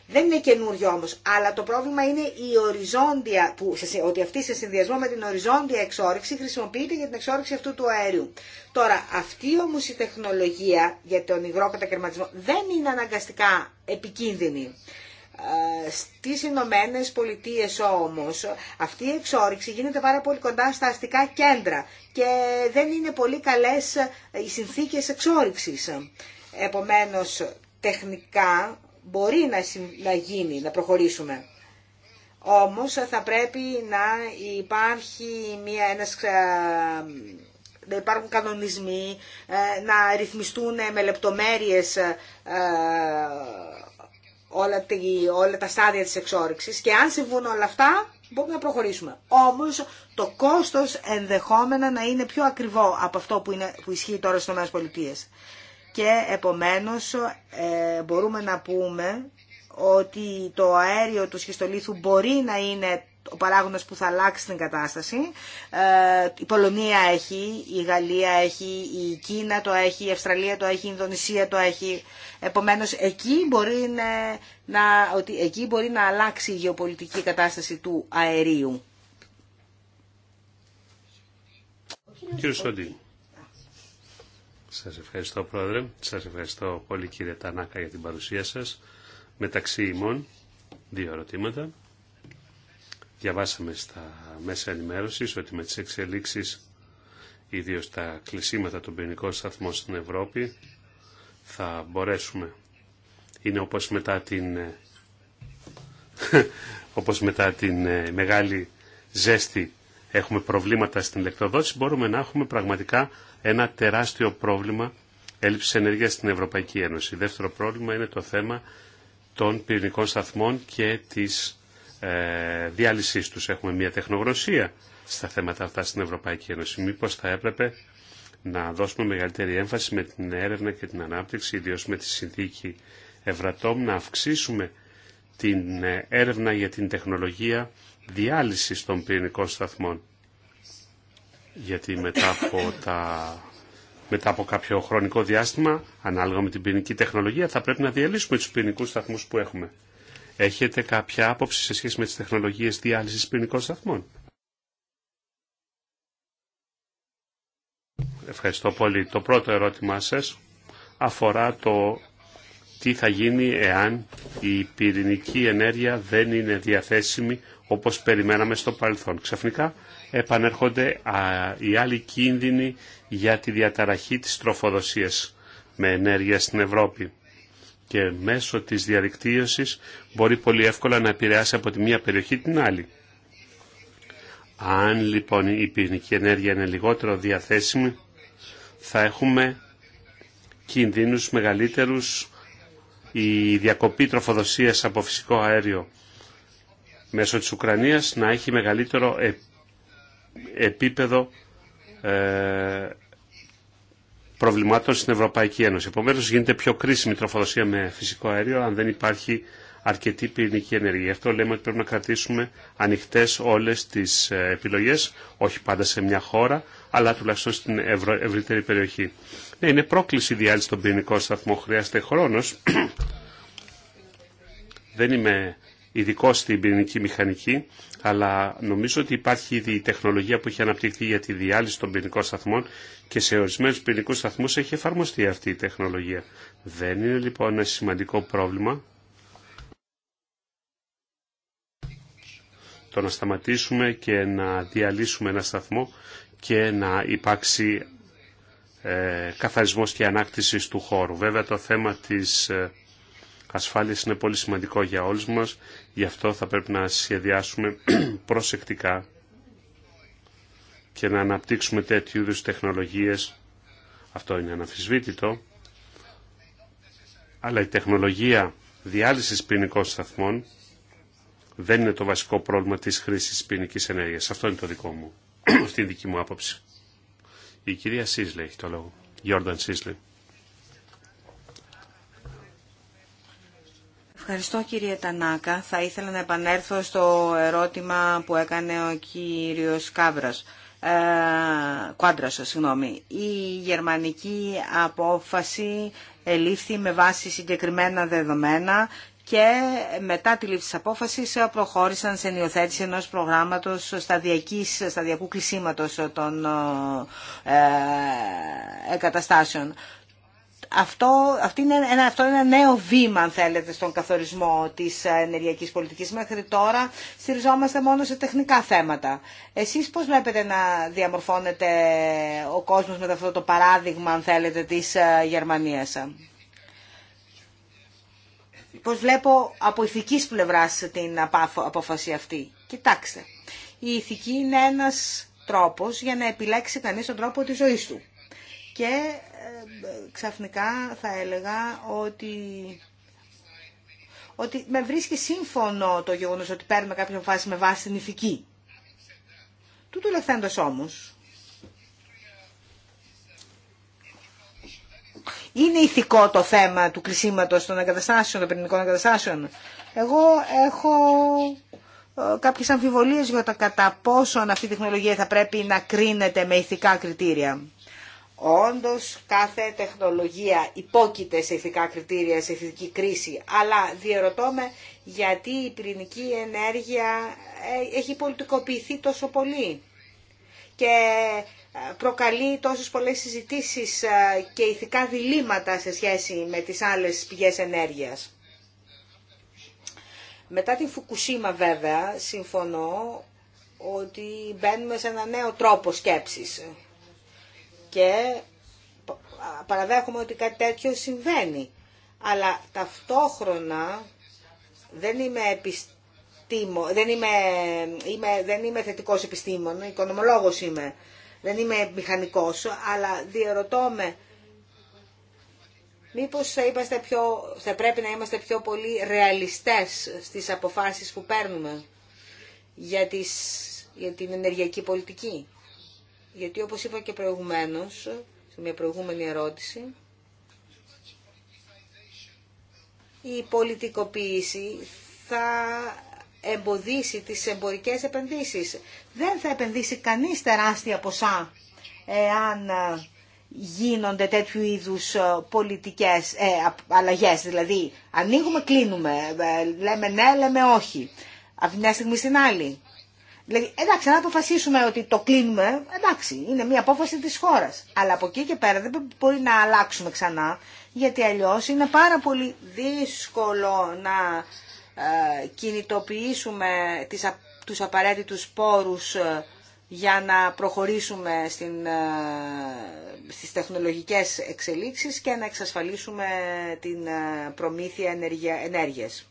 Δεν είναι καινούριο όμως, αλλά το πρόβλημα είναι η οριζόντια, που, ότι αυτή σε συνδυασμό με την οριζόντια εξόρυξη χρησιμοποιείται για την εξόρυξη αυτού του αέριου. Τώρα, αυτή όμως η τεχνολογία για τον υγρό κατακαιρματισμό δεν είναι αναγκαστικά επικίνδυνη. Στις Ηνωμένε Πολιτείε όμως αυτή η εξόριξη γίνεται πάρα πολύ κοντά στα αστικά κέντρα και δεν είναι πολύ καλές ε, οι συνθήκες εξόριξης. Επομένως τεχνικά μπορεί να γίνει, να προχωρήσουμε. Όμως θα πρέπει να υπάρχει μια, ένας, ε, να υπάρχουν κανονισμοί, ε, να ρυθμιστούν με λεπτομέρειες όλα, τη, όλα τα στάδια της εξόρυξης και αν συμβούν όλα αυτά μπορούμε να προχωρήσουμε. Όμως το κόστος ενδεχόμενα να είναι πιο ακριβό από αυτό που, είναι, που ισχύει τώρα στις πολιτείες. Και επομένως ε, μπορούμε να πούμε ότι το αέριο του σχιστολίθου μπορεί να είναι ο παράγοντας που θα αλλάξει την κατάσταση. Ε, η Πολωνία έχει, η Γαλλία έχει, η Κίνα το έχει, η Αυστραλία το έχει, η Ινδονησία το έχει. Επομένως, εκεί μπορεί να, ότι εκεί μπορεί να αλλάξει η γεωπολιτική κατάσταση του αερίου. Κύριε Σόντι, σας ευχαριστώ Πρόεδρε, σας ευχαριστώ πολύ κύριε Τανάκα για την παρουσία σας. Μεταξύ ημών, δύο ερωτήματα. Διαβάσαμε στα μέσα ενημέρωσης ότι με τις εξελίξεις, ιδίως τα κλεισίματα των πυρηνικών σταθμών στην Ευρώπη, θα μπορέσουμε. Είναι όπως μετά την, ε, όπως μετά την ε, μεγάλη ζέστη έχουμε προβλήματα στην ηλεκτροδότηση, μπορούμε να έχουμε πραγματικά ένα τεράστιο πρόβλημα ελλείψη ενέργειας στην Ευρωπαϊκή Ένωση. Δεύτερο πρόβλημα είναι το θέμα των πυρηνικών σταθμών και της ε, διάλυσής τους. Έχουμε μια τεχνογνωσία στα θέματα αυτά στην Ευρωπαϊκή Ένωση. Μήπως θα έπρεπε να δώσουμε μεγαλύτερη έμφαση με την έρευνα και την ανάπτυξη, ιδίως με τη συνθήκη Ευρατόμ, να αυξήσουμε την ε, έρευνα για την τεχνολογία διάλυσης των πυρηνικών σταθμών. Γιατί μετά από, τα... μετά από κάποιο χρονικό διάστημα, ανάλογα με την πυρηνική τεχνολογία, θα πρέπει να διαλύσουμε τους πυρηνικούς σταθμούς που έχουμε. Έχετε κάποια άποψη σε σχέση με τις τεχνολογίες διάλυσης πυρηνικών σταθμών. Ευχαριστώ πολύ. Το πρώτο ερώτημά σας αφορά το τι θα γίνει εάν η πυρηνική ενέργεια δεν είναι διαθέσιμη όπως περιμέναμε στο παρελθόν. Ξαφνικά επανέρχονται οι άλλοι κίνδυνοι για τη διαταραχή της τροφοδοσίας με ενέργεια στην Ευρώπη και μέσω της διαδικτύωσης μπορεί πολύ εύκολα να επηρεάσει από τη μία περιοχή την άλλη. Αν λοιπόν η πυρηνική ενέργεια είναι λιγότερο διαθέσιμη, θα έχουμε κινδύνους μεγαλύτερους. Η διακοπή τροφοδοσίας από φυσικό αέριο μέσω της Ουκρανίας να έχει μεγαλύτερο επίπεδο ε, προβλημάτων στην Ευρωπαϊκή Ένωση. Επομένω, γίνεται πιο κρίσιμη η τροφοδοσία με φυσικό αέριο αν δεν υπάρχει αρκετή πυρηνική ενέργεια. Γι' αυτό λέμε ότι πρέπει να κρατήσουμε ανοιχτέ όλε τι ε, επιλογέ, όχι πάντα σε μια χώρα, αλλά τουλάχιστον στην ευρύτερη περιοχή. Ναι, είναι πρόκληση η διάλυση των πυρηνικών σταθμών. Χρειάζεται χρόνο. δεν είμαι ειδικό στην πυρηνική μηχανική, αλλά νομίζω ότι υπάρχει ήδη η τεχνολογία που έχει αναπτυχθεί για τη διάλυση των πυρηνικών σταθμών και σε ορισμένου πυρηνικού σταθμού έχει εφαρμοστεί αυτή η τεχνολογία. Δεν είναι λοιπόν ένα σημαντικό πρόβλημα το να σταματήσουμε και να διαλύσουμε ένα σταθμό και να υπάρξει ε, καθαρισμός και ανάκτηση του χώρου. Βέβαια το θέμα της ε, ασφάλειας είναι πολύ σημαντικό για όλους μας Γι' αυτό θα πρέπει να σχεδιάσουμε προσεκτικά και να αναπτύξουμε τέτοιου είδους τεχνολογίες. Αυτό είναι αναφυσβήτητο. Αλλά η τεχνολογία διάλυσης ποινικών σταθμών δεν είναι το βασικό πρόβλημα της χρήσης ποινικής ενέργειας. Αυτό είναι το δικό μου. Αυτή είναι η δική μου άποψη. Η κυρία Σίσλε έχει το λόγο. Γιόρνταν Σίσλε. Ευχαριστώ κύριε Τανάκα. Θα ήθελα να επανέλθω στο ερώτημα που έκανε ο κύριος Κάβρας. Ε, συγγνώμη. Η γερμανική απόφαση ελήφθη με βάση συγκεκριμένα δεδομένα και μετά τη λήψη της απόφασης προχώρησαν σε νιοθέτηση ενός προγράμματος σταδιακής, σταδιακού κλεισίματος των ε, εγκαταστάσεων αυτό, αυτή είναι ένα, αυτό είναι ένα νέο βήμα, αν θέλετε, στον καθορισμό της ενεργειακής πολιτικής. Μέχρι τώρα στηριζόμαστε μόνο σε τεχνικά θέματα. Εσείς πώς βλέπετε να διαμορφώνεται ο κόσμος με αυτό το παράδειγμα, αν θέλετε, της ε, Γερμανίας. Πώς βλέπω από ηθικής πλευράς την απόφαση αυτή. Κοιτάξτε, η ηθική είναι ένας τρόπος για να επιλέξει κανείς τον τρόπο της ζωής του. Και ε, ξαφνικά θα έλεγα ότι ότι με βρίσκει σύμφωνο το γεγονός ότι παίρνουμε κάποια φάση με βάση την ηθική. Τούτου λεχθέντο όμως, είναι ηθικό το θέμα του κλεισίματος των εγκαταστάσεων, των πυρηνικών εγκαταστάσεων. Εγώ έχω ε, κάποιες αμφιβολίες για το κατά πόσο αυτή η τεχνολογία θα πρέπει να κρίνεται με ηθικά κριτήρια. Όντως κάθε τεχνολογία υπόκειται σε ηθικά κριτήρια, σε ηθική κρίση, αλλά διαρωτώ με γιατί η πυρηνική ενέργεια ε, έχει πολιτικοποιηθεί τόσο πολύ και ε, προκαλεί τόσες πολλές συζητήσεις ε, και ηθικά διλήμματα σε σχέση με τις άλλες πηγές ενέργειας. Μετά την Φουκουσίμα βέβαια συμφωνώ ότι μπαίνουμε σε ένα νέο τρόπο σκέψης και παραδέχομαι ότι κάτι τέτοιο συμβαίνει. Αλλά ταυτόχρονα δεν είμαι επιστήμο, δεν είμαι, είμαι, δεν είμαι θετικός επιστήμων, οικονομολόγος είμαι, δεν είμαι μηχανικός, αλλά διαρωτώ με, μήπως θα, πιο, θα πρέπει να είμαστε πιο πολύ ρεαλιστές στις αποφάσεις που παίρνουμε για, τις, για την ενεργειακή πολιτική γιατί όπως είπα και προηγουμένως, σε μια προηγούμενη ερώτηση, η πολιτικοποίηση θα εμποδίσει τις εμπορικές επενδύσεις. Δεν θα επενδύσει κανείς τεράστια ποσά εάν ε, γίνονται τέτοιου είδους ε, πολιτικές ε, αλλαγές. Δηλαδή, ανοίγουμε, κλείνουμε, ε, λέμε ναι, λέμε όχι. Από μια στιγμή στην άλλη. Δηλαδή, εντάξει, να αποφασίσουμε ότι το κλείνουμε, εντάξει, είναι μια απόφαση της χώρας. Αλλά από εκεί και πέρα δεν μπορεί να αλλάξουμε ξανά, γιατί αλλιώς είναι πάρα πολύ δύσκολο να ε, κινητοποιήσουμε τις, τους απαραίτητους πόρους ε, για να προχωρήσουμε στην, ε, στις τεχνολογικές εξελίξεις και να εξασφαλίσουμε την προμήθεια ενέργειας.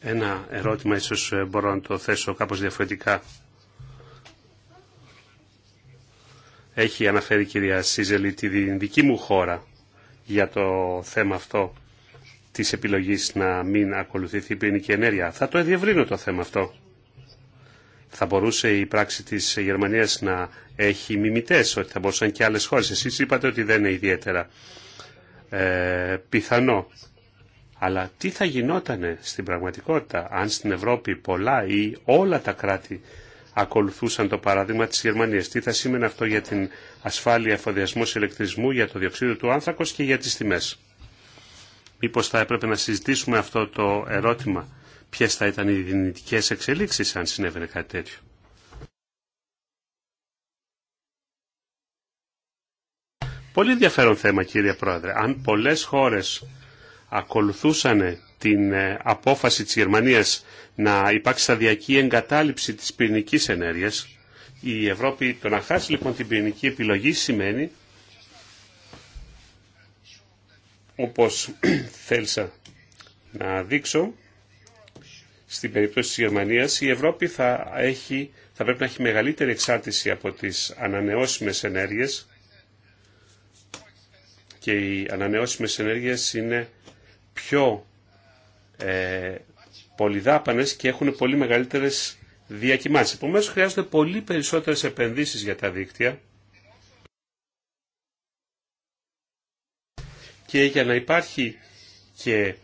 Ένα ερώτημα ίσως ε, μπορώ να το θέσω κάπως διαφορετικά. Έχει αναφέρει η κυρία Σίζελη τη δική μου χώρα για το θέμα αυτό της επιλογής να μην ακολουθηθεί πυρηνική ενέργεια. Θα το εδιευρύνω το θέμα αυτό. Θα μπορούσε η πράξη της Γερμανίας να έχει μιμητές, ότι θα μπορούσαν και άλλες χώρες. Εσείς είπατε ότι δεν είναι ιδιαίτερα ε, πιθανό. Αλλά τι θα γινότανε στην πραγματικότητα αν στην Ευρώπη πολλά ή όλα τα κράτη ακολουθούσαν το παράδειγμα της Γερμανίας. Τι θα σήμαινε αυτό για την ασφάλεια εφοδιασμού ηλεκτρισμού, για το διοξείδιο του άνθρακος και για τις τιμές. Μήπως θα έπρεπε να συζητήσουμε αυτό το ερώτημα ποιες θα ήταν οι δυνητικές εξελίξεις αν συνέβαινε κάτι τέτοιο. Πολύ ενδιαφέρον θέμα κύριε Πρόεδρε. Αν πολλές χώρες ακολουθούσαν την ε, απόφαση της Γερμανίας να υπάρξει σταδιακή εγκατάλειψη της πυρηνικής ενέργειας, η Ευρώπη το να χάσει λοιπόν την πυρηνική επιλογή σημαίνει, όπως θέλησα να δείξω, στην περίπτωση της Γερμανίας, η Ευρώπη θα, έχει, θα πρέπει να έχει μεγαλύτερη εξάρτηση από τις ανανεώσιμες ενέργειες και οι ανανεώσιμες ενέργειες είναι πιο ε, πολυδάπανες και έχουν πολύ μεγαλύτερες διακοιμάνσεις. Επομένως χρειάζονται πολύ περισσότερες επενδύσεις για τα δίκτυα και για να υπάρχει και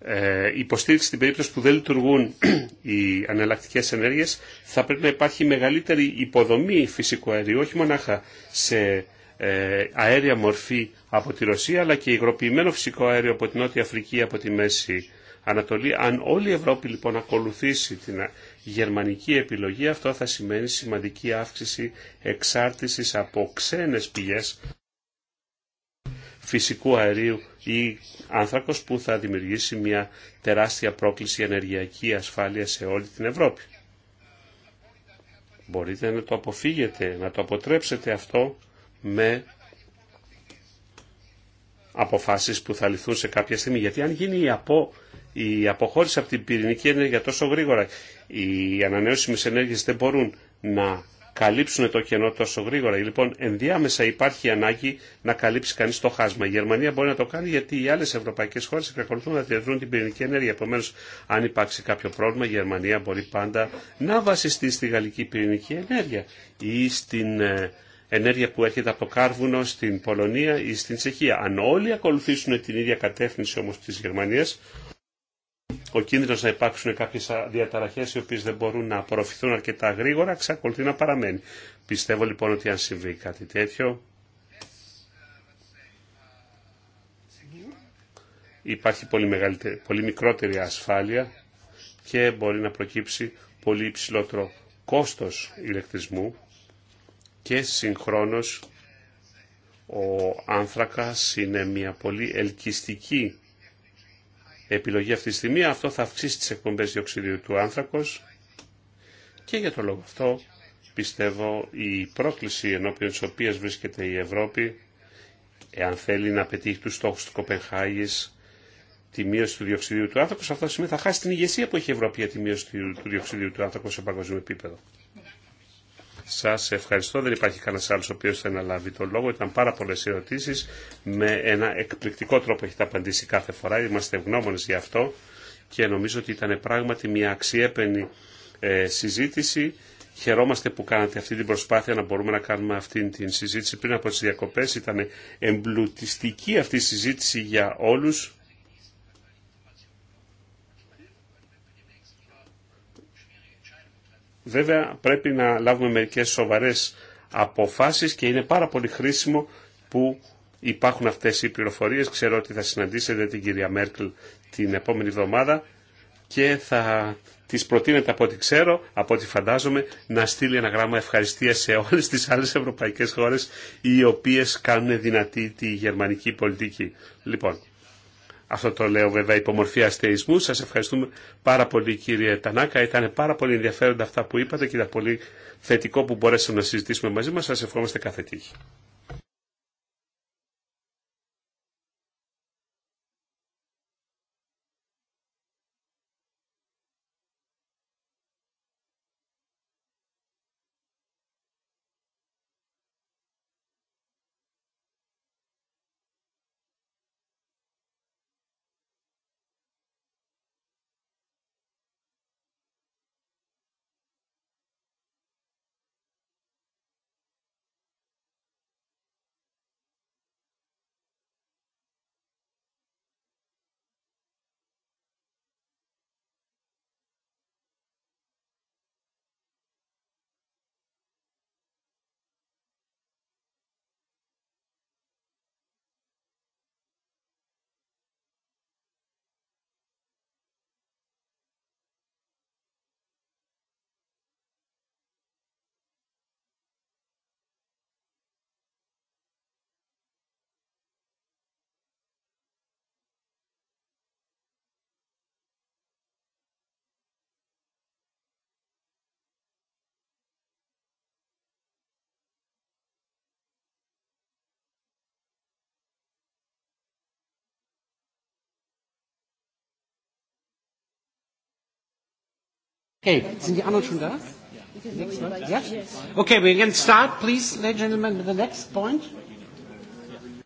ε, υποστήριξη στην περίπτωση που δεν λειτουργούν οι αναλλακτικές ενέργειες θα πρέπει να υπάρχει μεγαλύτερη υποδομή φυσικού αερίου, όχι μονάχα σε ε, αέρια μορφή από τη Ρωσία αλλά και υγροποιημένο φυσικό αέριο από την Νότια Αφρική από τη Μέση Ανατολή. Αν όλη η Ευρώπη λοιπόν ακολουθήσει την γερμανική επιλογή αυτό θα σημαίνει σημαντική αύξηση εξάρτησης από ξένες πηγές φυσικού αερίου ή άνθρακος που θα δημιουργήσει μια τεράστια πρόκληση ενεργειακή ασφάλεια σε όλη την Ευρώπη. Μπορείτε να το αποφύγετε, να το αποτρέψετε αυτό με αποφάσεις που θα λυθούν σε κάποια στιγμή. Γιατί αν γίνει η, απο, η αποχώρηση από την πυρηνική ενέργεια τόσο γρήγορα, οι ανανεώσιμες ενέργειες δεν μπορούν να καλύψουν το κενό τόσο γρήγορα. Λοιπόν, ενδιάμεσα υπάρχει ανάγκη να καλύψει κανείς το χάσμα. Η Γερμανία μπορεί να το κάνει γιατί οι άλλες ευρωπαϊκές χώρες εξακολουθούν να διαδρούν την πυρηνική ενέργεια. Επομένω, αν υπάρξει κάποιο πρόβλημα, η Γερμανία μπορεί πάντα να βασιστεί στη γαλλική πυρηνική ενέργεια ή στην ε, ενέργεια που έρχεται από το κάρβουνο στην Πολωνία ή στην Τσεχία. Αν όλοι ακολουθήσουν την ίδια κατεύθυνση όμως της Γερμανίας, ο κίνδυνος να υπάρξουν κάποιες διαταραχές οι οποίες δεν μπορούν να απορροφηθούν αρκετά γρήγορα, εξακολουθεί να παραμένει. Πιστεύω λοιπόν ότι αν συμβεί κάτι τέτοιο, υπάρχει πολύ, πολύ μικρότερη ασφάλεια και μπορεί να προκύψει πολύ υψηλότερο κόστος ηλεκτρισμού και συγχρόνως ο άνθρακας είναι μια πολύ ελκυστική επιλογή αυτή τη στιγμή. Αυτό θα αυξήσει τις εκπομπές διοξιδίου του άνθρακος και για το λόγο αυτό πιστεύω η πρόκληση ενώπιον της οποίας βρίσκεται η Ευρώπη εάν θέλει να πετύχει τους στόχους του Κοπενχάγης τη μείωση του διοξιδίου του άνθρακος, αυτό σημαίνει θα χάσει την ηγεσία που έχει η Ευρώπη για τη μείωση του διοξιδίου του άνθρακος σε παγκόσμιο επίπεδο. Σας ευχαριστώ. Δεν υπάρχει κανένα άλλο ο οποίο θα αναλάβει τον λόγο. Ήταν πάρα πολλέ ερωτήσει Με ένα εκπληκτικό τρόπο έχετε απαντήσει κάθε φορά. Είμαστε ευγνώμονε γι' αυτό και νομίζω ότι ήταν πράγματι μια αξιέπαινη ε, συζήτηση. Χαιρόμαστε που κάνατε αυτή την προσπάθεια να μπορούμε να κάνουμε αυτή την συζήτηση πριν από τις διακοπές. Ήταν εμπλουτιστική αυτή η συζήτηση για όλους Βέβαια πρέπει να λάβουμε μερικές σοβαρές αποφάσεις και είναι πάρα πολύ χρήσιμο που υπάρχουν αυτές οι πληροφορίες. Ξέρω ότι θα συναντήσετε την κυρία Μέρκελ την επόμενη εβδομάδα και θα της προτείνετε από ό,τι ξέρω, από ό,τι φαντάζομαι, να στείλει ένα γράμμα ευχαριστία σε όλες τις άλλες ευρωπαϊκές χώρες οι οποίε κάνουν δυνατή τη γερμανική πολιτική. Λοιπόν, αυτό το λέω βέβαια υπομορφία θεϊσμού. αστεϊσμού. Σας ευχαριστούμε πάρα πολύ κύριε Τανάκα. Ήταν πάρα πολύ ενδιαφέροντα αυτά που είπατε και ήταν πολύ θετικό που μπορέσαμε να συζητήσουμε μαζί μας. Σας ευχόμαστε κάθε τύχη. Okay, sind die anderen schon da? Okay, we can start, please, ladies and gentlemen, with the next point.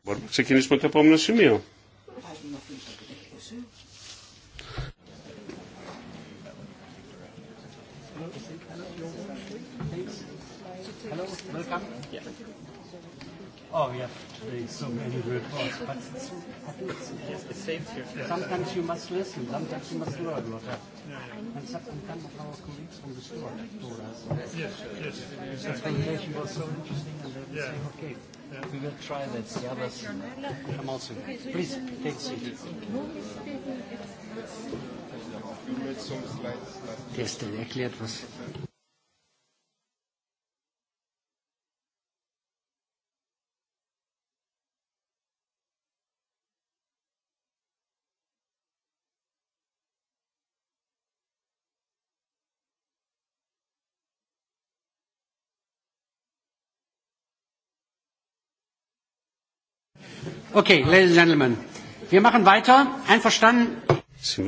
Μπορούμε να ξεκινήσουμε το επόμενο σημείο. Hello, welcome. Yeah. Oh, we have today so many reports, but it's, I think it's, yes, it's here. Sometimes you must listen, sometimes you must learn what happened. And sometimes our colleagues from the store told us. Yes, yes. yes. Explanation was so interesting, and they yeah. say, okay, yeah. we will try that. The others come also. Please, take a seat. Gestern erklärt was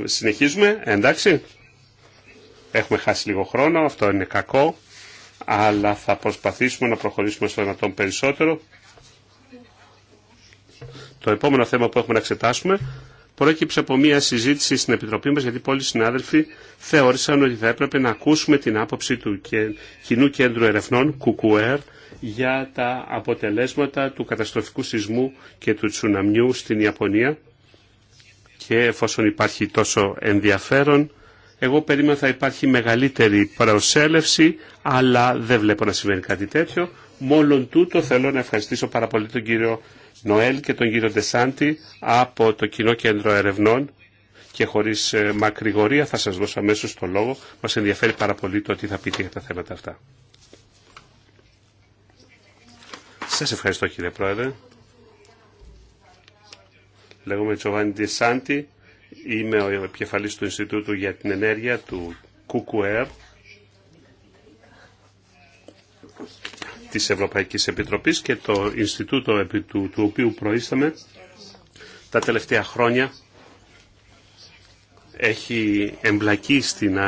Συνεχίζουμε, εντάξει. Έχουμε χάσει λίγο χρόνο, αυτό είναι κακό, αλλά θα προσπαθήσουμε να προχωρήσουμε στο δυνατόν περισσότερο. Το επόμενο θέμα που έχουμε να εξετάσουμε προέκυψε από μια συζήτηση στην Επιτροπή μας, γιατί πολλοί συνάδελφοι θεώρησαν ότι θα έπρεπε να ακούσουμε την άποψη του Κοινού Κέντρου Ερευνών, ΚΚΕΡ, για τα αποτελέσματα του καταστροφικού σεισμού και του τσουναμιού στην Ιαπωνία και εφόσον υπάρχει τόσο ενδιαφέρον εγώ περίμενα θα υπάρχει μεγαλύτερη προσέλευση αλλά δεν βλέπω να συμβαίνει κάτι τέτοιο μόλον τούτο θέλω να ευχαριστήσω πάρα πολύ τον κύριο Νοέλ και τον κύριο Ντεσάντη από το Κοινό Κέντρο Ερευνών και χωρίς ε, μακρηγορία θα σας δώσω αμέσω το λόγο. Μας ενδιαφέρει πάρα πολύ το τι θα πείτε για τα θέματα αυτά. Σας ευχαριστώ κύριε Πρόεδρε. Λέγομαι Τζοβάνι Ντισάντι, είμαι ο επικεφαλής του Ινστιτούτου για την Ενέργεια του ΚΚΕΡ της Ευρωπαϊκής Επιτροπής και το Ινστιτούτο του, του οποίου προείσταμε τα τελευταία χρόνια έχει εμπλακεί στην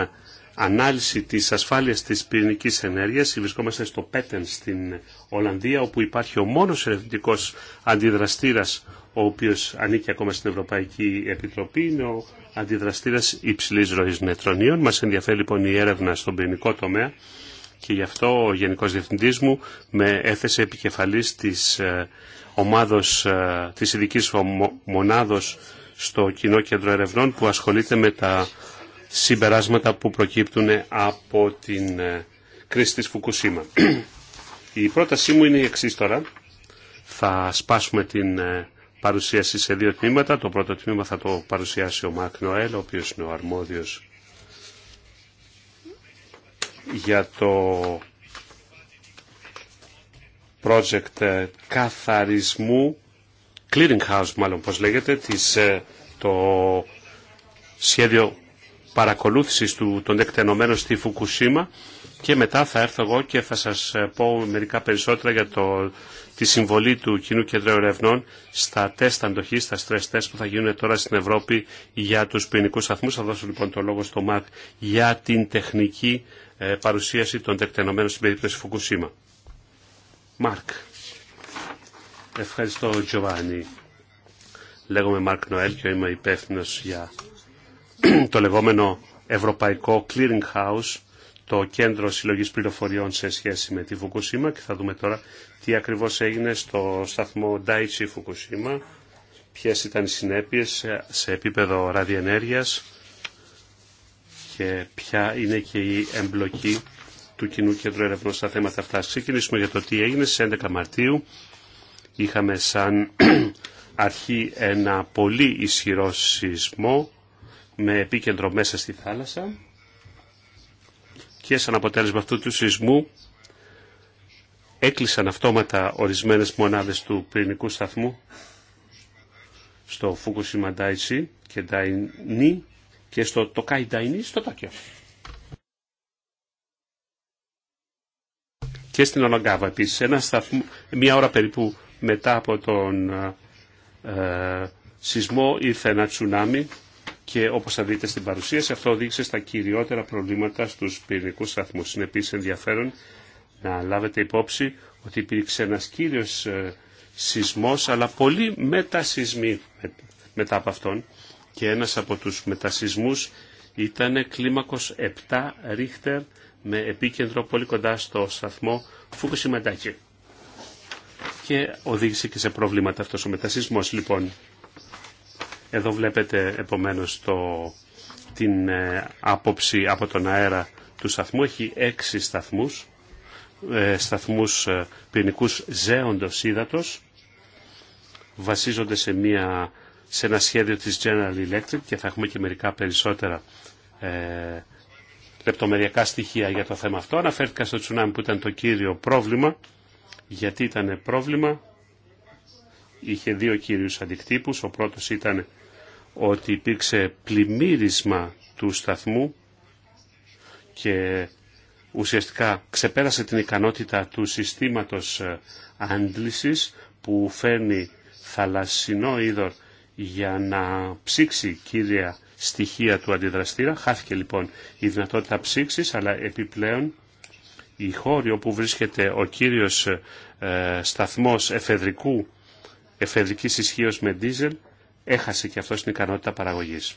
ανάλυση της ασφάλειας της πυρηνικής ενέργειας. Βρισκόμαστε στο Πέτεν στην Ολλανδία όπου υπάρχει ο μόνος ερευνητικό αντιδραστήρας ο οποίος ανήκει ακόμα στην Ευρωπαϊκή Επιτροπή. Είναι ο αντιδραστήρας υψηλής ροής νετρονίων. Μας ενδιαφέρει λοιπόν η έρευνα στον πυρηνικό τομέα και γι' αυτό ο Γενικός Διευθυντής μου με έθεσε επικεφαλής της ε, ομάδος, ε, της ειδικής μονάδος στο Κοινό Κέντρο Ερευνών που ασχολείται με τα συμπεράσματα που προκύπτουν από την ε, κρίση της Φουκουσίμα. Η πρότασή μου είναι η εξή τώρα. Θα σπάσουμε την ε, παρουσίαση σε δύο τμήματα. Το πρώτο τμήμα θα το παρουσιάσει ο Μαρκ Νοέλ, ο οποίος είναι ο αρμόδιος για το project ε, καθαρισμού, clearing house μάλλον πώς λέγεται, της, το σχέδιο παρακολούθησης του, των εκτενωμένων στη Φουκουσίμα και μετά θα έρθω εγώ και θα σας ε, πω μερικά περισσότερα για το, τη συμβολή του Κοινού Κέντρου Ερευνών στα τεστ αντοχή, στα stress test που θα γίνουν τώρα στην Ευρώπη για τους ποινικούς σταθμούς. Θα δώσω λοιπόν το λόγο στο Μαρκ για την τεχνική ε, παρουσίαση των τεκτενωμένων στην περίπτωση Φουκουσίμα. Μάρκ. Ευχαριστώ Τζοβάνι. Λέγομαι Μάρκ Νοέλ και είμαι υπεύθυνο για το λεγόμενο Ευρωπαϊκό Clearing House, το κέντρο συλλογής πληροφοριών σε σχέση με τη Φουκουσίμα και θα δούμε τώρα τι ακριβώς έγινε στο σταθμό Daiichi Φουκουσίμα, ποιες ήταν οι συνέπειες σε επίπεδο ραδιενέργειας και ποια είναι και η εμπλοκή του Κοινού Κέντρου Ερευνών στα θέματα αυτά. Ξεκινήσουμε για το τι έγινε στις 11 Μαρτίου. Είχαμε σαν αρχή ένα πολύ ισχυρό σεισμό με επίκεντρο μέσα στη θάλασσα και σαν αποτέλεσμα αυτού του σεισμού έκλεισαν αυτόματα ορισμένες μονάδες του πυρηνικού σταθμού στο Φουκουσίμα Ντάιτσι και Νταϊνί και στο Τοκάι στο Τόκιο. Και στην Ολογκάβα επίσης. Ένα μία ώρα περίπου μετά από τον ε, ε σεισμό ήρθε ένα τσουνάμι και όπως θα δείτε στην παρουσίαση αυτό οδήγησε στα κυριότερα προβλήματα στους πυρηνικούς σταθμού. Είναι επίση ενδιαφέρον να λάβετε υπόψη ότι υπήρξε ένας κύριος ε, σεισμός αλλά πολλοί μετασυσμοί μετά από αυτόν και ένας από τους μετασυσμού ήταν κλίμακο 7 ρίχτερ με επίκεντρο πολύ κοντά στο σταθμό Φουκουσιμαντάκη και οδήγησε και σε προβλήματα αυτό ο μετασυσμό, λοιπόν. Εδώ βλέπετε επομένως το, την ε, άποψη από τον αέρα του σταθμού. Έχει έξι σταθμούς, ε, σταθμούς ε, πυρηνικού ζέοντος ύδατος. Βασίζονται σε, μια, σε ένα σχέδιο της General Electric και θα έχουμε και μερικά περισσότερα ε, λεπτομεριακά στοιχεία για το θέμα αυτό. Αναφέρθηκα στο τσουνάμι που ήταν το κύριο πρόβλημα, γιατί ήταν πρόβλημα είχε δύο κύριους αντικτύπους. Ο πρώτος ήταν ότι υπήρξε πλημμύρισμα του σταθμού και ουσιαστικά ξεπέρασε την ικανότητα του συστήματος ε, άντλησης που φέρνει θαλασσινό είδωρ για να ψήξει κύρια στοιχεία του αντιδραστήρα. Χάθηκε λοιπόν η δυνατότητα ψήξης, αλλά επιπλέον η χώρη όπου βρίσκεται ο κύριος ε, σταθμός εφεδρικού εφεδρικής ισχύω με δίζελ, έχασε και αυτό την ικανότητα παραγωγής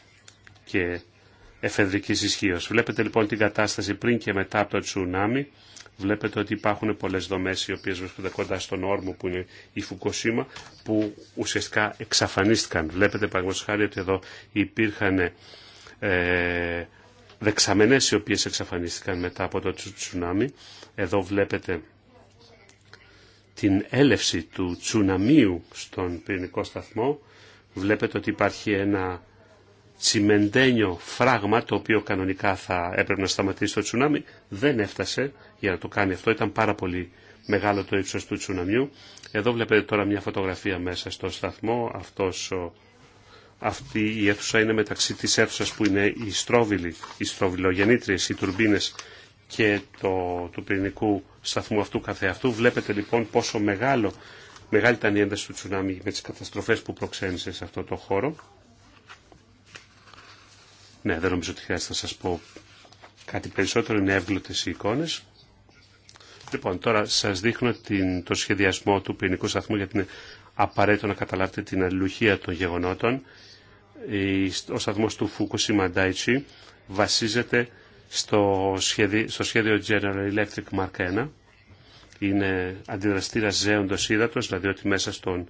και εφεδρικής ισχύω. Βλέπετε λοιπόν την κατάσταση πριν και μετά από το τσουνάμι. Βλέπετε ότι υπάρχουν πολλές δομές οι οποίες βρίσκονται κοντά στον όρμο που είναι η Φουκοσίμα που ουσιαστικά εξαφανίστηκαν. Βλέπετε παραγωγός ότι εδώ υπήρχαν ε, δεξαμενές οι οποίες εξαφανίστηκαν μετά από το τσουνάμι. Εδώ βλέπετε την έλευση του τσουναμίου στον πυρηνικό σταθμό βλέπετε ότι υπάρχει ένα τσιμεντένιο φράγμα το οποίο κανονικά θα έπρεπε να σταματήσει το τσουνάμι δεν έφτασε για να το κάνει αυτό ήταν πάρα πολύ μεγάλο το ύψος του τσουναμιού εδώ βλέπετε τώρα μια φωτογραφία μέσα στο σταθμό Αυτός ο, αυτή η αίθουσα είναι μεταξύ της αίθουσας που είναι οι στρόβιλοι οι στρόβιλογεννήτριες, οι τουρμπίνες και το, του πυρηνικού σταθμού αυτού καθεαυτού. Βλέπετε λοιπόν πόσο μεγάλο, μεγάλη ήταν η ένταση του τσουνάμι με τις καταστροφές που προξένησε σε αυτό το χώρο. Ναι, δεν νομίζω ότι χρειάζεται να σας πω κάτι περισσότερο, είναι εύγλωτες οι εικόνες. Λοιπόν, τώρα σας δείχνω την, το σχεδιασμό του πυρηνικού σταθμού γιατί είναι απαραίτητο να καταλάβετε την αλληλουχία των γεγονότων. Ο σταθμός του Φούκου Σιμαντάιτσι βασίζεται στο σχέδιο, General Electric Mark 1 είναι αντιδραστήρα ζέοντος ύδατος, δηλαδή ότι μέσα στον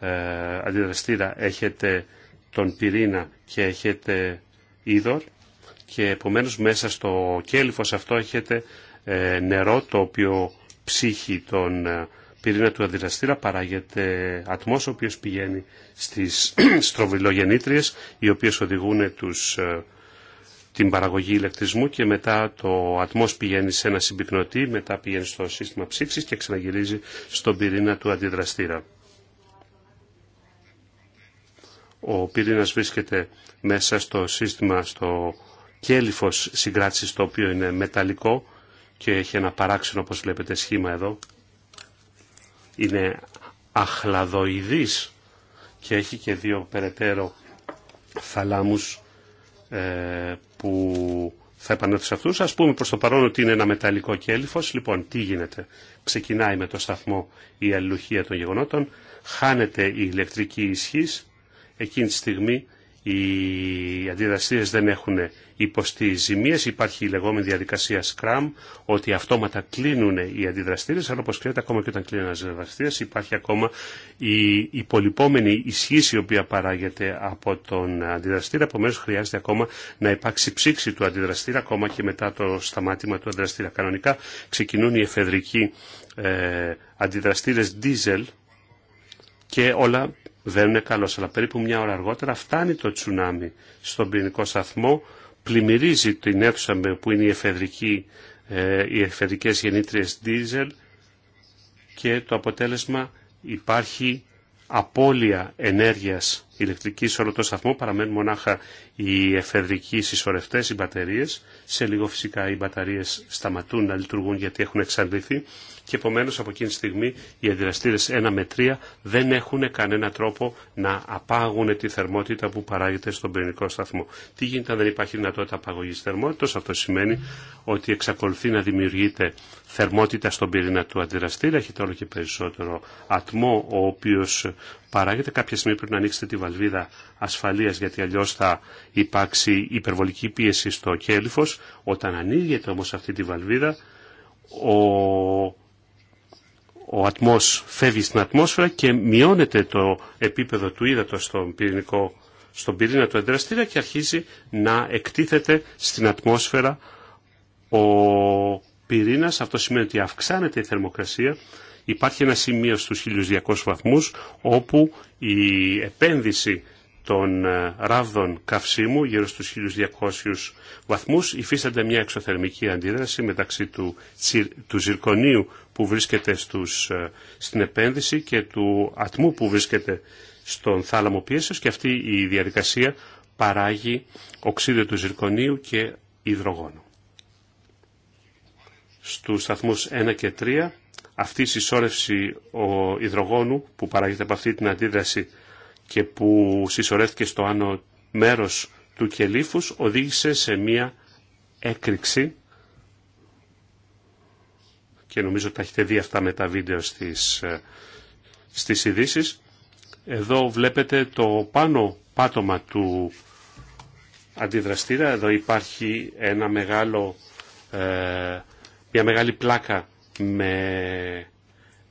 ε, αντιδραστήρα έχετε τον πυρήνα και έχετε είδωρ και επομένως μέσα στο κέλυφος αυτό έχετε ε, νερό το οποίο ψύχει τον ε, πυρήνα του αντιδραστήρα παράγεται ατμός ο οποίος πηγαίνει στις στροβιλογεννήτριες οι οποίες οδηγούν τους την παραγωγή ηλεκτρισμού και μετά το ατμός πηγαίνει σε ένα συμπυκνωτή, μετά πηγαίνει στο σύστημα ψήξη και ξαναγυρίζει στον πυρήνα του αντιδραστήρα. Ο πυρήνας βρίσκεται μέσα στο σύστημα, στο κέλυφος συγκράτησης το οποίο είναι μεταλλικό και έχει ένα παράξενο όπως βλέπετε σχήμα εδώ. Είναι αχλαδοειδής και έχει και δύο περαιτέρω θαλάμους ε, που θα επανέλθω σε αυτούς. Ας πούμε προς το παρόν ότι είναι ένα μεταλλικό κέλυφος. Λοιπόν, τι γίνεται. Ξεκινάει με το σταθμό η αλληλουχία των γεγονότων. Χάνεται η ηλεκτρική ισχύς. Εκείνη τη στιγμή οι αντιδραστήρες δεν έχουν υποστεί ζημίες. Υπάρχει η λεγόμενη διαδικασία Scrum, ότι αυτόματα κλείνουν οι αντιδραστήρες, αλλά όπως ξέρετε ακόμα και όταν κλείνει ένα αντιδραστήρες, υπάρχει ακόμα η υπολοιπόμενη ισχύση η οποία παράγεται από τον αντιδραστήρα, επομένω χρειάζεται ακόμα να υπάρξει ψήξη του αντιδραστήρα, ακόμα και μετά το σταμάτημα του αντιδραστήρα. Κανονικά ξεκινούν οι εφεδρικοί ε, diesel, και όλα δεν είναι καλό, αλλά περίπου μια ώρα αργότερα φτάνει το τσουνάμι στον πυρηνικό σταθμό, πλημμυρίζει την αίθουσα που είναι εφεδρική, ε, οι εφεδρικές γεννήτριες δίζελ και το αποτέλεσμα υπάρχει απώλεια ενέργειας ηλεκτρική σε σταθμό παραμένουν μονάχα οι εφεδρικοί συσσωρευτέ, οι μπαταρίες. Σε λίγο φυσικά οι μπαταρίε σταματούν να λειτουργούν γιατί έχουν εξαντληθεί και επομένω, από εκείνη τη στιγμή οι αντιδραστήρες 1 με 3 δεν έχουν κανένα τρόπο να απάγουν τη θερμότητα που παράγεται στον πυρηνικό σταθμό. Τι γίνεται αν δεν υπάρχει δυνατότητα απαγωγή θερμότητα. αυτό σημαίνει ότι εξακολουθεί να δημιουργείται θερμότητα στον πυρήνα του αντιδραστήρα, έχετε όλο και περισσότερο ατμό ο οποίο παράγεται. Κάποια στιγμή πρέπει να ανοίξετε τη βαλβίδα ασφαλείας γιατί αλλιώς θα υπάρξει υπερβολική πίεση στο κέλυφος. Όταν ανοίγεται όμω αυτή τη βαλβίδα ο, ο ατμός φεύγει στην ατμόσφαιρα και μειώνεται το επίπεδο του ύδατος στον πυρηνικό στον πυρήνα του εντραστήρα και αρχίζει να εκτίθεται στην ατμόσφαιρα ο πυρήνας. Αυτό σημαίνει ότι αυξάνεται η θερμοκρασία Υπάρχει ένα σημείο στους 1200 βαθμούς όπου η επένδυση των ε, ράβδων καυσίμου γύρω στους 1200 βαθμούς υφίστανται μια εξωθερμική αντίδραση μεταξύ του, του ζυρκονίου που βρίσκεται στους, ε, στην επένδυση και του ατμού που βρίσκεται στον θάλαμο πίεσης και αυτή η διαδικασία παράγει οξύδιο του ζυρκονίου και υδρογόνο. Στους σταθμούς 1 και 3 αυτή η συσσόρευση ο υδρογόνου που παράγεται από αυτή την αντίδραση και που συσσωρεύτηκε στο άνω μέρος του κελίφους οδήγησε σε μία έκρηξη και νομίζω τα έχετε δει αυτά με τα βίντεο στις, ε, στις ειδήσει. Εδώ βλέπετε το πάνω πάτωμα του αντιδραστήρα. Εδώ υπάρχει ένα μεγάλο, ε, μια μεγάλη πλάκα με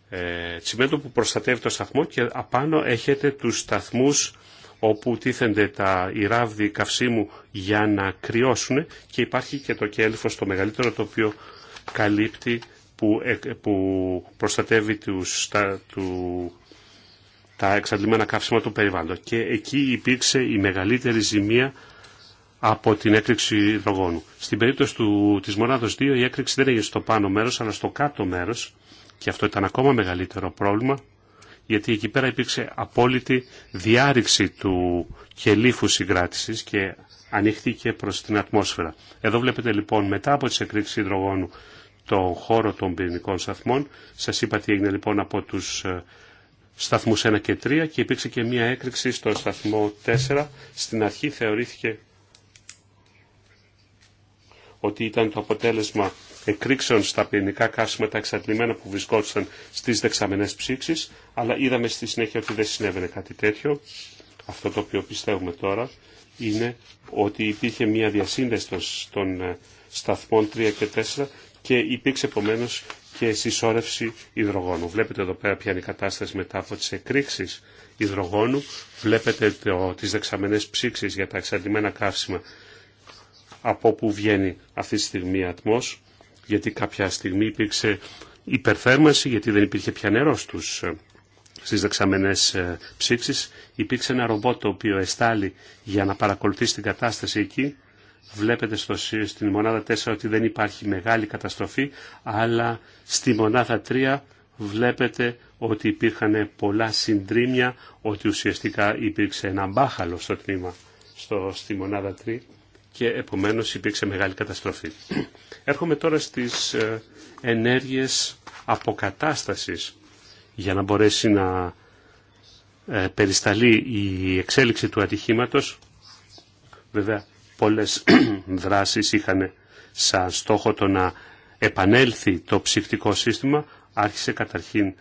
ε, τσιμέντο που προστατεύει το σταθμό και απάνω έχετε τους σταθμούς όπου τίθενται τα ράβδη καυσίμου για να κρυώσουν και υπάρχει και το κέλφος το μεγαλύτερο το οποίο καλύπτει που, ε, προστατεύει τους, τα, του, τα εξαντλημένα καύσιμα του περιβάλλοντος. Και εκεί υπήρξε η μεγαλύτερη ζημία από την έκρηξη υδρογόνου. Στην περίπτωση του, της μονάδος 2 η έκρηξη δεν έγινε στο πάνω μέρος αλλά στο κάτω μέρος και αυτό ήταν ακόμα μεγαλύτερο πρόβλημα γιατί εκεί πέρα υπήρξε απόλυτη διάρρηξη του κελίφου συγκράτησης και ανοίχθηκε προς την ατμόσφαιρα. Εδώ βλέπετε λοιπόν μετά από τις εκρήξεις υδρογόνου τον χώρο των πυρηνικών σταθμών. Σας είπα τι έγινε λοιπόν από τους ε, σταθμούς 1 και 3 και υπήρξε και μία έκρηξη στο σταθμό 4. Στην αρχή θεωρήθηκε ότι ήταν το αποτέλεσμα εκρήξεων στα πυρηνικά καύσιματα εξαντλημένα που βρισκόντουσαν στις δεξαμενές ψήξεις, αλλά είδαμε στη συνέχεια ότι δεν συνέβαινε κάτι τέτοιο. Αυτό το οποίο πιστεύουμε τώρα είναι ότι υπήρχε μια διασύνδεση των ε, σταθμών 3 και 4 και υπήρξε επομένω και συσσόρευση υδρογόνου. Βλέπετε εδώ πέρα ποια είναι η κατάσταση μετά από τις εκρήξεις υδρογόνου. Βλέπετε το, τις δεξαμενές ψήξεις για τα εξαντλημένα καύσιμα από που βγαίνει αυτή τη στιγμή ατμός, γιατί κάποια στιγμή υπήρξε υπερθέρμανση, γιατί δεν υπήρχε πια νερό στους, ε, στις δεξαμενές ε, ψήξεις. Υπήρξε ένα ρομπότ το οποίο εστάλει για να παρακολουθήσει την κατάσταση εκεί. Βλέπετε στο, στην μονάδα 4 ότι δεν υπάρχει μεγάλη καταστροφή, αλλά στη μονάδα 3 βλέπετε ότι υπήρχαν πολλά συντρίμια, ότι ουσιαστικά υπήρξε ένα μπάχαλο στο τμήμα, στο, στη μονάδα 3 και επομένως υπήρξε μεγάλη καταστροφή. Έρχομαι τώρα στις ε, ενέργειες αποκατάστασης για να μπορέσει να ε, περισταλεί η εξέλιξη του ατυχήματος. Βέβαια πολλές δράσεις είχαν σαν στόχο το να επανέλθει το ψυχτικό σύστημα. Άρχισε καταρχήν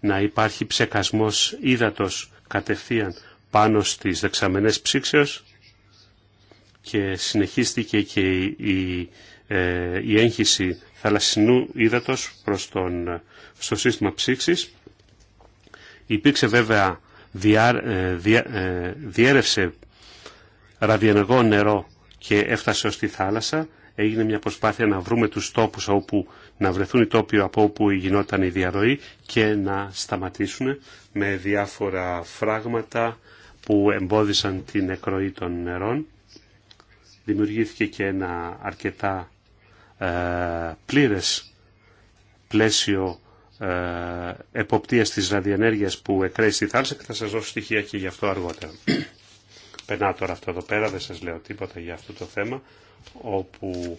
να υπάρχει ψεκασμός ύδατος κατευθείαν πάνω στις δεξαμενές ψήξεως και συνεχίστηκε και η, ε, η έγχυση θαλασσινού ύδατος προς τον, στο σύστημα ψήξης. Υπήρξε βέβαια ε, ε, διέρευσε ραδιενεργό νερό και έφτασε ως τη θάλασσα. Έγινε μια προσπάθεια να βρούμε τους τόπους όπου να βρεθούν οι τόποι από όπου γινόταν η διαρροή και να σταματήσουν με διάφορα φράγματα που εμπόδισαν την εκροή των νερών δημιουργήθηκε και ένα αρκετά ε, πλήρες πλαίσιο ε, εποπτείας της ραδιενέργειας που εκραίει στη θάλασσα και θα σας δώσω στοιχεία και γι' αυτό αργότερα. Περνάω τώρα αυτό εδώ πέρα, δεν σας λέω τίποτα για αυτό το θέμα, όπου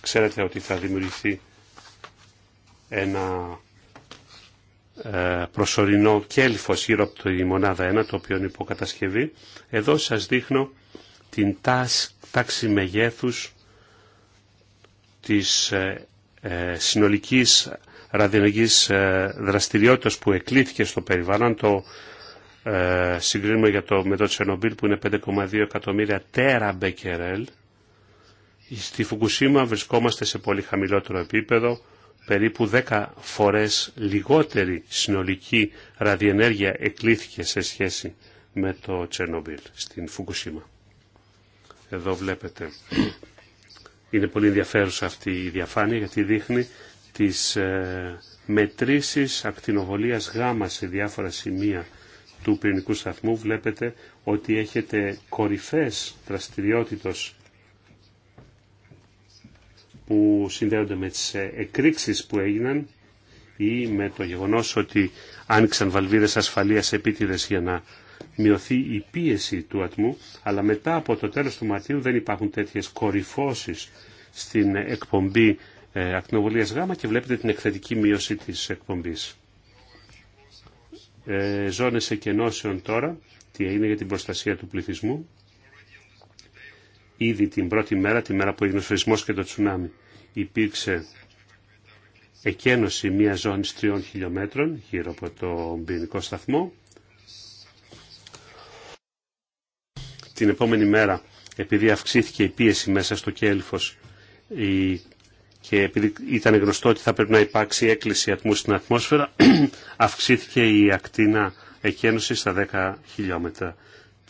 ξέρετε ότι θα δημιουργηθεί ένα ε, προσωρινό κέλφος γύρω από τη μονάδα 1, το οποίο είναι υποκατασκευή. Εδώ σας δείχνω την τάση τάξη μεγέθους της ε, ε, συνολικής ραδιενεργής ε, δραστηριότητας που εκλήθηκε στο περιβάλλον. Το συγκρίνουμε για το, με το Τσερνομπίλ που είναι 5,2 εκατομμύρια τέρα μπεκερέλ. Στη Φουκουσίμα βρισκόμαστε σε πολύ χαμηλότερο επίπεδο, περίπου 10 φορές λιγότερη συνολική ραδιενέργεια εκλήθηκε σε σχέση με το Τσερνομπίλ στην Φουκουσίμα. Εδώ βλέπετε. Είναι πολύ ενδιαφέρουσα αυτή η διαφάνεια γιατί δείχνει τις ε, μετρήσεις ακτινοβολίας γάμα σε διάφορα σημεία του πυρηνικού σταθμού. Βλέπετε ότι έχετε κορυφές δραστηριότητος που συνδέονται με τις ε, εκρήξεις που έγιναν ή με το γεγονός ότι άνοιξαν βαλβίδες ασφαλείας επίτηδες για να μειωθεί η πίεση του ατμού, αλλά μετά από το τέλος του Μαρτίου δεν υπάρχουν τέτοιες κορυφώσεις στην εκπομπή ε, ακτινοβολίας γάμα και βλέπετε την εκθετική μείωση της εκπομπής. Ε, ζώνες εκενώσεων τώρα, τι είναι για την προστασία του πληθυσμού. Ήδη την πρώτη μέρα, τη μέρα που έγινε ο και το τσουνάμι, υπήρξε εκένωση μια ζώνης τριών χιλιόμετρων γύρω από το πυρηνικό σταθμό την επόμενη μέρα, επειδή αυξήθηκε η πίεση μέσα στο κέλφος η, και επειδή ήταν γνωστό ότι θα πρέπει να υπάρξει έκκληση ατμού στην ατμόσφαιρα, αυξήθηκε η ακτίνα εκένωση στα 10 χιλιόμετρα.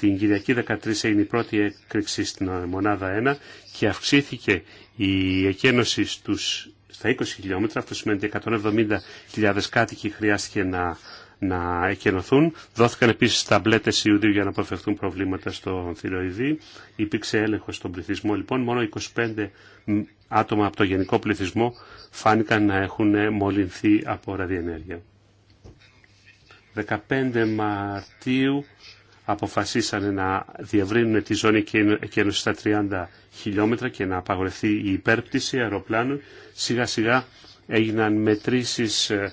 Την Κυριακή 13 έγινε η πρώτη έκρηξη στην μονάδα 1 και αυξήθηκε η εκένωση στους, στα 20 χιλιόμετρα. Αυτό σημαίνει ότι 170.000 κάτοικοι χρειάστηκε να να εκενωθούν. Δόθηκαν επίσης ταμπλέτες ιούδιου για να αποφευθούν προβλήματα στο θηροειδή. Υπήρξε έλεγχο στον πληθυσμό. Λοιπόν, μόνο 25 άτομα από το γενικό πληθυσμό φάνηκαν να έχουν μολυνθεί από ραδιενέργεια. 15 Μαρτίου αποφασίσανε να διευρύνουν τη ζώνη εκένωση στα 30 χιλιόμετρα και να απαγορευτεί η υπέρπτυση αεροπλάνων. Σιγά σιγά έγιναν μετρήσεις ε,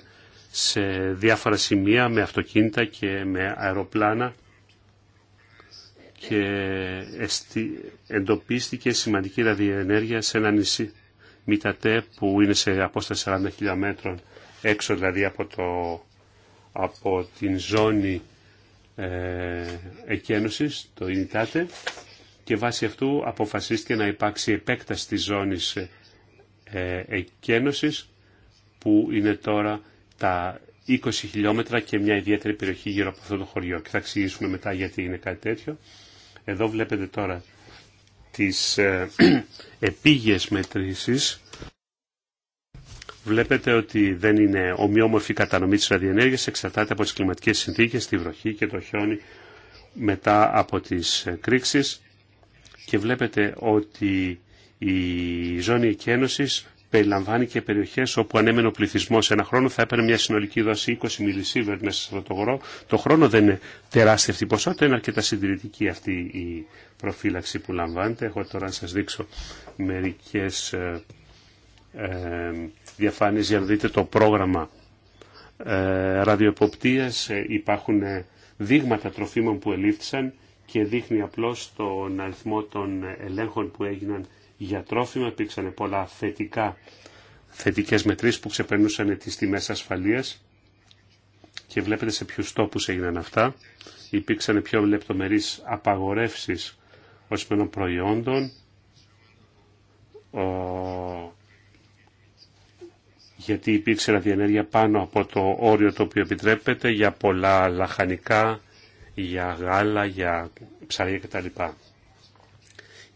σε διάφορα σημεία με αυτοκίνητα και με αεροπλάνα και εντοπίστηκε σημαντική ραδιενέργεια σε ένα νησί Μητατέ που είναι σε απόσταση 40 χιλιόμετρων έξω δηλαδή από, το, από την ζώνη ε, εκένωσης, το Ινιτάτε και βάσει αυτού αποφασίστηκε να υπάρξει επέκταση της ζώνης ε, εκένωσης που είναι τώρα τα 20 χιλιόμετρα και μια ιδιαίτερη περιοχή γύρω από αυτό το χωριό. Και θα εξηγήσουμε μετά γιατί είναι κάτι τέτοιο. Εδώ βλέπετε τώρα τις ε, επίγειες μετρήσεις. Βλέπετε ότι δεν είναι ομοιόμορφη η κατανομή της ραδιενέργειας, εξαρτάται από τις κλιματικές συνθήκες, τη βροχή και το χιόνι μετά από τις ε, κρίξεις. Και βλέπετε ότι η ζώνη εκένωσης περιλαμβάνει και περιοχέ όπου ανέμενε ο πληθυσμό ένα χρόνο θα έπαιρνε μια συνολική δόση 20 μιλισίβερ μέσα το γρό. Το χρόνο δεν είναι τεράστια αυτή η ποσότητα, είναι αρκετά συντηρητική αυτή η προφύλαξη που λαμβάνεται. Έχω τώρα να σας δείξω μερικέ ε, ε, διαφάνειες για να δείτε το πρόγραμμα ε, ραδιοεποπτείας. Ε, υπάρχουν ε, δείγματα τροφίμων που ελήφθησαν και δείχνει απλώς τον αριθμό των ελέγχων που έγιναν για τρόφιμα. Υπήρξαν πολλά θετικά, θετικές μετρήσεις που ξεπερνούσαν τις τιμές ασφαλείας και βλέπετε σε ποιους τόπους έγιναν αυτά. Υπήρξαν πιο λεπτομερείς απαγορεύσεις ορισμένων προϊόντων. γιατί υπήρξε ραδιενέργεια πάνω από το όριο το οποίο επιτρέπεται για πολλά λαχανικά, για γάλα, για ψαρία κτλ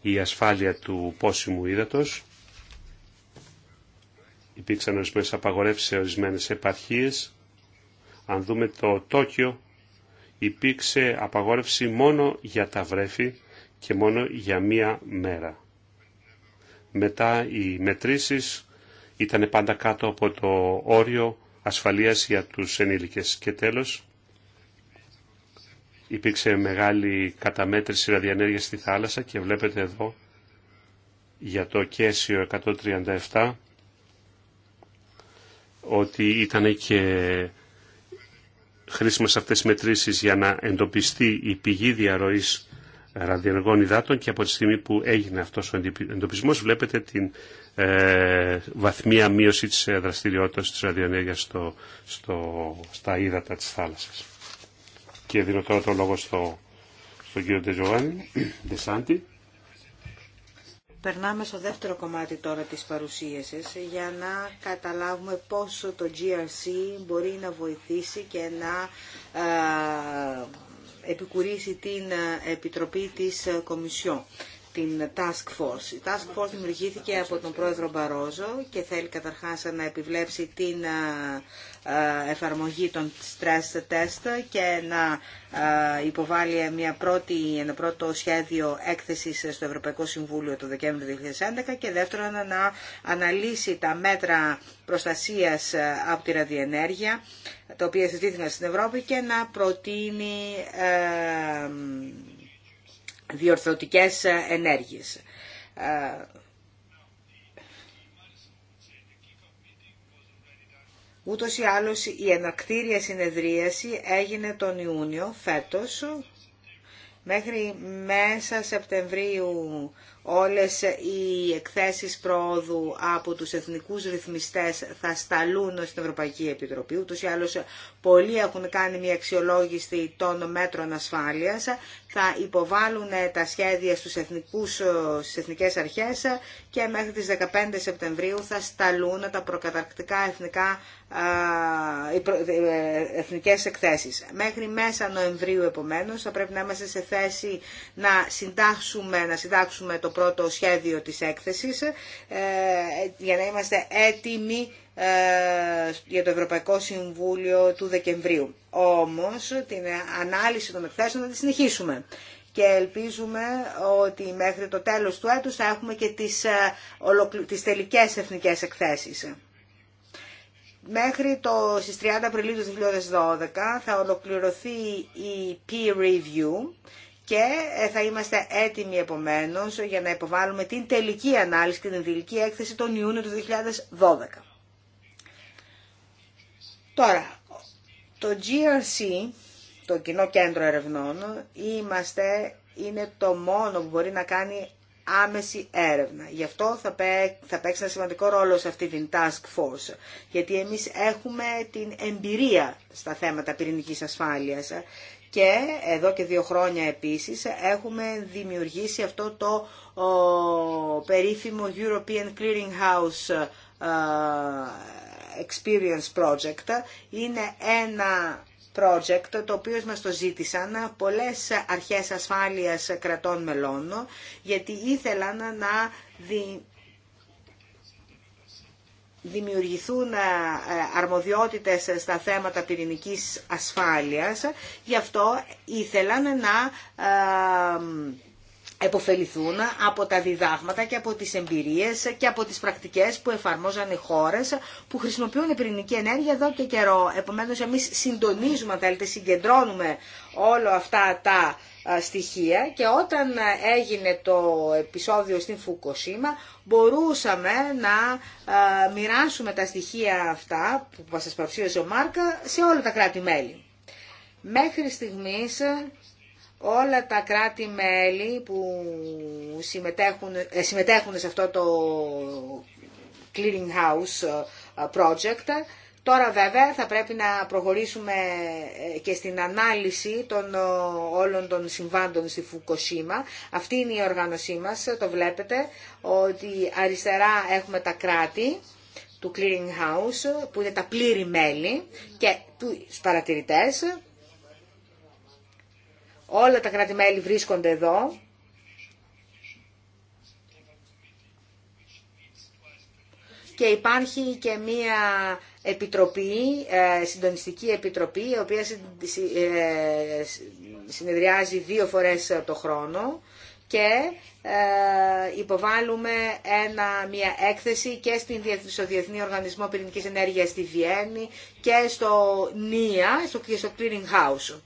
η ασφάλεια του πόσιμου ύδατος. Υπήρξαν ορισμένε απαγορεύσει σε ορισμένες επαρχίε. Αν δούμε το Τόκιο, υπήρξε απαγόρευση μόνο για τα βρέφη και μόνο για μία μέρα. Μετά οι μετρήσεις ήταν πάντα κάτω από το όριο ασφαλείας για τους ενήλικες. Και τέλος, υπήρξε μεγάλη καταμέτρηση ραδιενέργειας στη θάλασσα και βλέπετε εδώ για το Κέσιο 137 ότι ήταν και χρήσιμες αυτές οι μετρήσεις για να εντοπιστεί η πηγή διαρροής ραδιενεργών υδάτων και από τη στιγμή που έγινε αυτός ο εντοπισμός βλέπετε την ε, βαθμία μείωση της ε, δραστηριότητας της ραδιενέργειας στο, στα ύδατα της θάλασσας. Και δίνω τώρα το λόγο στο, στον κύριο Ντεζοβάνη, Ντεσάντι. Περνάμε στο δεύτερο κομμάτι τώρα της παρουσίασης για να καταλάβουμε πόσο το GRC μπορεί να βοηθήσει και να επικουρήσει την Επιτροπή της Κομισιόν την Task Force. Η Task Force δημιουργήθηκε από τον πρόεδρο Μπαρόζο και θέλει καταρχάς να επιβλέψει την εφαρμογή των stress test και να υποβάλει μια πρώτη, ένα πρώτο σχέδιο έκθεσης στο Ευρωπαϊκό Συμβούλιο το Δεκέμβριο 2011 και δεύτερον να αναλύσει τα μέτρα προστασίας από τη ραδιενέργεια τα οποία συζητήθηκαν στην Ευρώπη και να προτείνει ε, διορθωτικές ενέργειες. Ε, ούτως ή άλλως η ενακτήρια συνεδρίαση έγινε τον Ιούνιο φέτος. Μέχρι μέσα Σεπτεμβρίου όλες οι εκθέσεις πρόοδου από τους εθνικούς ρυθμιστές θα σταλούν στην Ευρωπαϊκή Επιτροπή. Ούτως ή άλλως πολλοί έχουν κάνει μια αξιολόγηση των μέτρων ασφάλειας θα υποβάλουν ε, τα σχέδια στους εθνικούς, ε, στις εθνικές αρχές και μέχρι τις 15 Σεπτεμβρίου θα σταλούν τα προκαταρκτικά εθνικά, ε, εθνικές εκθέσεις. Μέχρι μέσα Νοεμβρίου επομένως θα πρέπει να είμαστε σε θέση να συντάξουμε, να συντάξουμε το πρώτο σχέδιο της έκθεσης για να είμαστε έτοιμοι ε, για το Ευρωπαϊκό Συμβούλιο του Δεκεμβρίου. Όμως την ανάλυση των εκθέσεων θα τη συνεχίσουμε και ελπίζουμε ότι μέχρι το τέλος του έτους θα έχουμε και τις, ε, τις τελικές εθνικές εκθέσεις. Μέχρι το, στις 30 Απριλίου του 2012 θα ολοκληρωθεί η peer review και ε, θα είμαστε έτοιμοι επομένως για να υποβάλουμε την τελική ανάλυση και την τελική έκθεση τον Ιούνιο του 2012. Τώρα, το GRC, το Κοινό Κέντρο Ερευνών, είμαστε, είναι το μόνο που μπορεί να κάνει άμεση έρευνα. Γι' αυτό θα, θα παίξει ένα σημαντικό ρόλο σε αυτή την task force. Γιατί εμείς έχουμε την εμπειρία στα θέματα πυρηνικής ασφάλειας. Και εδώ και δύο χρόνια επίσης έχουμε δημιουργήσει αυτό το περίφημο European House. Experience Project είναι ένα project το οποίο μας το ζήτησαν πολλές αρχές ασφάλειας κρατών μελών γιατί ήθελαν να δι... δημιουργηθούν ε, αρμοδιότητες στα θέματα πυρηνικής ασφάλειας γι' αυτό ήθελαν να ε, εποφεληθούν από τα διδάγματα και από τις εμπειρίες και από τις πρακτικές που εφαρμόζαν οι χώρες που χρησιμοποιούν πυρηνική ενέργεια εδώ και καιρό. Επομένως εμείς συντονίζουμε, αν θέλετε, συγκεντρώνουμε όλα αυτά τα ε, στοιχεία και όταν έγινε το επεισόδιο στην Φουκοσίμα μπορούσαμε να ε, μοιράσουμε τα στοιχεία αυτά που σας παρουσίασε ο Μάρκα σε όλα τα κράτη-μέλη. Μέχρι στιγμής όλα τα κράτη-μέλη που συμμετέχουν, ε, συμμετέχουν σε αυτό το clearing house ε, project. Τώρα βέβαια θα πρέπει να προχωρήσουμε ε, και στην ανάλυση των όλων των συμβάντων στη Φουκοσίμα. Αυτή είναι η οργάνωσή μας, το βλέπετε, ότι αριστερά έχουμε τα κράτη του Clearing House, που είναι τα πλήρη μέλη και του παρατηρητές, Όλα τα κράτη-μέλη βρίσκονται εδώ. Και υπάρχει και μία επιτροπή, ε, συντονιστική επιτροπή, η οποία ε, συνεδριάζει δύο φορές το χρόνο και ε, υποβάλλουμε ένα, μια έκθεση και στην, στο Διεθνή Οργανισμό Πυρηνικής Ενέργειας στη Βιέννη και στο ΝΙΑ, στο, στο Clearing House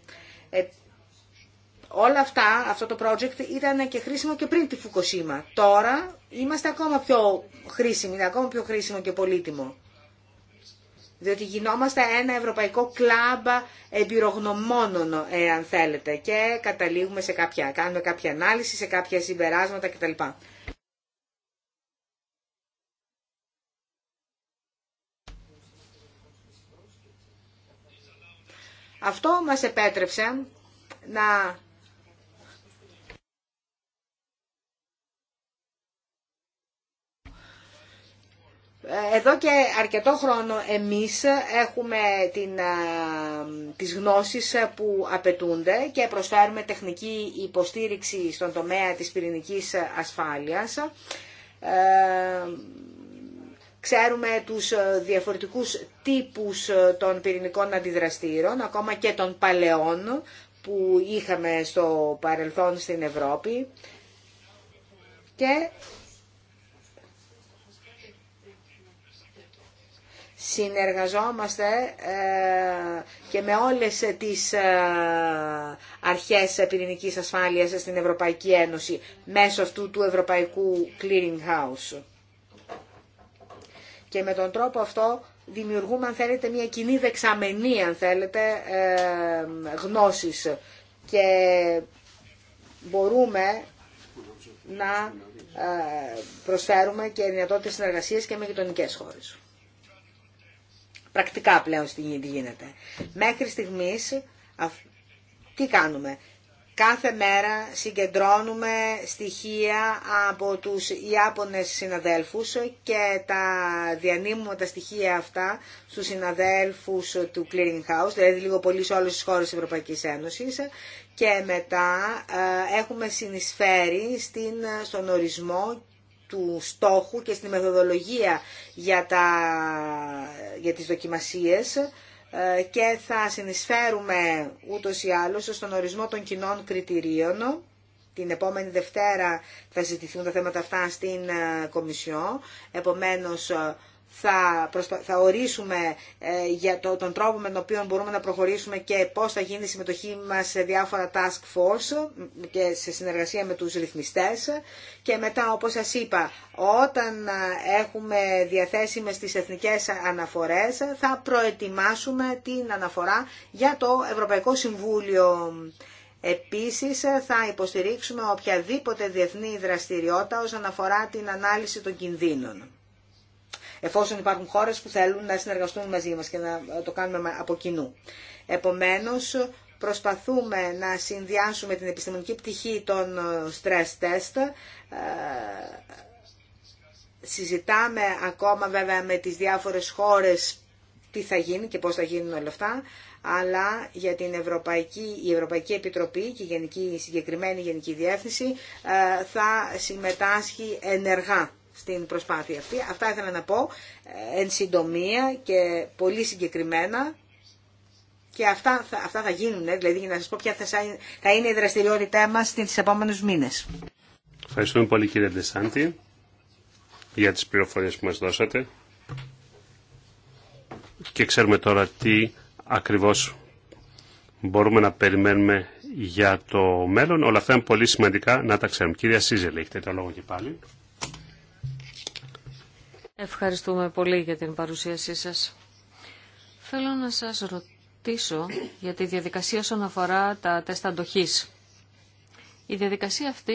όλα αυτά, αυτό το project ήταν και χρήσιμο και πριν τη Φουκοσίμα. Τώρα είμαστε ακόμα πιο χρήσιμοι, ακόμα πιο χρήσιμο και πολύτιμο. Διότι γινόμαστε ένα ευρωπαϊκό κλάμπ εμπειρογνωμόνων, εάν θέλετε, και καταλήγουμε σε κάποια, κάνουμε κάποια ανάλυση, σε κάποια συμπεράσματα κτλ. Αυτό μας επέτρεψε να Εδώ και αρκετό χρόνο εμείς έχουμε την, τις γνώσεις που απαιτούνται και προσφέρουμε τεχνική υποστήριξη στον τομέα της πυρηνικής ασφάλειας. Ε, ξέρουμε τους διαφορετικούς τύπους των πυρηνικών αντιδραστήρων, ακόμα και των παλαιών που είχαμε στο παρελθόν στην Ευρώπη. Και συνεργαζόμαστε ε, και με όλες τις ε, αρχές πυρηνικής ασφάλειας στην Ευρωπαϊκή Ένωση μέσω αυτού του Ευρωπαϊκού Clearing House. Και με τον τρόπο αυτό δημιουργούμε, αν θέλετε, μια κοινή δεξαμενή, αν θέλετε, ε, γνώσης. Και μπορούμε να προσφέρουμε και δυνατότητες συνεργασίας και με γειτονικές χώρες πρακτικά πλέον στην γίνεται. Μέχρι στιγμής τι κάνουμε. Κάθε μέρα συγκεντρώνουμε στοιχεία από τους Ιάπωνες συναδέλφους και τα διανύμουμε τα στοιχεία αυτά στους συναδέλφους του Clearing House, δηλαδή λίγο πολύ σε όλες τις χώρες της Ευρωπαϊκής Ένωσης και μετά ε, έχουμε συνεισφέρει στην, ε, στον ορισμό του στόχου και στη μεθοδολογία για, τα, για τις δοκιμασίες ε, και θα συνεισφέρουμε ούτως ή άλλως στον ορισμό των κοινών κριτηρίων. Την επόμενη Δευτέρα θα συζητηθούν τα θέματα αυτά στην ε, Κομισιό. Επομένως, θα, ορίσουμε ε, για το, τον τρόπο με τον οποίο μπορούμε να προχωρήσουμε και πώς θα γίνει η συμμετοχή μας σε διάφορα task force και σε συνεργασία με τους ρυθμιστές και μετά όπως σας είπα όταν ε, έχουμε διαθέσιμες τις εθνικές αναφορές θα προετοιμάσουμε την αναφορά για το Ευρωπαϊκό Συμβούλιο. Επίσης θα υποστηρίξουμε οποιαδήποτε διεθνή δραστηριότητα όσον αφορά την ανάλυση των κινδύνων εφόσον υπάρχουν χώρες που θέλουν να συνεργαστούν μαζί μας και να το κάνουμε από κοινού. Επομένως, προσπαθούμε να συνδυάσουμε την επιστημονική πτυχή των ε, stress test. Ε, συζητάμε ακόμα βέβαια με τις διάφορες χώρες τι θα γίνει και πώς θα γίνουν όλα αυτά, αλλά για την Ευρωπαϊκή, η Ευρωπαϊκή Επιτροπή και η, γενική, η συγκεκριμένη Γενική Διεύθυνση ε, θα συμμετάσχει ενεργά στην προσπάθεια αυτή. Αυτά ήθελα να πω ε, εν συντομία και πολύ συγκεκριμένα και αυτά θα, αυτά θα γίνουν, ε, δηλαδή για να σας πω ποια θα, θα είναι η δραστηριότητά μας στις επόμενους μήνες. Ευχαριστούμε πολύ κύριε Ντεσάντη για τις πληροφορίες που μας δώσατε και ξέρουμε τώρα τι ακριβώς μπορούμε να περιμένουμε για το μέλλον. Όλα αυτά είναι πολύ σημαντικά να τα ξέρουμε. Κυρία Σίζελ, έχετε το λόγο και πάλι. Ευχαριστούμε πολύ για την παρουσίασή σας. Θέλω να σας ρωτήσω για τη διαδικασία όσον αφορά τα τεστ αντοχής. Η διαδικασία αυτή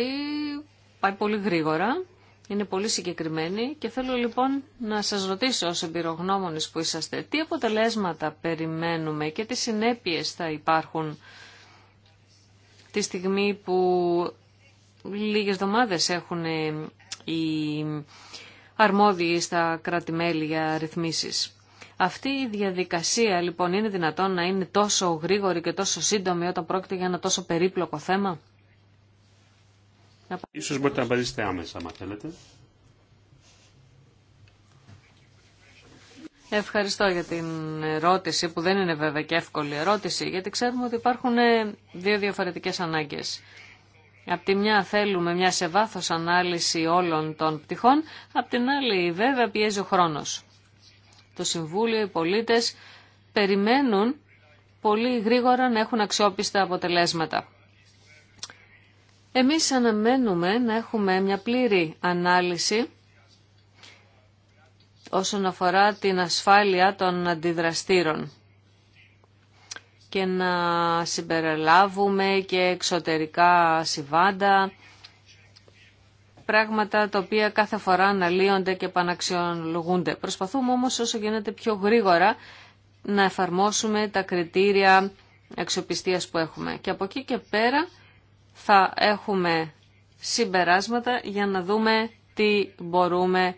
πάει πολύ γρήγορα, είναι πολύ συγκεκριμένη και θέλω λοιπόν να σας ρωτήσω ως εμπειρογνώμονες που είσαστε, τι αποτελέσματα περιμένουμε και τι συνέπειες θα υπάρχουν τη στιγμή που λίγες εβδομάδες έχουν οι αρμόδιοι στα κράτη-μέλη ρυθμίσεις. Αυτή η διαδικασία λοιπόν είναι δυνατόν να είναι τόσο γρήγορη και τόσο σύντομη όταν πρόκειται για ένα τόσο περίπλοκο θέμα. Ίσως μπορείτε να απαντήσετε άμεσα, αν θέλετε. Ευχαριστώ για την ερώτηση που δεν είναι βέβαια και εύκολη ερώτηση γιατί ξέρουμε ότι υπάρχουν ε, δύο διαφορετικές ανάγκες. Απ' τη μια θέλουμε μια σε βάθο ανάλυση όλων των πτυχών, απ' την άλλη βέβαια πιέζει ο χρόνος. Το Συμβούλιο, οι πολίτες περιμένουν πολύ γρήγορα να έχουν αξιόπιστα αποτελέσματα. Εμείς αναμένουμε να έχουμε μια πλήρη ανάλυση όσον αφορά την ασφάλεια των αντιδραστήρων και να συμπεριλάβουμε και εξωτερικά συμβάντα, πράγματα τα οποία κάθε φορά αναλύονται και επαναξιολογούνται. Προσπαθούμε όμως όσο γίνεται πιο γρήγορα να εφαρμόσουμε τα κριτήρια αξιοπιστίας που έχουμε. Και από εκεί και πέρα θα έχουμε συμπεράσματα για να δούμε τι μπορούμε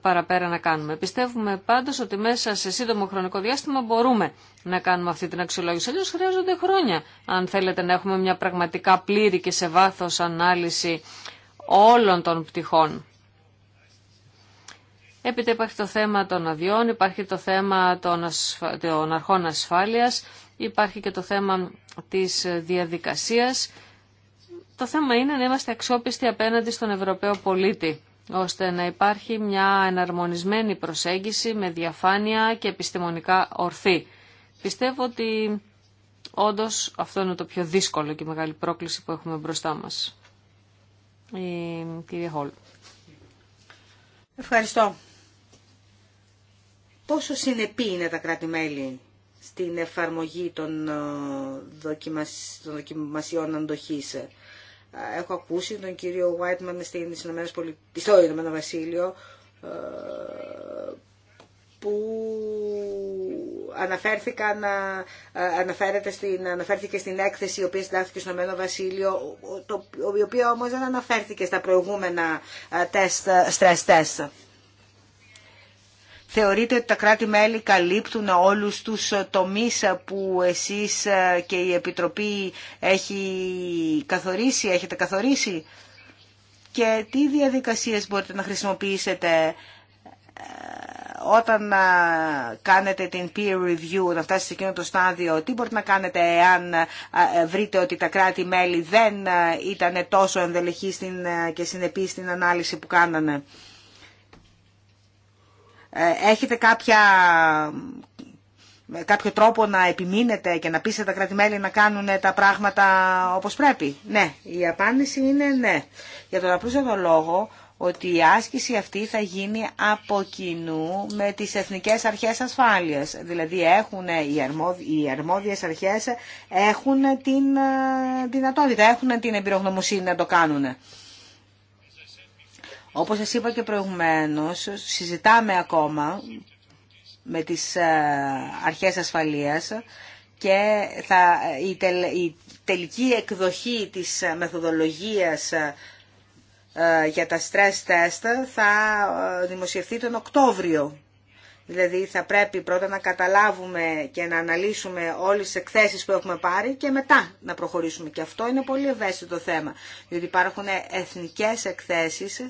παραπέρα να κάνουμε. Πιστεύουμε πάντως ότι μέσα σε σύντομο χρονικό διάστημα μπορούμε να κάνουμε αυτή την αξιολόγηση. Αλλιώς χρειάζονται χρόνια αν θέλετε να έχουμε μια πραγματικά πλήρη και σε βάθος ανάλυση όλων των πτυχών. Έπειτα υπάρχει το θέμα των αδειών, υπάρχει το θέμα των, ασφα... αρχών ασφάλειας, υπάρχει και το θέμα της διαδικασίας. Το θέμα είναι να είμαστε αξιόπιστοι απέναντι στον Ευρωπαίο πολίτη ώστε να υπάρχει μια εναρμονισμένη προσέγγιση με διαφάνεια και επιστημονικά ορθή. Πιστεύω ότι όντως αυτό είναι το πιο δύσκολο και μεγάλη πρόκληση που έχουμε μπροστά μας. Η Ευχαριστώ. Πόσο συνεπή είναι τα κράτη-μέλη στην εφαρμογή των, ε, δοκιμασιών αντοχής έχω ακούσει τον κύριο Βάιτμαν στην Πολυ... στο Ηνωμένο Βασίλειο ε, που αναφέρθηκαν, ε, αναφέρεται στην, αναφέρθηκε στην έκθεση η οποία συντάχθηκε στο Ηνωμένο Βασίλειο, το, η οποία όμως δεν αναφέρθηκε στα προηγούμενα ε, τεστ, stress test. Θεωρείτε ότι τα κράτη-μέλη καλύπτουν όλους τους ε, τομείς ε, που εσείς ε, και η Επιτροπή έχει καθορίσει, έχετε καθορίσει και τι διαδικασίες μπορείτε να χρησιμοποιήσετε όταν κάνετε την peer review, να φτάσετε σε εκείνο το στάδιο, τι μπορείτε να κάνετε εάν βρείτε ότι τα κράτη-μέλη δεν ήταν τόσο ενδελεχή και συνεπή στην ανάλυση που κάνανε. Ε, έχετε κάποια, κάποιο τρόπο να επιμείνετε και να πείσετε τα κρατημέλη να κάνουν τα πράγματα όπως πρέπει. Ναι, η απάντηση είναι ναι. Για τον απλούς λόγο ότι η άσκηση αυτή θα γίνει από κοινού με τις εθνικές αρχές ασφάλειας. Δηλαδή έχουν οι, αρμόδιε οι αρμόδιες αρχές έχουν την ε, δυνατότητα, έχουν την εμπειρογνωμοσύνη να το κάνουν. Όπως σας είπα και προηγουμένως, συζητάμε ακόμα με τις ε, αρχές ασφαλείας και θα, η, τελική εκδοχή της μεθοδολογίας ε, για τα stress test θα ε, δημοσιευθεί τον Οκτώβριο. Δηλαδή θα πρέπει πρώτα να καταλάβουμε και να αναλύσουμε όλες τις εκθέσεις που έχουμε πάρει και μετά να προχωρήσουμε. Και αυτό είναι πολύ ευαίσθητο θέμα, διότι υπάρχουν εθνικές εκθέσεις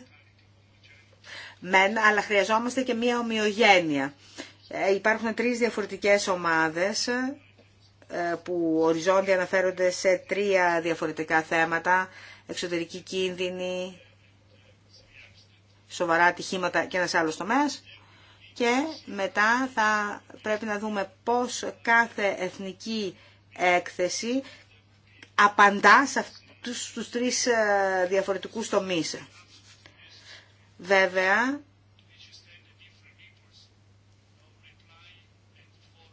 μεν, αλλά χρειαζόμαστε και μία ομοιογένεια. Ε, υπάρχουν τρεις διαφορετικές ομάδες ε, που οριζόντια αναφέρονται σε τρία διαφορετικά θέματα, εξωτερική κίνδυνη, σοβαρά ατυχήματα και ένας άλλος τομέας και μετά θα πρέπει να δούμε πώς κάθε εθνική έκθεση απαντά σε αυτούς τους τρεις ε, διαφορετικούς τομείς. Βέβαια,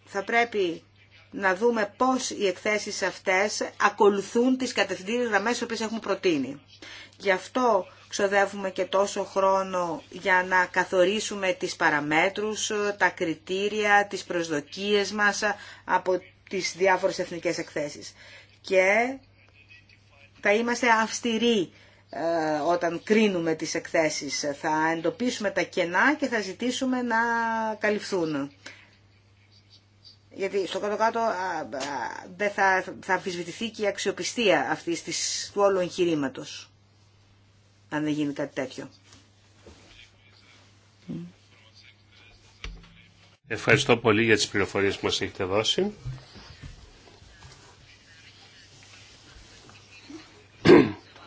θα πρέπει να δούμε πώς οι εκθέσεις αυτές ακολουθούν τις κατευθυντήριες γραμμές που έχουμε προτείνει. Γι' αυτό ξοδεύουμε και τόσο χρόνο για να καθορίσουμε τις παραμέτρους, τα κριτήρια, τις προσδοκίες μας από τις διάφορες εθνικές εκθέσεις. Και θα είμαστε αυστηροί ε, όταν κρίνουμε τις εκθέσεις. Θα εντοπίσουμε τα κενά και θα ζητήσουμε να καλυφθούν. Γιατί στο κάτω-κάτω θα, θα αμφισβητηθεί και η αξιοπιστία αυτής του όλου εγχειρήματο. αν δεν γίνει κάτι τέτοιο. Ευχαριστώ πολύ για τις πληροφορίες που μας έχετε δώσει.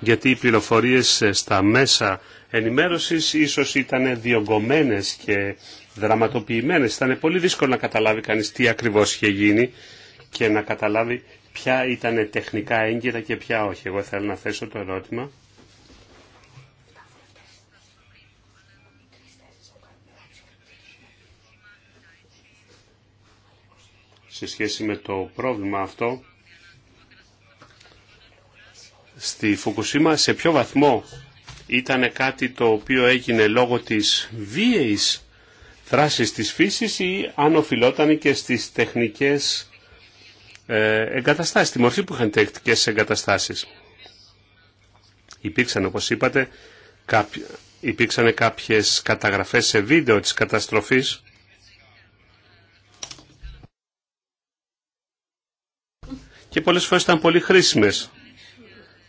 γιατί οι πληροφορίες ε, στα μέσα ενημέρωσης ίσως ήταν διωγγωμένες και δραματοποιημένες. Ήταν πολύ δύσκολο να καταλάβει κανείς τι ακριβώς είχε γίνει και να καταλάβει ποια ήταν τεχνικά έγκυρα και ποια όχι. Εγώ θέλω να θέσω το ερώτημα. Σε σχέση με το πρόβλημα αυτό, στη Φουκουσίμα σε ποιο βαθμό ήταν κάτι το οποίο έγινε λόγω της βίαιης δράσης της φύσης ή αν οφειλόταν και στις τεχνικές ε, εγκαταστάσεις, τη μορφή που είχαν τεχνικές εγκαταστάσεις. Υπήρξαν, όπως είπατε, κάποιοι, υπήρξαν κάποιες καταγραφές σε βίντεο της καταστροφής και πολλές φορές ήταν πολύ χρήσιμες.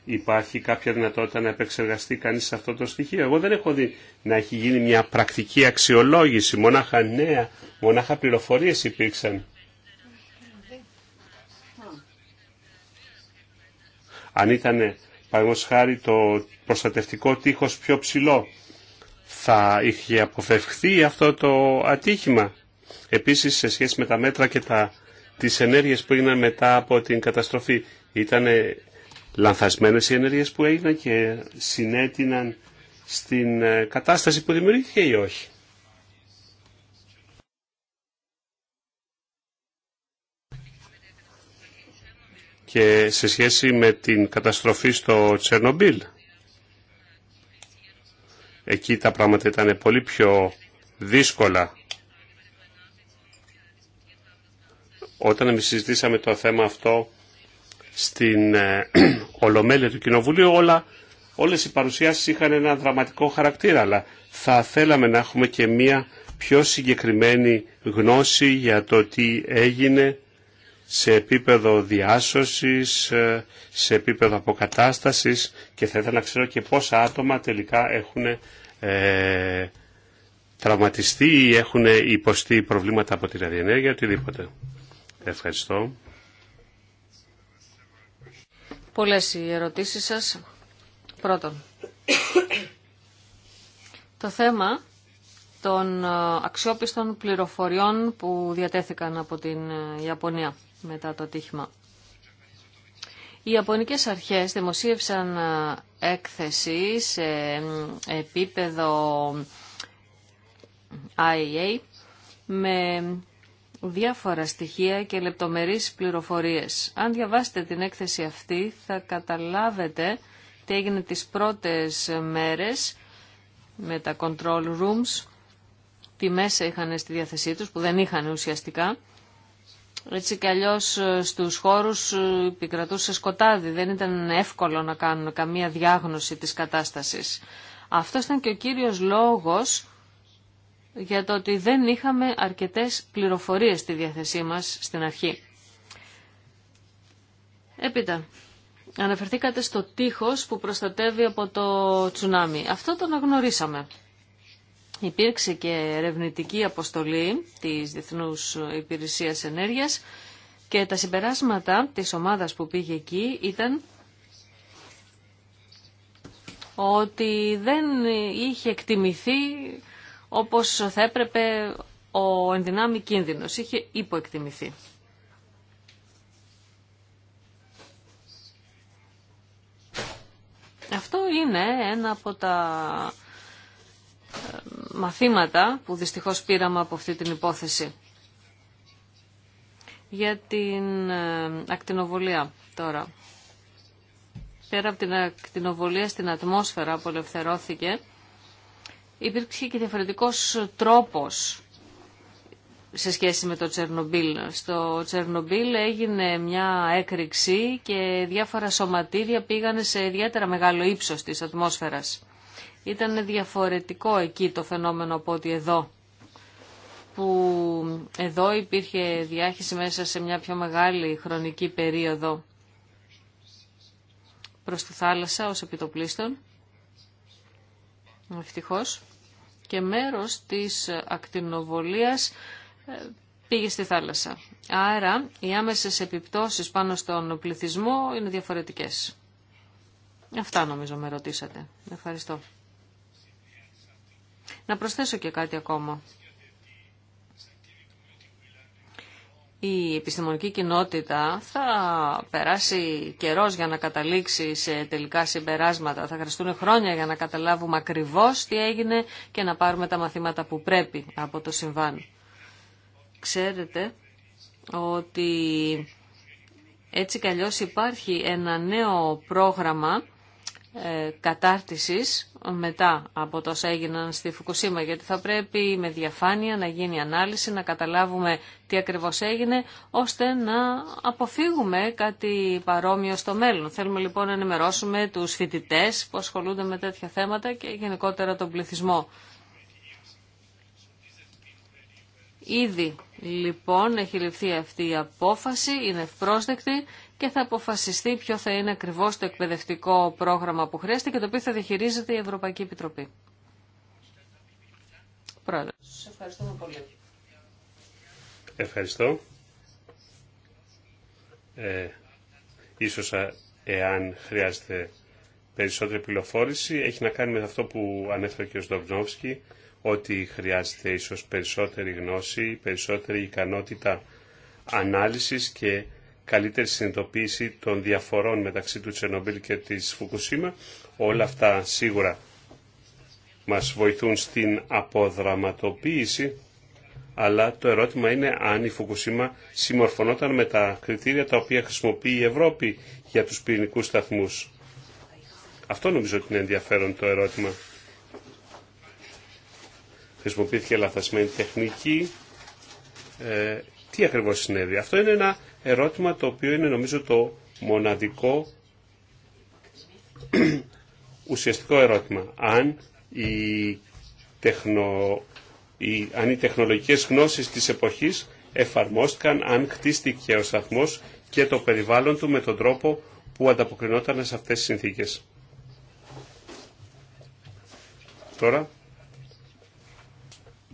Υπάρχει κάποια δυνατότητα να επεξεργαστεί κανείς αυτό το στοιχείο. Εγώ δεν έχω δει να έχει γίνει μια πρακτική αξιολόγηση. Μονάχα νέα, μονάχα πληροφορίες υπήρξαν. Αν ήταν, παραδείγματος χάρη, το προστατευτικό τείχος πιο ψηλό, θα είχε αποφευχθεί αυτό το ατύχημα. Επίσης, σε σχέση με τα μέτρα και τα, τις ενέργειες που έγιναν μετά από την καταστροφή, ήταν λανθασμένες οι ενέργειες που έγιναν και συνέτειναν στην ε, κατάσταση που δημιουργήθηκε ή όχι. Και σε σχέση με την καταστροφή στο Τσερνομπίλ, εκεί τα πράγματα ήταν πολύ πιο δύσκολα. Όταν εμείς συζητήσαμε το θέμα αυτό στην ε, Ολομέλεια του Κοινοβουλίου όλα, όλες οι παρουσιάσεις είχαν ένα δραματικό χαρακτήρα αλλά θα θέλαμε να έχουμε και μία πιο συγκεκριμένη γνώση για το τι έγινε σε επίπεδο διάσωσης, ε, σε επίπεδο αποκατάστασης και θα ήθελα να ξέρω και πόσα άτομα τελικά έχουν ε, τραυματιστεί ή έχουν υποστεί προβλήματα από την ραδιενέργεια, οτιδήποτε. Ευχαριστώ. Πολλές οι ερωτήσεις σας. Πρώτον, το θέμα των ε, αξιόπιστων πληροφοριών που διατέθηκαν από την ε, Ιαπωνία μετά το ατύχημα. Οι Ιαπωνικές αρχές δημοσίευσαν ε, έκθεση σε επίπεδο IEA με διάφορα στοιχεία και λεπτομερείς πληροφορίες. Αν διαβάσετε την έκθεση αυτή θα καταλάβετε τι έγινε τις πρώτες μέρες με τα control rooms, τι μέσα είχαν στη διάθεσή τους που δεν είχαν ουσιαστικά. Έτσι κι αλλιώς ε, στους χώρους ε, επικρατούσε σκοτάδι, δεν ήταν εύκολο να κάνουν καμία διάγνωση της κατάστασης. Αυτό ήταν και ο κύριος λόγος για το ότι δεν είχαμε αρκετές πληροφορίες στη διάθεσή μας στην αρχή. Έπειτα, αναφερθήκατε στο τείχος που προστατεύει από το τσουνάμι. Αυτό το αναγνωρίσαμε. Υπήρξε και ερευνητική αποστολή της Διεθνούς Υπηρεσίας Ενέργειας και τα συμπεράσματα της ομάδας που πήγε εκεί ήταν ότι δεν είχε εκτιμηθεί όπως θα έπρεπε ο ενδυνάμει κίνδυνος. Είχε υποεκτιμηθεί. Αυτό είναι ένα από τα ε, μαθήματα που δυστυχώς πήραμε από αυτή την υπόθεση. Για την ε, ακτινοβολία τώρα. Πέρα από την ακτινοβολία στην ατμόσφαιρα που υπήρξε και διαφορετικός τρόπος σε σχέση με το Τσερνομπίλ. Στο Τσερνομπίλ έγινε μια έκρηξη και διάφορα σωματίδια πήγαν σε ιδιαίτερα μεγάλο ύψος της ατμόσφαιρας. Ήταν διαφορετικό εκεί το φαινόμενο από ότι εδώ που εδώ υπήρχε διάχυση μέσα σε μια πιο μεγάλη χρονική περίοδο προς τη θάλασσα ως επιτοπλίστων ευτυχώς, και μέρος της ακτινοβολίας ε, πήγε στη θάλασσα. Άρα οι άμεσες επιπτώσεις πάνω στον πληθυσμό είναι διαφορετικές. Αυτά νομίζω με ρωτήσατε. Ευχαριστώ. Να προσθέσω και κάτι ακόμα η επιστημονική κοινότητα θα περάσει καιρός για να καταλήξει σε τελικά συμπεράσματα. Θα χρειαστούν χρόνια για να καταλάβουμε ακριβώς τι έγινε και να πάρουμε τα μαθήματα που πρέπει από το συμβάν. Ξέρετε ότι έτσι κι υπάρχει ένα νέο πρόγραμμα ε, κατάρτισης μετά από τόσα έγιναν στη Φουκουσίμα γιατί θα πρέπει με διαφάνεια να γίνει ανάλυση, να καταλάβουμε τι ακριβώς έγινε ώστε να αποφύγουμε κάτι παρόμοιο στο μέλλον. Θέλουμε λοιπόν να ενημερώσουμε τους φοιτητές που ασχολούνται με τέτοια θέματα και γενικότερα τον πληθυσμό. Ήδη λοιπόν έχει ληφθεί αυτή η απόφαση, είναι ευπρόσδεκτη και θα αποφασιστεί ποιο θα είναι ακριβώς το εκπαιδευτικό πρόγραμμα που χρειάζεται και το οποίο θα διαχειρίζεται η Ευρωπαϊκή Επιτροπή. Πρόεδρε. ευχαριστούμε πολύ. Ευχαριστώ. Ε, ίσως εάν χρειάζεται περισσότερη πληροφόρηση έχει να κάνει με αυτό που ανέφερε και ο Σδοβνόφσκι ότι χρειάζεται ίσως περισσότερη γνώση, περισσότερη ικανότητα ανάλυσης και καλύτερη συνειδητοποίηση των διαφορών μεταξύ του Τσενομπίλ και της Φουκουσίμα. Όλα αυτά σίγουρα μας βοηθούν στην αποδραματοποίηση, αλλά το ερώτημα είναι αν η Φουκουσίμα συμμορφωνόταν με τα κριτήρια τα οποία χρησιμοποιεί η Ευρώπη για τους πυρηνικούς σταθμούς. Αυτό νομίζω ότι είναι ενδιαφέρον το ερώτημα. Χρησιμοποιήθηκε λαθασμένη τεχνική, ε, τι ακριβώς συνέβη. Αυτό είναι ένα ερώτημα το οποίο είναι νομίζω το μοναδικό ουσιαστικό ερώτημα. Αν οι, τεχνο, οι, αν οι τεχνολογικές γνώσεις της εποχής εφαρμόστηκαν, αν χτίστηκε ο σταθμός και το περιβάλλον του με τον τρόπο που ανταποκρινόταν σε αυτές τις συνθήκες. Τώρα,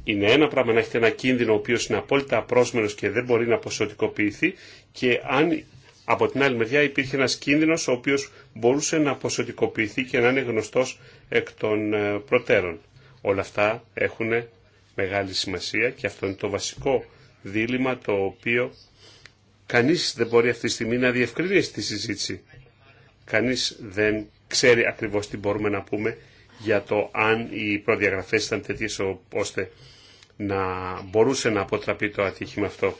είναι ένα πράγμα να έχετε ένα κίνδυνο ο οποίο είναι απόλυτα απρόσμενο και δεν μπορεί να ποσοτικοποιηθεί και αν από την άλλη μεριά υπήρχε ένα κίνδυνο ο οποίο μπορούσε να ποσοτικοποιηθεί και να είναι γνωστό εκ των ε, προτέρων. Όλα αυτά έχουν μεγάλη σημασία και αυτό είναι το βασικό δίλημα το οποίο κανείς δεν μπορεί αυτή τη στιγμή να διευκρινίσει τη συζήτηση. Κανείς δεν ξέρει ακριβώς τι μπορούμε να πούμε για το αν οι προδιαγραφές ήταν τέτοιες ώστε να μπορούσε να αποτραπεί το ατύχημα αυτό.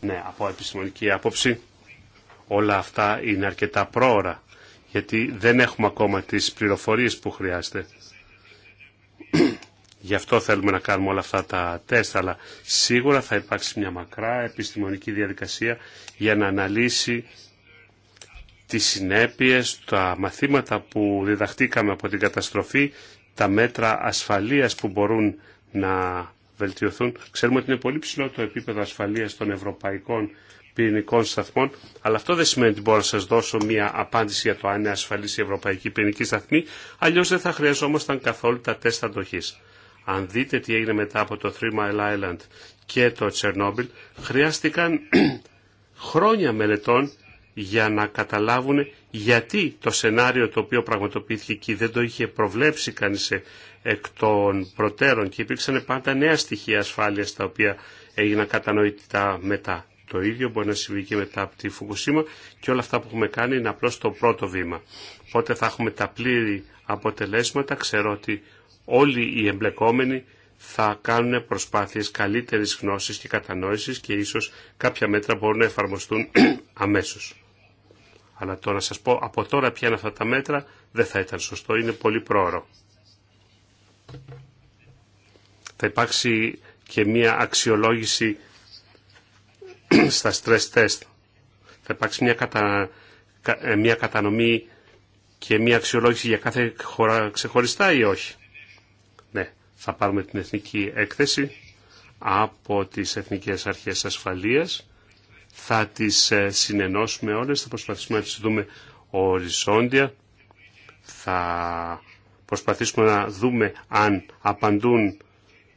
Ναι, από επιστημονική άποψη όλα αυτά είναι αρκετά πρόωρα γιατί δεν έχουμε ακόμα τις πληροφορίες που χρειάζεται. Γι' αυτό θέλουμε να κάνουμε όλα αυτά τα τεστ, αλλά σίγουρα θα υπάρξει μια μακρά επιστημονική διαδικασία για να αναλύσει τις συνέπειες, τα μαθήματα που διδαχτήκαμε από την καταστροφή, τα μέτρα ασφαλείας που μπορούν να βελτιωθούν. Ξέρουμε ότι είναι πολύ ψηλό το επίπεδο ασφαλείας των ευρωπαϊκών πυρηνικών σταθμών, αλλά αυτό δεν σημαίνει ότι μπορώ να σας δώσω μια απάντηση για το αν είναι ασφαλής η ευρωπαϊκή πυρηνική σταθμή, αλλιώς δεν θα χρειαζόμασταν καθόλου τα τεστ αντοχής. Αν δείτε τι έγινε μετά από το Three Mile Island και το Τσερνόμπιλ, χρειάστηκαν χρόνια μελετών για να καταλάβουν γιατί το σενάριο το οποίο πραγματοποιήθηκε εκεί δεν το είχε προβλέψει κανείς εκ των προτέρων και υπήρξαν πάντα νέα στοιχεία ασφάλειας τα οποία έγιναν κατανοητά μετά. Το ίδιο μπορεί να συμβεί και μετά από τη Φουκουσίμα και όλα αυτά που έχουμε κάνει είναι απλώς το πρώτο βήμα. Οπότε θα έχουμε τα πλήρη αποτελέσματα, ξέρω ότι όλοι οι εμπλεκόμενοι θα κάνουν προσπάθειες καλύτερης γνώσης και κατανόησης και ίσως κάποια μέτρα μπορούν να εφαρμοστούν αμέσως. Αλλά τώρα σας πω, από τώρα πια αυτά τα μέτρα δεν θα ήταν σωστό, είναι πολύ πρόωρο. Θα υπάρξει και μία αξιολόγηση στα stress test. Θα υπάρξει μια, κατα... μια ε, κατανομή και μια αξιολόγηση για κάθε χώρα ξεχωριστά ή όχι. Ναι, θα πάρουμε την εθνική έκθεση από τις Εθνικές Αρχές Ασφαλείας θα τις ε, συνενώσουμε όλες, θα προσπαθήσουμε να τις δούμε οριζόντια, θα προσπαθήσουμε να δούμε αν απαντούν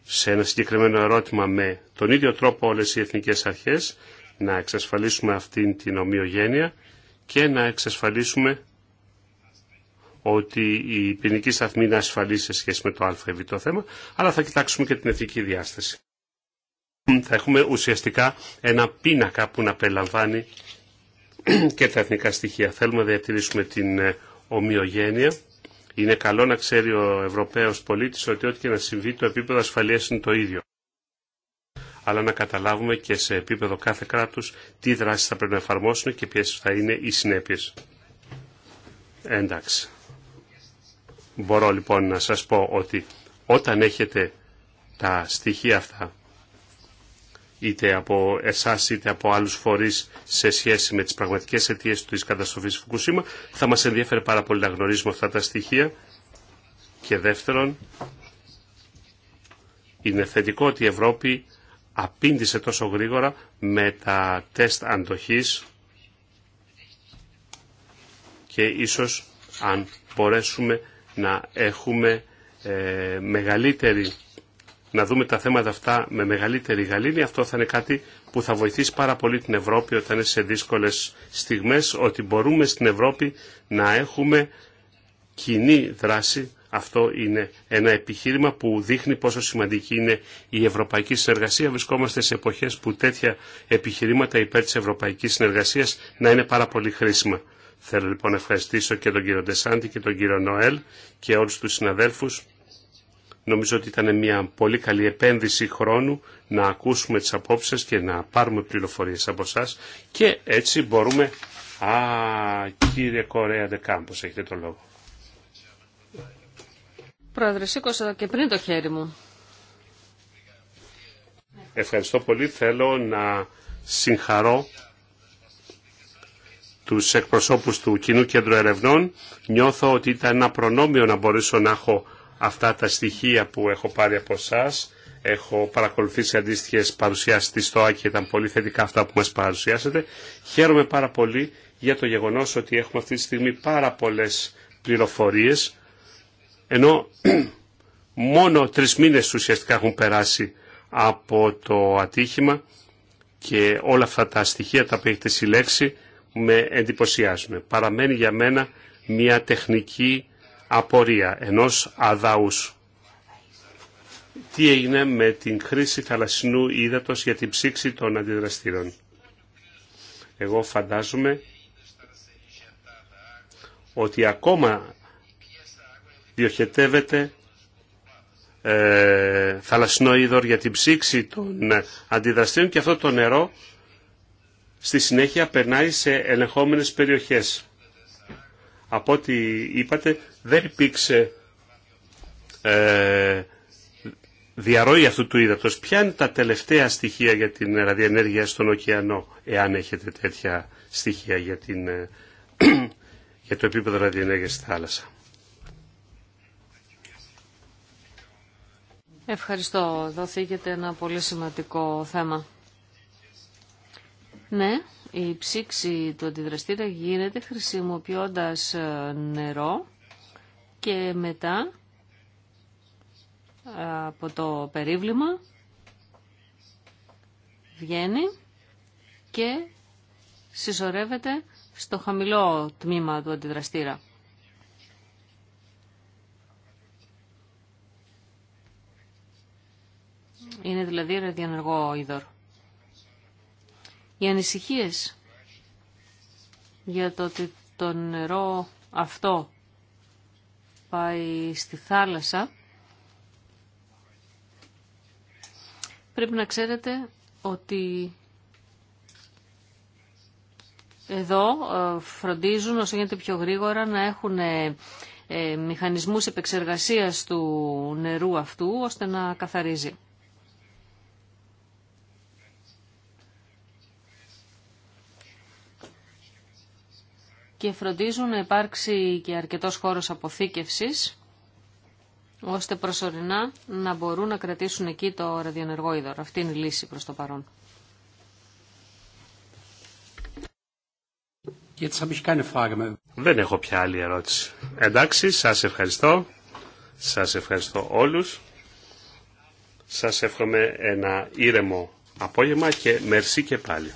σε ένα συγκεκριμένο ερώτημα με τον ίδιο τρόπο όλες οι εθνικές αρχές, να εξασφαλίσουμε αυτήν την ομοιογένεια και να εξασφαλίσουμε ότι η ποινική σταθμή είναι ασφαλή σε σχέση με το ΑΕΒ θέμα, αλλά θα κοιτάξουμε και την εθνική διάσταση θα έχουμε ουσιαστικά ένα πίνακα που να περιλαμβάνει και τα εθνικά στοιχεία. Θέλουμε να διατηρήσουμε την ε, ομοιογένεια. Είναι καλό να ξέρει ο Ευρωπαίος πολίτης ότι ό,τι και να συμβεί το επίπεδο ασφαλείας είναι το ίδιο. Αλλά να καταλάβουμε και σε επίπεδο κάθε κράτους τι δράσεις θα πρέπει να εφαρμόσουν και ποιες θα είναι οι συνέπειες. Εντάξει. Μπορώ λοιπόν να σας πω ότι όταν έχετε τα στοιχεία αυτά είτε από εσά είτε από άλλου φορεί σε σχέση με τι πραγματικέ αιτίε τη καταστροφή Φουκουσίμα. Θα μα ενδιαφέρει πάρα πολύ να γνωρίζουμε αυτά τα στοιχεία. Και δεύτερον, είναι θετικό ότι η Ευρώπη απήντησε τόσο γρήγορα με τα τεστ αντοχής και ίσως αν μπορέσουμε να έχουμε ε, μεγαλύτερη να δούμε τα θέματα αυτά με μεγαλύτερη γαλήνη. Αυτό θα είναι κάτι που θα βοηθήσει πάρα πολύ την Ευρώπη όταν είναι σε δύσκολες στιγμές, ότι μπορούμε στην Ευρώπη να έχουμε κοινή δράση. Αυτό είναι ένα επιχείρημα που δείχνει πόσο σημαντική είναι η ευρωπαϊκή συνεργασία. Βρισκόμαστε σε εποχές που τέτοια επιχειρήματα υπέρ της ευρωπαϊκής συνεργασίας να είναι πάρα πολύ χρήσιμα. Θέλω λοιπόν να ευχαριστήσω και τον κύριο Ντεσάντη και τον κύριο Νοέλ και όλους τους συναδέλφους Νομίζω ότι ήταν μια πολύ καλή επένδυση χρόνου να ακούσουμε τις απόψεις και να πάρουμε πληροφορίες από εσά και έτσι μπορούμε... Α, κύριε Κορέα Δεκάμπος, έχετε το λόγο. Πρόεδρε, σήκωσα και πριν το χέρι μου. Ευχαριστώ πολύ. Θέλω να συγχαρώ τους εκπροσώπους του Κοινού Κέντρου Ερευνών. Νιώθω ότι ήταν ένα προνόμιο να μπορέσω να έχω αυτά τα στοιχεία που έχω πάρει από εσά. Έχω παρακολουθήσει αντίστοιχε παρουσιάσει τη ΣΤΟΑ και ήταν πολύ θετικά αυτά που μα παρουσιάσατε. Χαίρομαι πάρα πολύ για το γεγονό ότι έχουμε αυτή τη στιγμή πάρα πολλέ πληροφορίε, ενώ μόνο τρει μήνε ουσιαστικά έχουν περάσει από το ατύχημα και όλα αυτά τα στοιχεία τα οποία έχετε συλλέξει με εντυπωσιάζουν. Παραμένει για μένα μια τεχνική απορία ενός αδαούς. Τι έγινε με την χρήση θαλασσινού ύδατος για την ψήξη των αντιδραστήρων. Εγώ φαντάζομαι ότι ακόμα διοχετεύεται ε, θαλασσινό είδωρ για την ψήξη των αντιδραστήρων και αυτό το νερό στη συνέχεια περνάει σε ελεγχόμενες περιοχές. Από ό,τι είπατε, δεν υπήρξε ε, διαρροή αυτού του ύδατος. Ποια είναι τα τελευταία στοιχεία για την ραδιενέργεια στον ωκεανό, εάν έχετε τέτοια στοιχεία για, την, ε, το επίπεδο ραδιενέργειας στη θάλασσα. Ευχαριστώ. Δοθήκετε ένα πολύ σημαντικό θέμα. Ναι, η ψήξη του αντιδραστήρα γίνεται χρησιμοποιώντας ε, νερό και μετά από το περίβλημα βγαίνει και συσσωρεύεται στο χαμηλό τμήμα του αντιδραστήρα. Είναι δηλαδή ραδιενεργό είδωρ. Οι ανησυχίες για το ότι το νερό αυτό πάει στη θάλασσα, πρέπει να ξέρετε ότι εδώ ε, φροντίζουν όσο γίνεται πιο γρήγορα να έχουν ε, ε, μηχανισμούς επεξεργασίας του νερού αυτού ώστε να καθαρίζει. και φροντίζουν να υπάρξει και αρκετός χώρος αποθήκευσης ώστε προσωρινά να μπορούν να κρατήσουν εκεί το ραδιενεργό είδωρο. Αυτή είναι η λύση προς το παρόν. Δεν έχω πια άλλη ερώτηση. Εντάξει, σας ευχαριστώ. Σας ευχαριστώ όλους. Σας εύχομαι ένα ήρεμο απόγευμα και μερσή και πάλι.